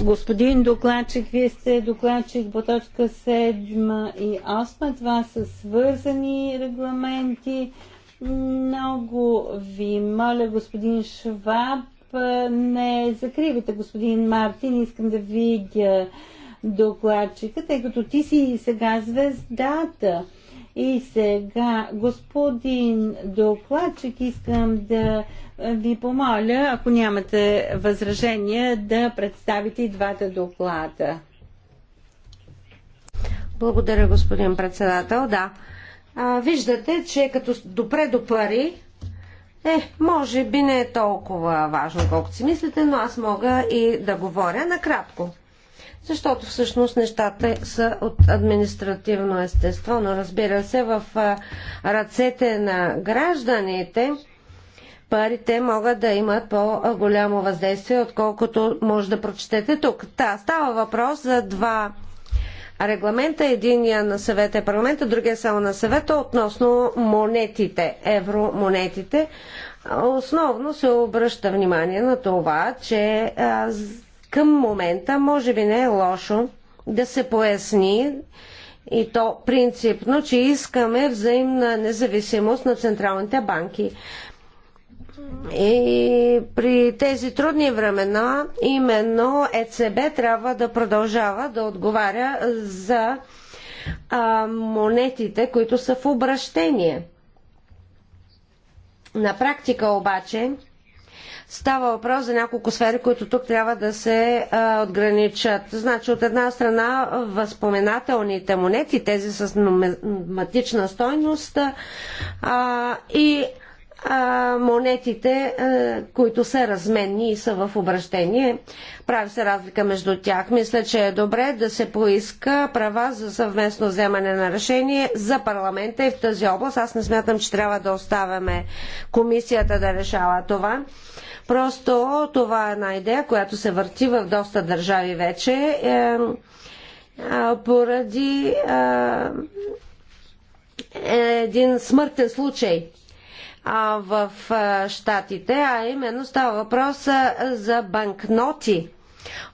Господин докладчик, вие сте докладчик по точка 7 и 8. Това са свързани регламенти. Много ви моля, господин Шваб, не закривайте господин Мартин. Искам да видя докладчика, тъй като ти си сега звездата. И сега, господин докладчик, искам да ви помоля, ако нямате възражения, да представите и двата доклада. Благодаря, господин председател. Да. А, виждате, че като допре до пари, е, може би не е толкова важно, колкото си мислите, но аз мога и да говоря накратко защото всъщност нещата са от административно естество, но разбира се, в ръцете на гражданите парите могат да имат по-голямо въздействие, отколкото може да прочетете тук. Та, става въпрос за два регламента. Единия на съвета е парламента, другия е само на съвета относно монетите, евромонетите. Основно се обръща внимание на това, че към момента може би не е лошо да се поясни и то принципно, че искаме взаимна независимост на централните банки. И при тези трудни времена именно ЕЦБ трябва да продължава да отговаря за а, монетите, които са в обращение. На практика обаче Става въпрос за няколко сфери, които тук трябва да се а, отграничат. Значи, от една страна, възпоменателните монети, тези с номатична стойност а, и а, монетите, а, които са разменни и са в обращение. Прави се разлика между тях. Мисля, че е добре да се поиска права за съвместно вземане на решение за парламента и в тази област. Аз не смятам, че трябва да оставяме комисията да решава това. Просто това е една идея, която се върти в доста държави вече. Е, поради е, един смъртен случай а, в а, Штатите, а именно става въпрос а, за банкноти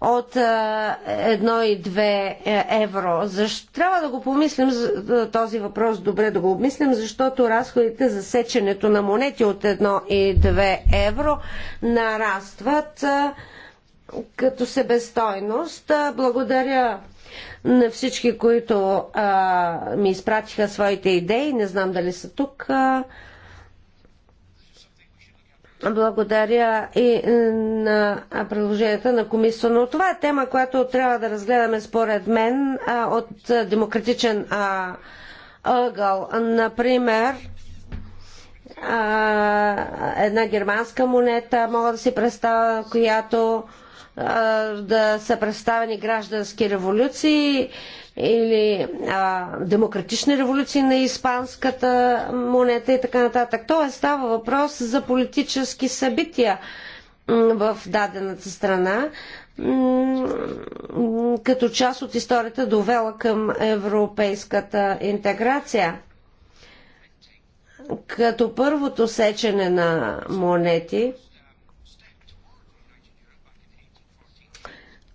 от 1 и 2 е, евро. Защо? Трябва да го помислим за този въпрос, добре да го обмислим, защото разходите за сеченето на монети от 1 и 2 евро нарастват като себестойност. Благодаря на всички, които а, ми изпратиха своите идеи. Не знам дали са тук. А, благодаря и е, на предложенията на комисията. Но това е тема, която трябва да разгледаме според мен от е, демократичен ъгъл. Например, една германска монета, мога да си представя, която да са представени граждански революции, или а, демократични революции на испанската монета и така нататък. Тоест става въпрос за политически събития в дадената страна, като част от историята довела към европейската интеграция. Като първото сечене на монети,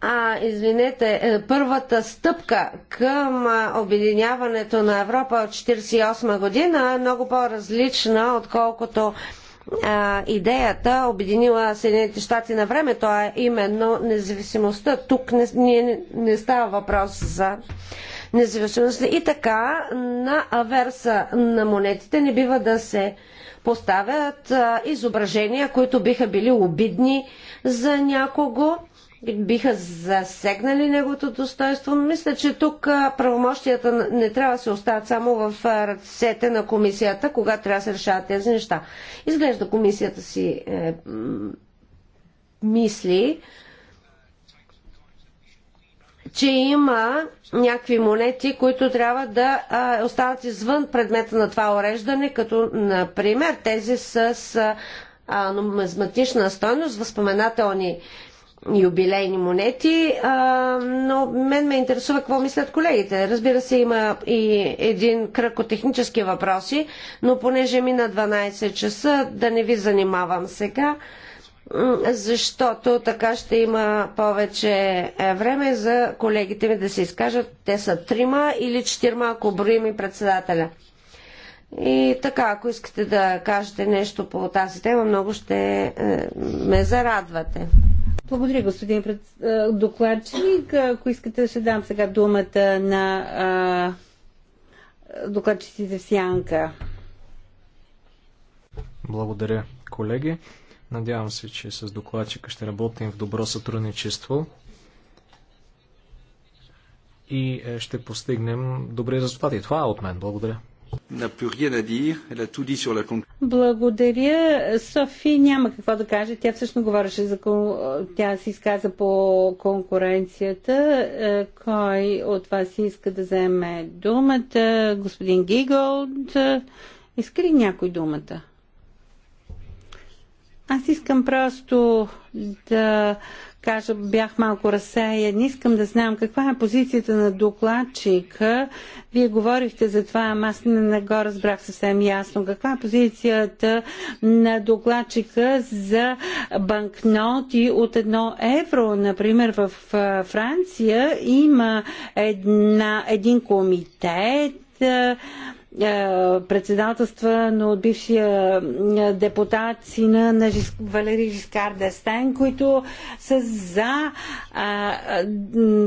а, извинете, е, първата стъпка към обединяването на Европа от 1948 година е много по-различна, отколкото а, идеята обединила Съединените щати на времето, е именно независимостта. Тук не, не, не става въпрос за независимостта. И така, на аверса на монетите не бива да се поставят а, изображения, които биха били обидни за някого биха засегнали неговото достоинство. Мисля, че тук правомощията не трябва да се остават само в ръцете на комисията, когато трябва да се решават тези неща. Изглежда комисията си е, мисли, че има някакви монети, които трябва да а, останат извън предмета на това уреждане, като например тези с а, нумизматична стойност, възпоменателни юбилейни монети, а, но мен ме интересува какво мислят колегите. Разбира се, има и един кръг от технически въпроси, но понеже мина 12 часа, да не ви занимавам сега, защото така ще има повече е, време за колегите ми да се изкажат. Те са трима или четирма, ако броим и председателя. И така, ако искате да кажете нещо по тази тема, много ще е, ме зарадвате. Благодаря, господин пред... докладчик. Ако искате, ще дам сега думата на докладчиците в Сянка. Благодаря, колеги. Надявам се, че с докладчика ще работим в добро сътрудничество и е, ще постигнем добри резултати. Това е от мен. Благодаря. Благодаря. Софи няма какво да каже. Тя всъщност говореше за... Тя се изказа по конкуренцията. Е, кой от вас иска да вземе думата? Господин Гиголд. Иска ли някой думата? Аз искам просто да кажа, бях малко разсеян. Искам да знам каква е позицията на докладчика. Вие говорихте за това, аз не, не го разбрах съвсем ясно. Каква е позицията на докладчика за банкноти от едно евро? Например, в Франция има една, един комитет е, председателства от бившия е, депутат сина на Жис... Валери Жискар Дестен, които са за е,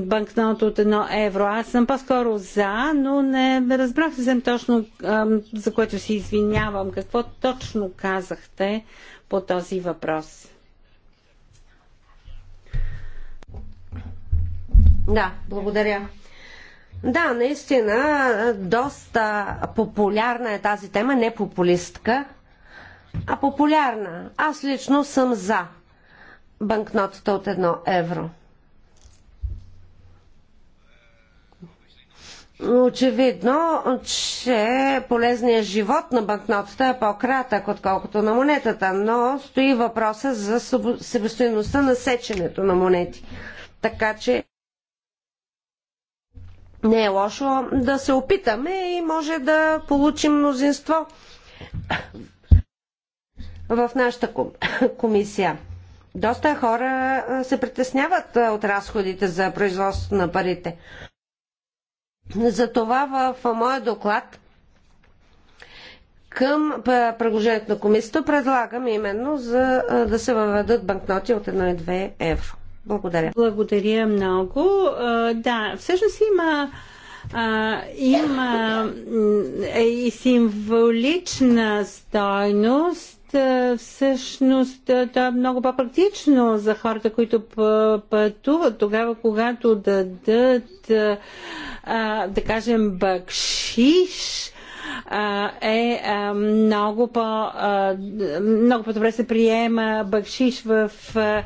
банкнота от едно евро. Аз съм по-скоро за, но не разбрах съвсем точно, за което си извинявам. Какво точно казахте по този въпрос? Да, благодаря. Да, наистина, доста популярна е тази тема, не популистка, а популярна. Аз лично съм за банкнотата от едно евро. Очевидно, че полезният живот на банкнотата е по-кратък, отколкото на монетата, но стои въпроса за себестоеността на сеченето на монети. Така че не е лошо да се опитаме и може да получим мнозинство в нашата комисия. Доста хора се притесняват от разходите за производство на парите. Затова в моя доклад към предложението на комисията предлагам именно за да се въведат банкноти от 1 и 2 евро. Благодаря. Благодаря много. Да, всъщност има а, има е и символична стойност. Всъщност, това е много по-практично за хората, които пътуват тогава, когато дадат, а, да кажем, бакшиш е, е много по е, много по-добре се приема бакшиш в, е,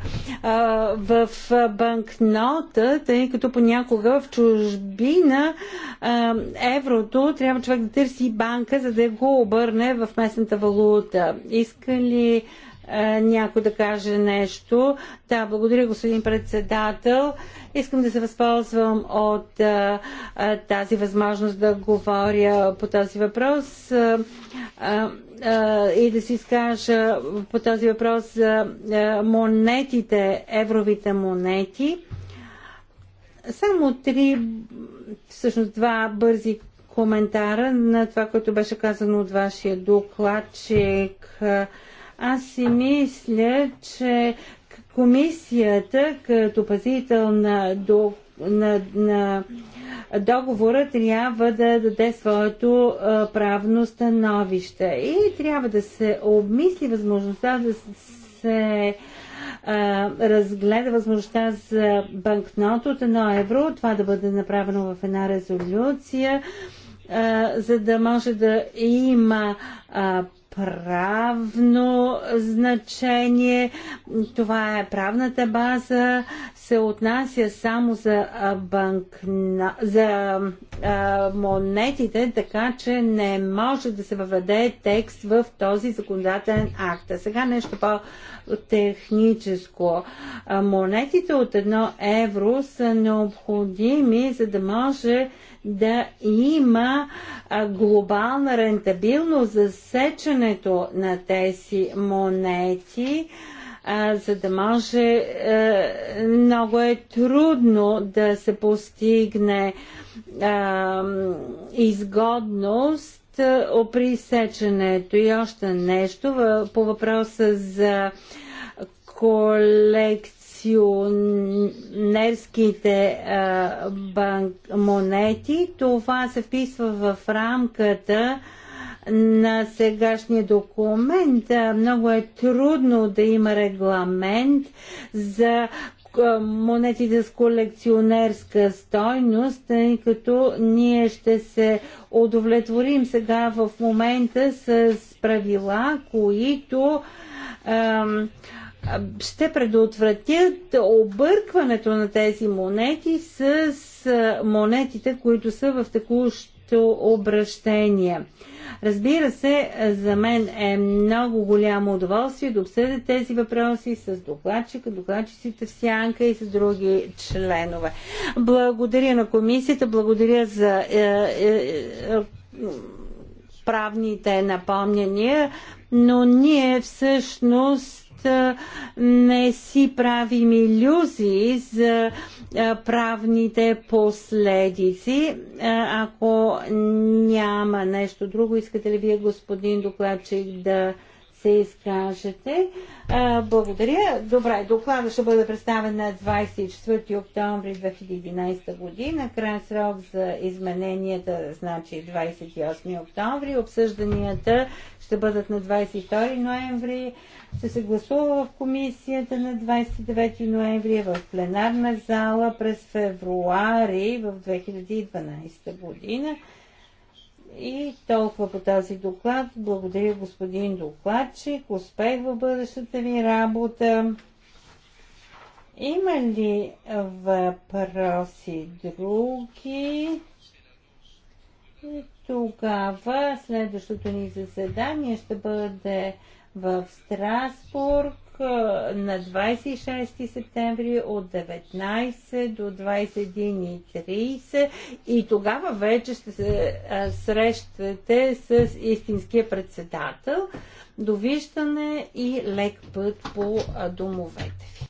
в банкнота, тъй като понякога в чужбина еврото трябва човек да търси банка, за да го обърне в местната валута. Иска ли някой да каже нещо? Да, благодаря господин председател. Искам да се възползвам от а, а, тази възможност да говоря по този въпрос а, а, и да си изкажа по този въпрос за монетите, евровите монети. Само три, всъщност два бързи коментара на това, което беше казано от вашия докладчик. Аз си мисля, че Комисията като пазител на, до, на, на договора трябва да даде своето а, правно становище и трябва да се обмисли възможността да се а, разгледа възможността за банкнот от едно евро, това да бъде направено в една резолюция, а, за да може да има а, правно значение. Това е правната база, се отнася само за, банк за монетите, така че не може да се въведе текст в този законодателен акт. А сега нещо по-техническо. Монетите от едно евро са необходими, за да може да има глобална рентабилност за сечането на тези монети, за да може много е трудно да се постигне изгодност при сеченето. И още нещо по въпроса за колекция пенсионерските банк, монети. Това се вписва в рамката на сегашния документ. Много е трудно да има регламент за монетите с колекционерска стойност, тъй като ние ще се удовлетворим сега в момента с правила, които ще предотвратят объркването на тези монети с монетите, които са в текущо обращение. Разбира се, за мен е много голямо удоволствие да обсъдя тези въпроси с докладчика, докладчиците в Сянка и с други членове. Благодаря на комисията, благодаря за е, е, е, правните напомняния, но ние всъщност не си правим иллюзии за правните последици. Ако няма нещо друго, искате ли вие, господин докладчик, да се изкажете. благодаря. Добре, доклада ще бъде представен на 24 октомври 2011 година. Крайен срок за измененията, значи 28 октомври. Обсъжданията ще бъдат на 22 ноември, ще се гласува в комисията на 29 ноември в пленарна зала през февруари в 2012 година. И толкова по тази доклад. Благодаря господин докладчик. Успех в бъдещата ви работа. Има ли въпроси други? И Тогава следващото ни заседание ще бъде в Страсбург на 26 септември от 19 до 21.30 и тогава вече ще се срещате с истинския председател. Довиждане и лек път по домовете ви.